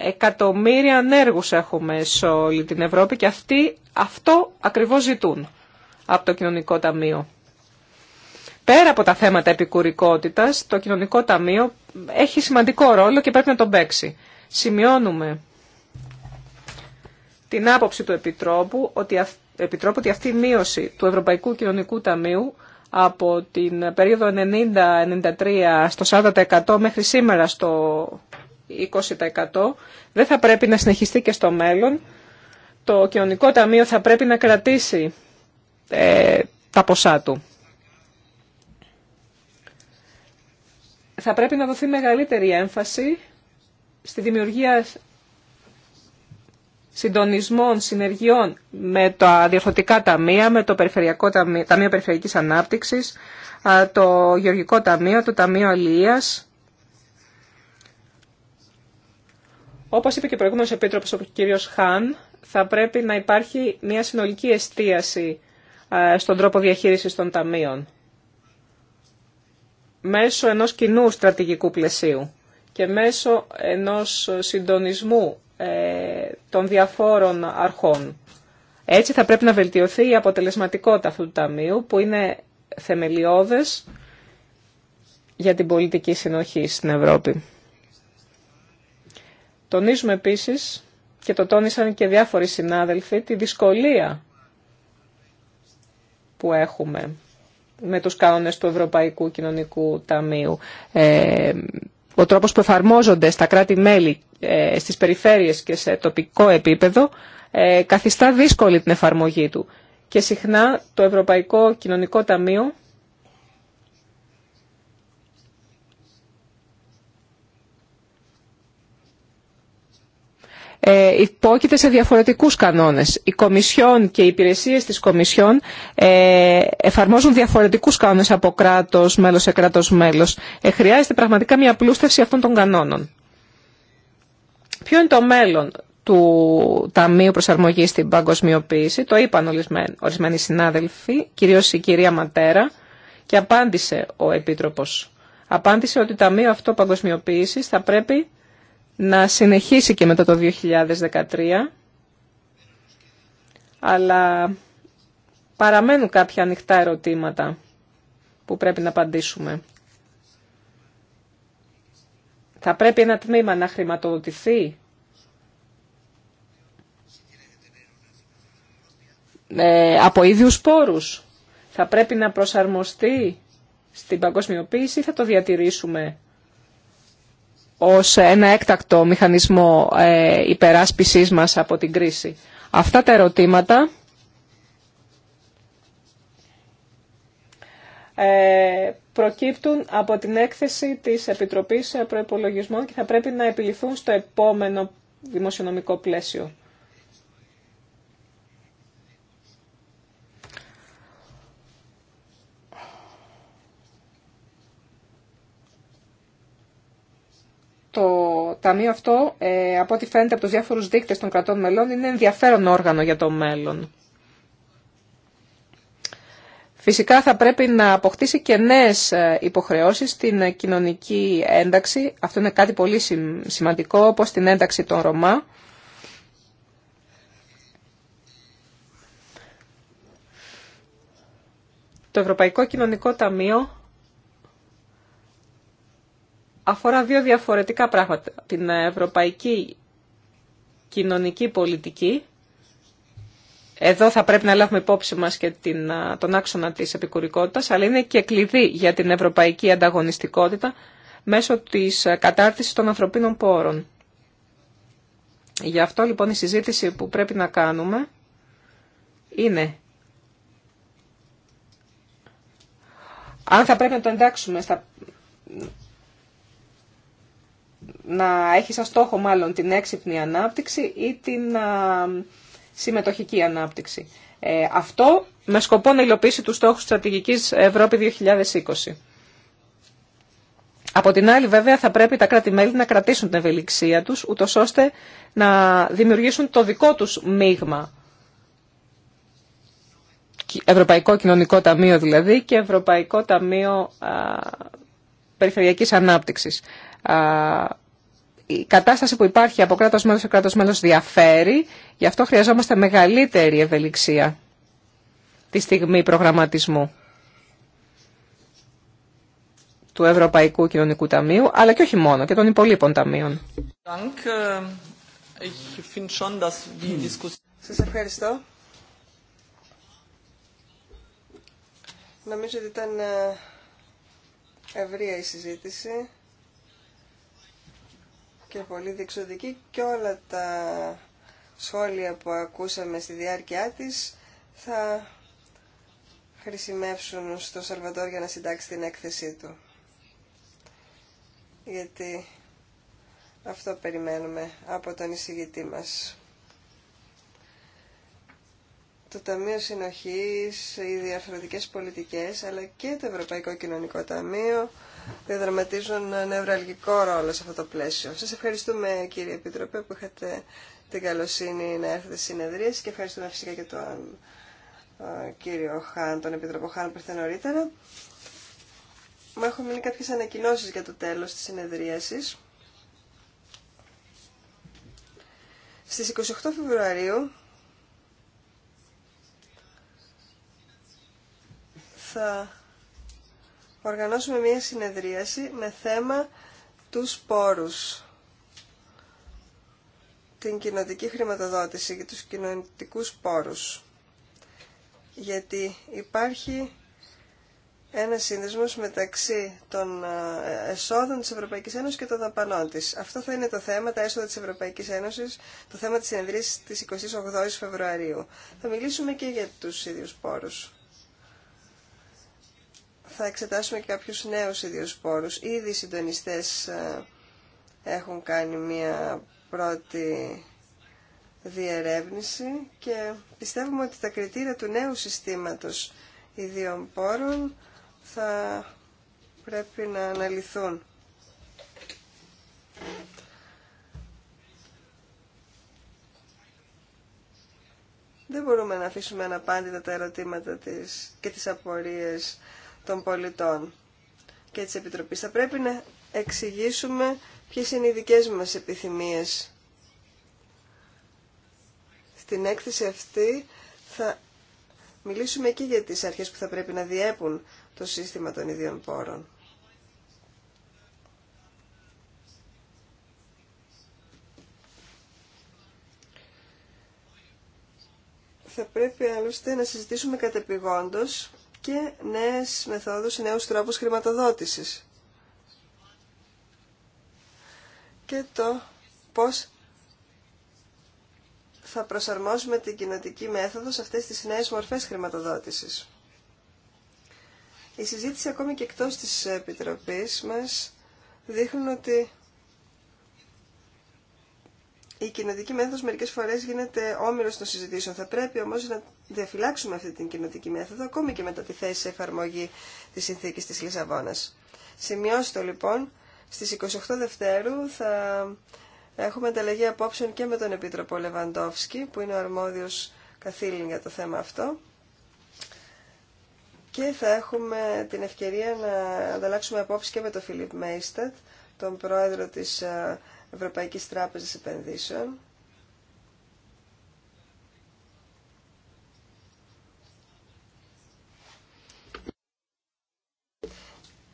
εκατομμύρια ανέργους έχουμε σε όλη την Ευρώπη και αυτοί αυτό ακριβώς ζητούν από το Κοινωνικό Ταμείο. Πέρα από τα θέματα επικουρικότητας, το Κοινωνικό Ταμείο έχει σημαντικό ρόλο και πρέπει να τον παίξει. Σημειώνουμε την άποψη του Επιτρόπου ότι, Επιτρόπου ότι αυτή η μείωση του Ευρωπαϊκού Κοινωνικού Ταμείου από την περίοδο 90-93 στο 40% μέχρι σήμερα στο 20% δεν θα πρέπει να συνεχιστεί και στο μέλλον. Το κοινωνικό ταμείο θα πρέπει να κρατήσει ε, τα ποσά του. Θα πρέπει να δοθεί μεγαλύτερη έμφαση στη δημιουργία συντονισμών, συνεργειών με τα διορθωτικά ταμεία, με το Περιφερειακό ταμείο, ταμείο Περιφερειακής Ανάπτυξης, το Γεωργικό Ταμείο, το Ταμείο Αλληλείας Όπως είπε και ο προηγούμενος επίτροπος, ο κύριος Χάν, θα πρέπει να υπάρχει μια συνολική εστίαση ε, στον τρόπο διαχείρισης των ταμείων μέσω ενός κοινού στρατηγικού πλαισίου και μέσω ενός συντονισμού ε, των διαφόρων αρχών. Έτσι θα πρέπει να βελτιωθεί η αποτελεσματικότητα αυτού του ταμείου που είναι θεμελιώδες για την πολιτική συνοχή στην Ευρώπη. Τονίζουμε επίσης, και το τόνισαν και διάφοροι συνάδελφοι, τη δυσκολία που έχουμε με τους κανόνες του Ευρωπαϊκού Κοινωνικού Ταμείου. Ε, ο τρόπος που εφαρμόζονται στα κράτη-μέλη, ε, στις περιφέρειες και σε τοπικό επίπεδο, ε, καθιστά δύσκολη την εφαρμογή του. Και συχνά το Ευρωπαϊκό Κοινωνικό Ταμείο ε, υπόκειται σε διαφορετικούς κανόνες. Οι Κομισιόν και οι υπηρεσίες της Κομισιόν ε, εφαρμόζουν διαφορετικούς κανόνες από κράτος μέλος σε κράτος μέλος. Ε, χρειάζεται πραγματικά μια πλούστευση αυτών των κανόνων. Ποιο είναι το μέλλον του Ταμείου Προσαρμογής στην Παγκοσμιοποίηση, το είπαν ορισμένοι, συνάδελφοι, κυρίως η κυρία Ματέρα, και απάντησε ο Επίτροπος. Απάντησε ότι το Ταμείο αυτό παγκοσμιοποίησης θα πρέπει να συνεχίσει και μετά το 2013, αλλά παραμένουν κάποια ανοιχτά ερωτήματα που πρέπει να απαντήσουμε. Θα πρέπει ένα τμήμα να χρηματοδοτηθεί ε, από ίδιους πόρους. Θα πρέπει να προσαρμοστεί στην παγκοσμιοποίηση ή θα το διατηρήσουμε ως ένα έκτακτο μηχανισμό ε, υπεράσπισης μας από την κρίση. Αυτά τα ερωτήματα ε, προκύπτουν από την έκθεση της Επιτροπής Προϋπολογισμών και θα πρέπει να επιληθούν στο επόμενο δημοσιονομικό πλαίσιο. το ταμείο αυτό, ε, από ό,τι φαίνεται από τους διάφορους δείκτες των κρατών μελών, είναι ενδιαφέρον όργανο για το μέλλον. Φυσικά θα πρέπει να αποκτήσει και νέες ε, υποχρεώσεις στην κοινωνική ένταξη. Αυτό είναι κάτι πολύ σημαντικό, όπως την ένταξη των Ρωμά. Το Ευρωπαϊκό Κοινωνικό Ταμείο αφορά δύο διαφορετικά πράγματα. Την ευρωπαϊκή κοινωνική πολιτική. Εδώ θα πρέπει να λάβουμε υπόψη μας και την, τον άξονα της επικουρικότητας, αλλά είναι και κλειδί για την ευρωπαϊκή ανταγωνιστικότητα μέσω της κατάρτισης των ανθρωπίνων πόρων. Γι' αυτό λοιπόν η συζήτηση που πρέπει να κάνουμε είναι αν θα πρέπει να το εντάξουμε στα, να έχει σαν στόχο μάλλον την έξυπνη ανάπτυξη ή την συμμετοχική ανάπτυξη. Ε, αυτό με σκοπό να υλοποιήσει τους στόχους στρατηγικής Ευρώπη 2020. Από την άλλη βέβαια θα πρέπει τα κράτη-μέλη να κρατήσουν την ευελιξία τους, ούτω ώστε να δημιουργήσουν το δικό τους μείγμα. Ευρωπαϊκό Κοινωνικό Ταμείο δηλαδή και Ευρωπαϊκό Ταμείο α, Περιφερειακής Ανάπτυξης η κατάσταση που υπάρχει από κράτος μέλος σε κράτος μέλος διαφέρει, γι' αυτό χρειαζόμαστε μεγαλύτερη ευελιξία τη στιγμή προγραμματισμού του Ευρωπαϊκού Κοινωνικού Ταμείου, αλλά και όχι μόνο, και των υπολείπων ταμείων. Σας ευχαριστώ. Νομίζω ότι ήταν ε, ευρεία η συζήτηση και πολύ διεξοδική και όλα τα σχόλια που ακούσαμε στη διάρκειά της θα χρησιμεύσουν στο Σαλβατόρ για να συντάξει την έκθεσή του. Γιατί αυτό περιμένουμε από τον εισηγητή μας. Το Ταμείο Συνοχής, οι διαφορετικές πολιτικές, αλλά και το Ευρωπαϊκό Κοινωνικό Ταμείο διαδραματίζουν νευραλγικό ρόλο σε αυτό το πλαίσιο. Σας ευχαριστούμε κύριε Επιτροπέ που είχατε την καλοσύνη να έρθετε στη συνεδρίες και ευχαριστούμε φυσικά και τον ε, κύριο Χάν, τον Επιτροπό Χάν που ήρθε νωρίτερα. Μου έχουν μείνει κάποιες ανακοινώσεις για το τέλος της συνεδρίασης. Στις 28 Φεβρουαρίου θα οργανώσουμε μία συνεδρίαση με θέμα τους πόρους, την κοινοτική χρηματοδότηση και τους κοινωνικούς πόρους. Γιατί υπάρχει ένα σύνδεσμος μεταξύ των ε, εσόδων της Ευρωπαϊκής Ένωσης και των δαπανών της. Αυτό θα είναι το θέμα, τα έσοδα της Ευρωπαϊκής Ένωσης, το θέμα της συνεδρίας της 28 Φεβρουαρίου. Θα μιλήσουμε και για τους ίδιους πόρους θα εξετάσουμε και κάποιους νέους ιδιοσπόρους. Ήδη οι συντονιστές ε, έχουν κάνει μία πρώτη διερεύνηση και πιστεύουμε ότι τα κριτήρια του νέου συστήματος ιδίων πόρων θα πρέπει να αναλυθούν. Δεν μπορούμε να αφήσουμε αναπάντητα τα ερωτήματα της και τις απορίες των πολιτών και της Επιτροπής. Θα πρέπει να εξηγήσουμε ποιες είναι οι δικές μας επιθυμίες. Στην έκθεση αυτή θα μιλήσουμε και για τις αρχές που θα πρέπει να διέπουν το σύστημα των ιδίων πόρων. Θα πρέπει άλλωστε να συζητήσουμε κατεπηγόντως και νέες μεθόδους, νέους τρόπους χρηματοδότησης. Και το πώς θα προσαρμόσουμε την κοινοτική μέθοδο σε αυτές τις νέες μορφές χρηματοδότησης. Η συζήτηση ακόμη και εκτός της Επιτροπής μας δείχνουν ότι η κοινοτική μέθοδο μερικέ φορέ γίνεται όμοιρο των συζητήσεων. Θα πρέπει όμω να διαφυλάξουμε αυτή την κοινοτική μέθοδο ακόμη και μετά τη θέση σε εφαρμογή τη συνθήκη τη Λισαβόνα. Σημειώστε το λοιπόν, στι 28 Δευτέρου θα έχουμε ανταλλαγή απόψεων και με τον Επίτροπο Λεβαντόφσκι που είναι ο αρμόδιο καθήλυν για το θέμα αυτό και θα έχουμε την ευκαιρία να ανταλλάξουμε απόψει και με τον Φιλιπ Μέιστατ, τον πρόεδρο της ε, Ευρωπαϊκής Τράπεζας Επενδύσεων.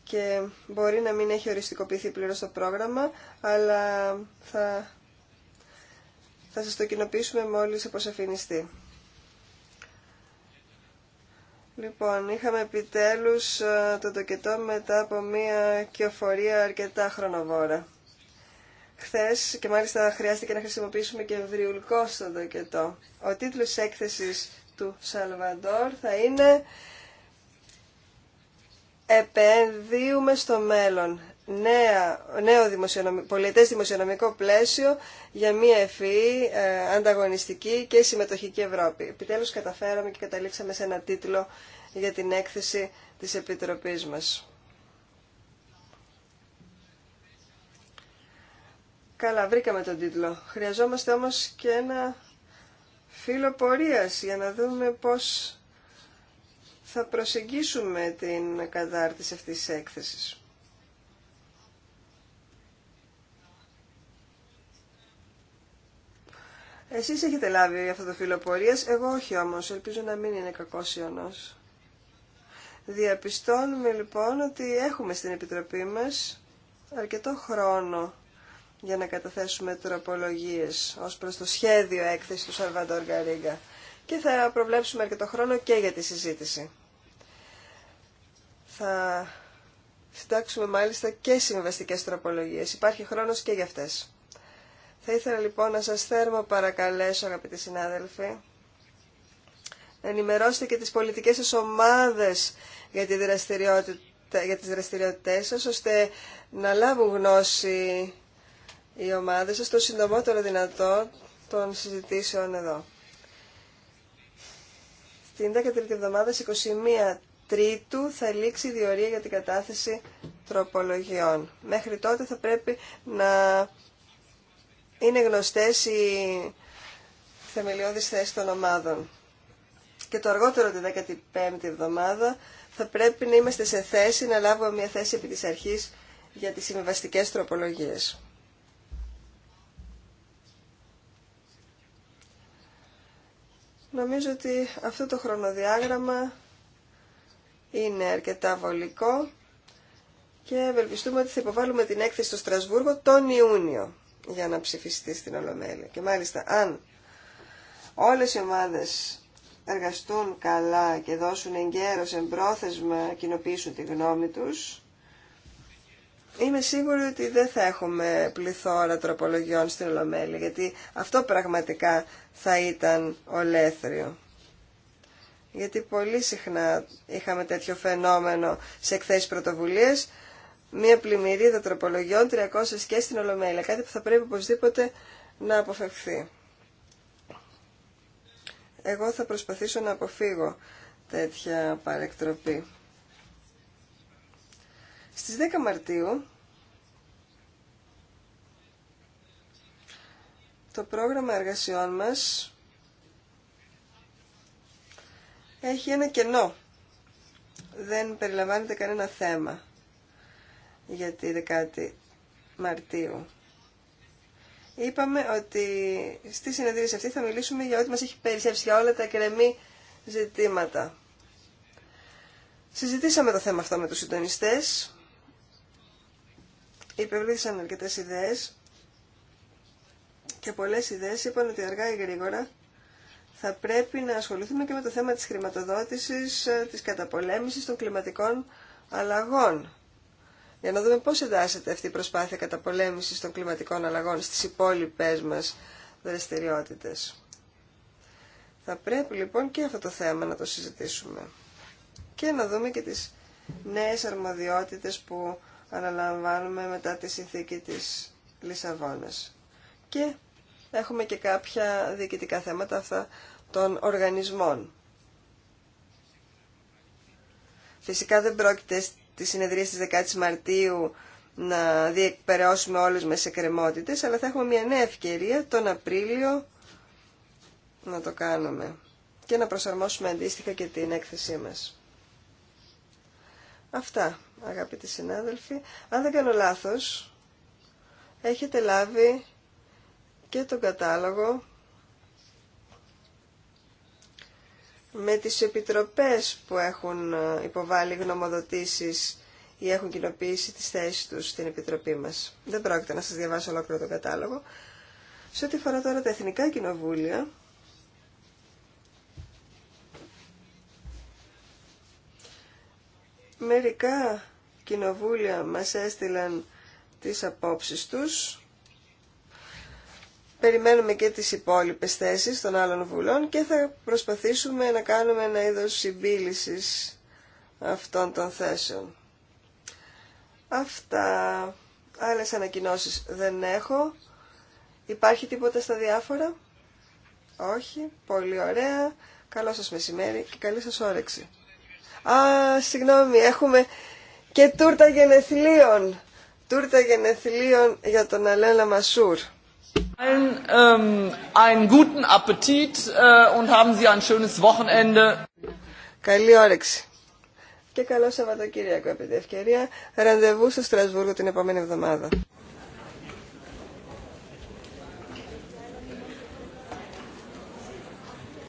Και μπορεί να μην έχει οριστικοποιηθεί πλήρως το πρόγραμμα, αλλά θα, θα σας το κοινοποιήσουμε μόλις αποσαφινιστεί. Λοιπόν, είχαμε επιτέλους ε, το τοκετό μετά από μια κοιοφορία αρκετά χρονοβόρα χθε και μάλιστα χρειάστηκε να χρησιμοποιήσουμε και βριουλκό στο δοκετό. Ο τίτλος τη έκθεσης του Σαλβαντόρ θα είναι «Επενδύουμε στο μέλλον». Νέα, νέο δημοσιονομικό, πολιτές δημοσιονομικό πλαίσιο για μια ευφυή, ε, ανταγωνιστική και συμμετοχική Ευρώπη. Επιτέλους καταφέραμε και καταλήξαμε σε ένα τίτλο για την έκθεση της Επιτροπής μας. Καλά, βρήκαμε τον τίτλο. Χρειαζόμαστε όμως και ένα φύλλο πορείας για να δούμε πώς θα προσεγγίσουμε την κατάρτιση αυτής της έκθεσης. Εσείς έχετε λάβει αυτό το φύλλο πορείας, εγώ όχι όμως, ελπίζω να μην είναι κακός ιονός. Διαπιστώνουμε λοιπόν ότι έχουμε στην Επιτροπή μας αρκετό χρόνο για να καταθέσουμε τροπολογίες ως προς το σχέδιο έκθεση του Σαλβαντόρ Γκαρίγκα και θα προβλέψουμε αρκετό χρόνο και για τη συζήτηση. Θα συντάξουμε μάλιστα και συμβαστικές τροπολογίες. Υπάρχει χρόνος και για αυτές. Θα ήθελα λοιπόν να σας θέρμα παρακαλέσω αγαπητοί συνάδελφοι να ενημερώστε και τις πολιτικές σας ομάδες για, τη δραστηριότητα, για τις δραστηριότητές σας ώστε να λάβουν γνώση οι ομάδα σας το συντομότερο δυνατό των συζητήσεων εδώ. Στην 13η εβδομάδα, 21 Τρίτου, θα λήξει η διορία για την κατάθεση τροπολογιών. Μέχρι τότε θα πρέπει να είναι γνωστές οι θεμελιώδεις θέσεις των ομάδων. Και το αργότερο την 15η εβδομάδα θα πρέπει να είμαστε σε θέση να λάβουμε μια θέση επί της αρχής για τις συμβαστικές τροπολογίες. Νομίζω ότι αυτό το χρονοδιάγραμμα είναι αρκετά βολικό και ευελπιστούμε ότι θα υποβάλουμε την έκθεση στο Στρασβούργο τον Ιούνιο για να ψηφιστεί στην Ολομέλεια. Και μάλιστα αν όλες οι ομάδες εργαστούν καλά και δώσουν εγκαίρως, εμπρόθεσμα, κοινοποιήσουν τη γνώμη τους, Είμαι σίγουρη ότι δεν θα έχουμε πληθώρα τροπολογιών στην Ολομέλη, γιατί αυτό πραγματικά θα ήταν ολέθριο. Γιατί πολύ συχνά είχαμε τέτοιο φαινόμενο σε εκθέσεις πρωτοβουλίες, μία πλημμυρίδα τροπολογιών 300 και στην Ολομέλεια, κάτι που θα πρέπει οπωσδήποτε να αποφευχθεί. Εγώ θα προσπαθήσω να αποφύγω τέτοια παρεκτροπή. Στις 10 Μαρτίου το πρόγραμμα εργασιών μας έχει ένα κενό. Δεν περιλαμβάνεται κανένα θέμα για τη 10 Μαρτίου. Είπαμε ότι στη συνεδρίαση αυτή θα μιλήσουμε για ό,τι μας έχει περισσεύσει, για όλα τα κρεμή ζητήματα. Συζητήσαμε το θέμα αυτό με τους συντονιστές Υπερβλήθησαν αρκετέ ιδέες και πολλές ιδέες είπαν ότι αργά ή γρήγορα θα πρέπει να ασχοληθούμε και με το θέμα της χρηματοδότησης, της καταπολέμησης των κλιματικών αλλαγών. Για να δούμε πώς εντάσσεται αυτή η προσπάθεια καταπολέμησης των κλιματικών αλλαγών στις υπόλοιπες μας δραστηριότητες. Θα πρέπει λοιπόν και αυτό το θέμα να το συζητήσουμε. Και να δούμε και τις νέες αρμοδιότητες που αναλαμβάνουμε μετά τη συνθήκη της Λισαβόνας. Και έχουμε και κάποια διοικητικά θέματα αυτά των οργανισμών. Φυσικά δεν πρόκειται στη συνεδρία της 10 Μαρτίου να διεκπαιρεώσουμε όλους με κρεμότητες, αλλά θα έχουμε μια νέα ευκαιρία τον Απρίλιο να το κάνουμε και να προσαρμόσουμε αντίστοιχα και την έκθεσή μας. Αυτά, αγαπητοί συνάδελφοι. Αν δεν κάνω λάθος, έχετε λάβει και τον κατάλογο με τις επιτροπές που έχουν ε, υποβάλει γνωμοδοτήσεις ή έχουν κοινοποιήσει τις θέσεις τους στην Επιτροπή μας. Δεν πρόκειται να σας διαβάσω ολόκληρο τον κατάλογο. Σε ό,τι φορά τώρα τα Εθνικά Κοινοβούλια, Μερικά κοινοβούλια μας έστειλαν τις απόψεις τους. Περιμένουμε και τις υπόλοιπες θέσεις των άλλων βουλών και θα προσπαθήσουμε να κάνουμε ένα είδος συμπίλησης αυτών των θέσεων. Αυτά. Άλλες ανακοινώσεις δεν έχω. Υπάρχει τίποτα στα διάφορα. Όχι. Πολύ ωραία. Καλό σας μεσημέρι και καλή σας όρεξη. Α, συγγνώμη, έχουμε και τούρτα γενεθλίων. Τούρτα γενεθλίων για τον Αλένα Μασούρ. Καλή όρεξη. Και καλό Σαββατοκύριακο, επειδή ευκαιρία. Ραντεβού στο Στρασβούργο την επόμενη εβδομάδα.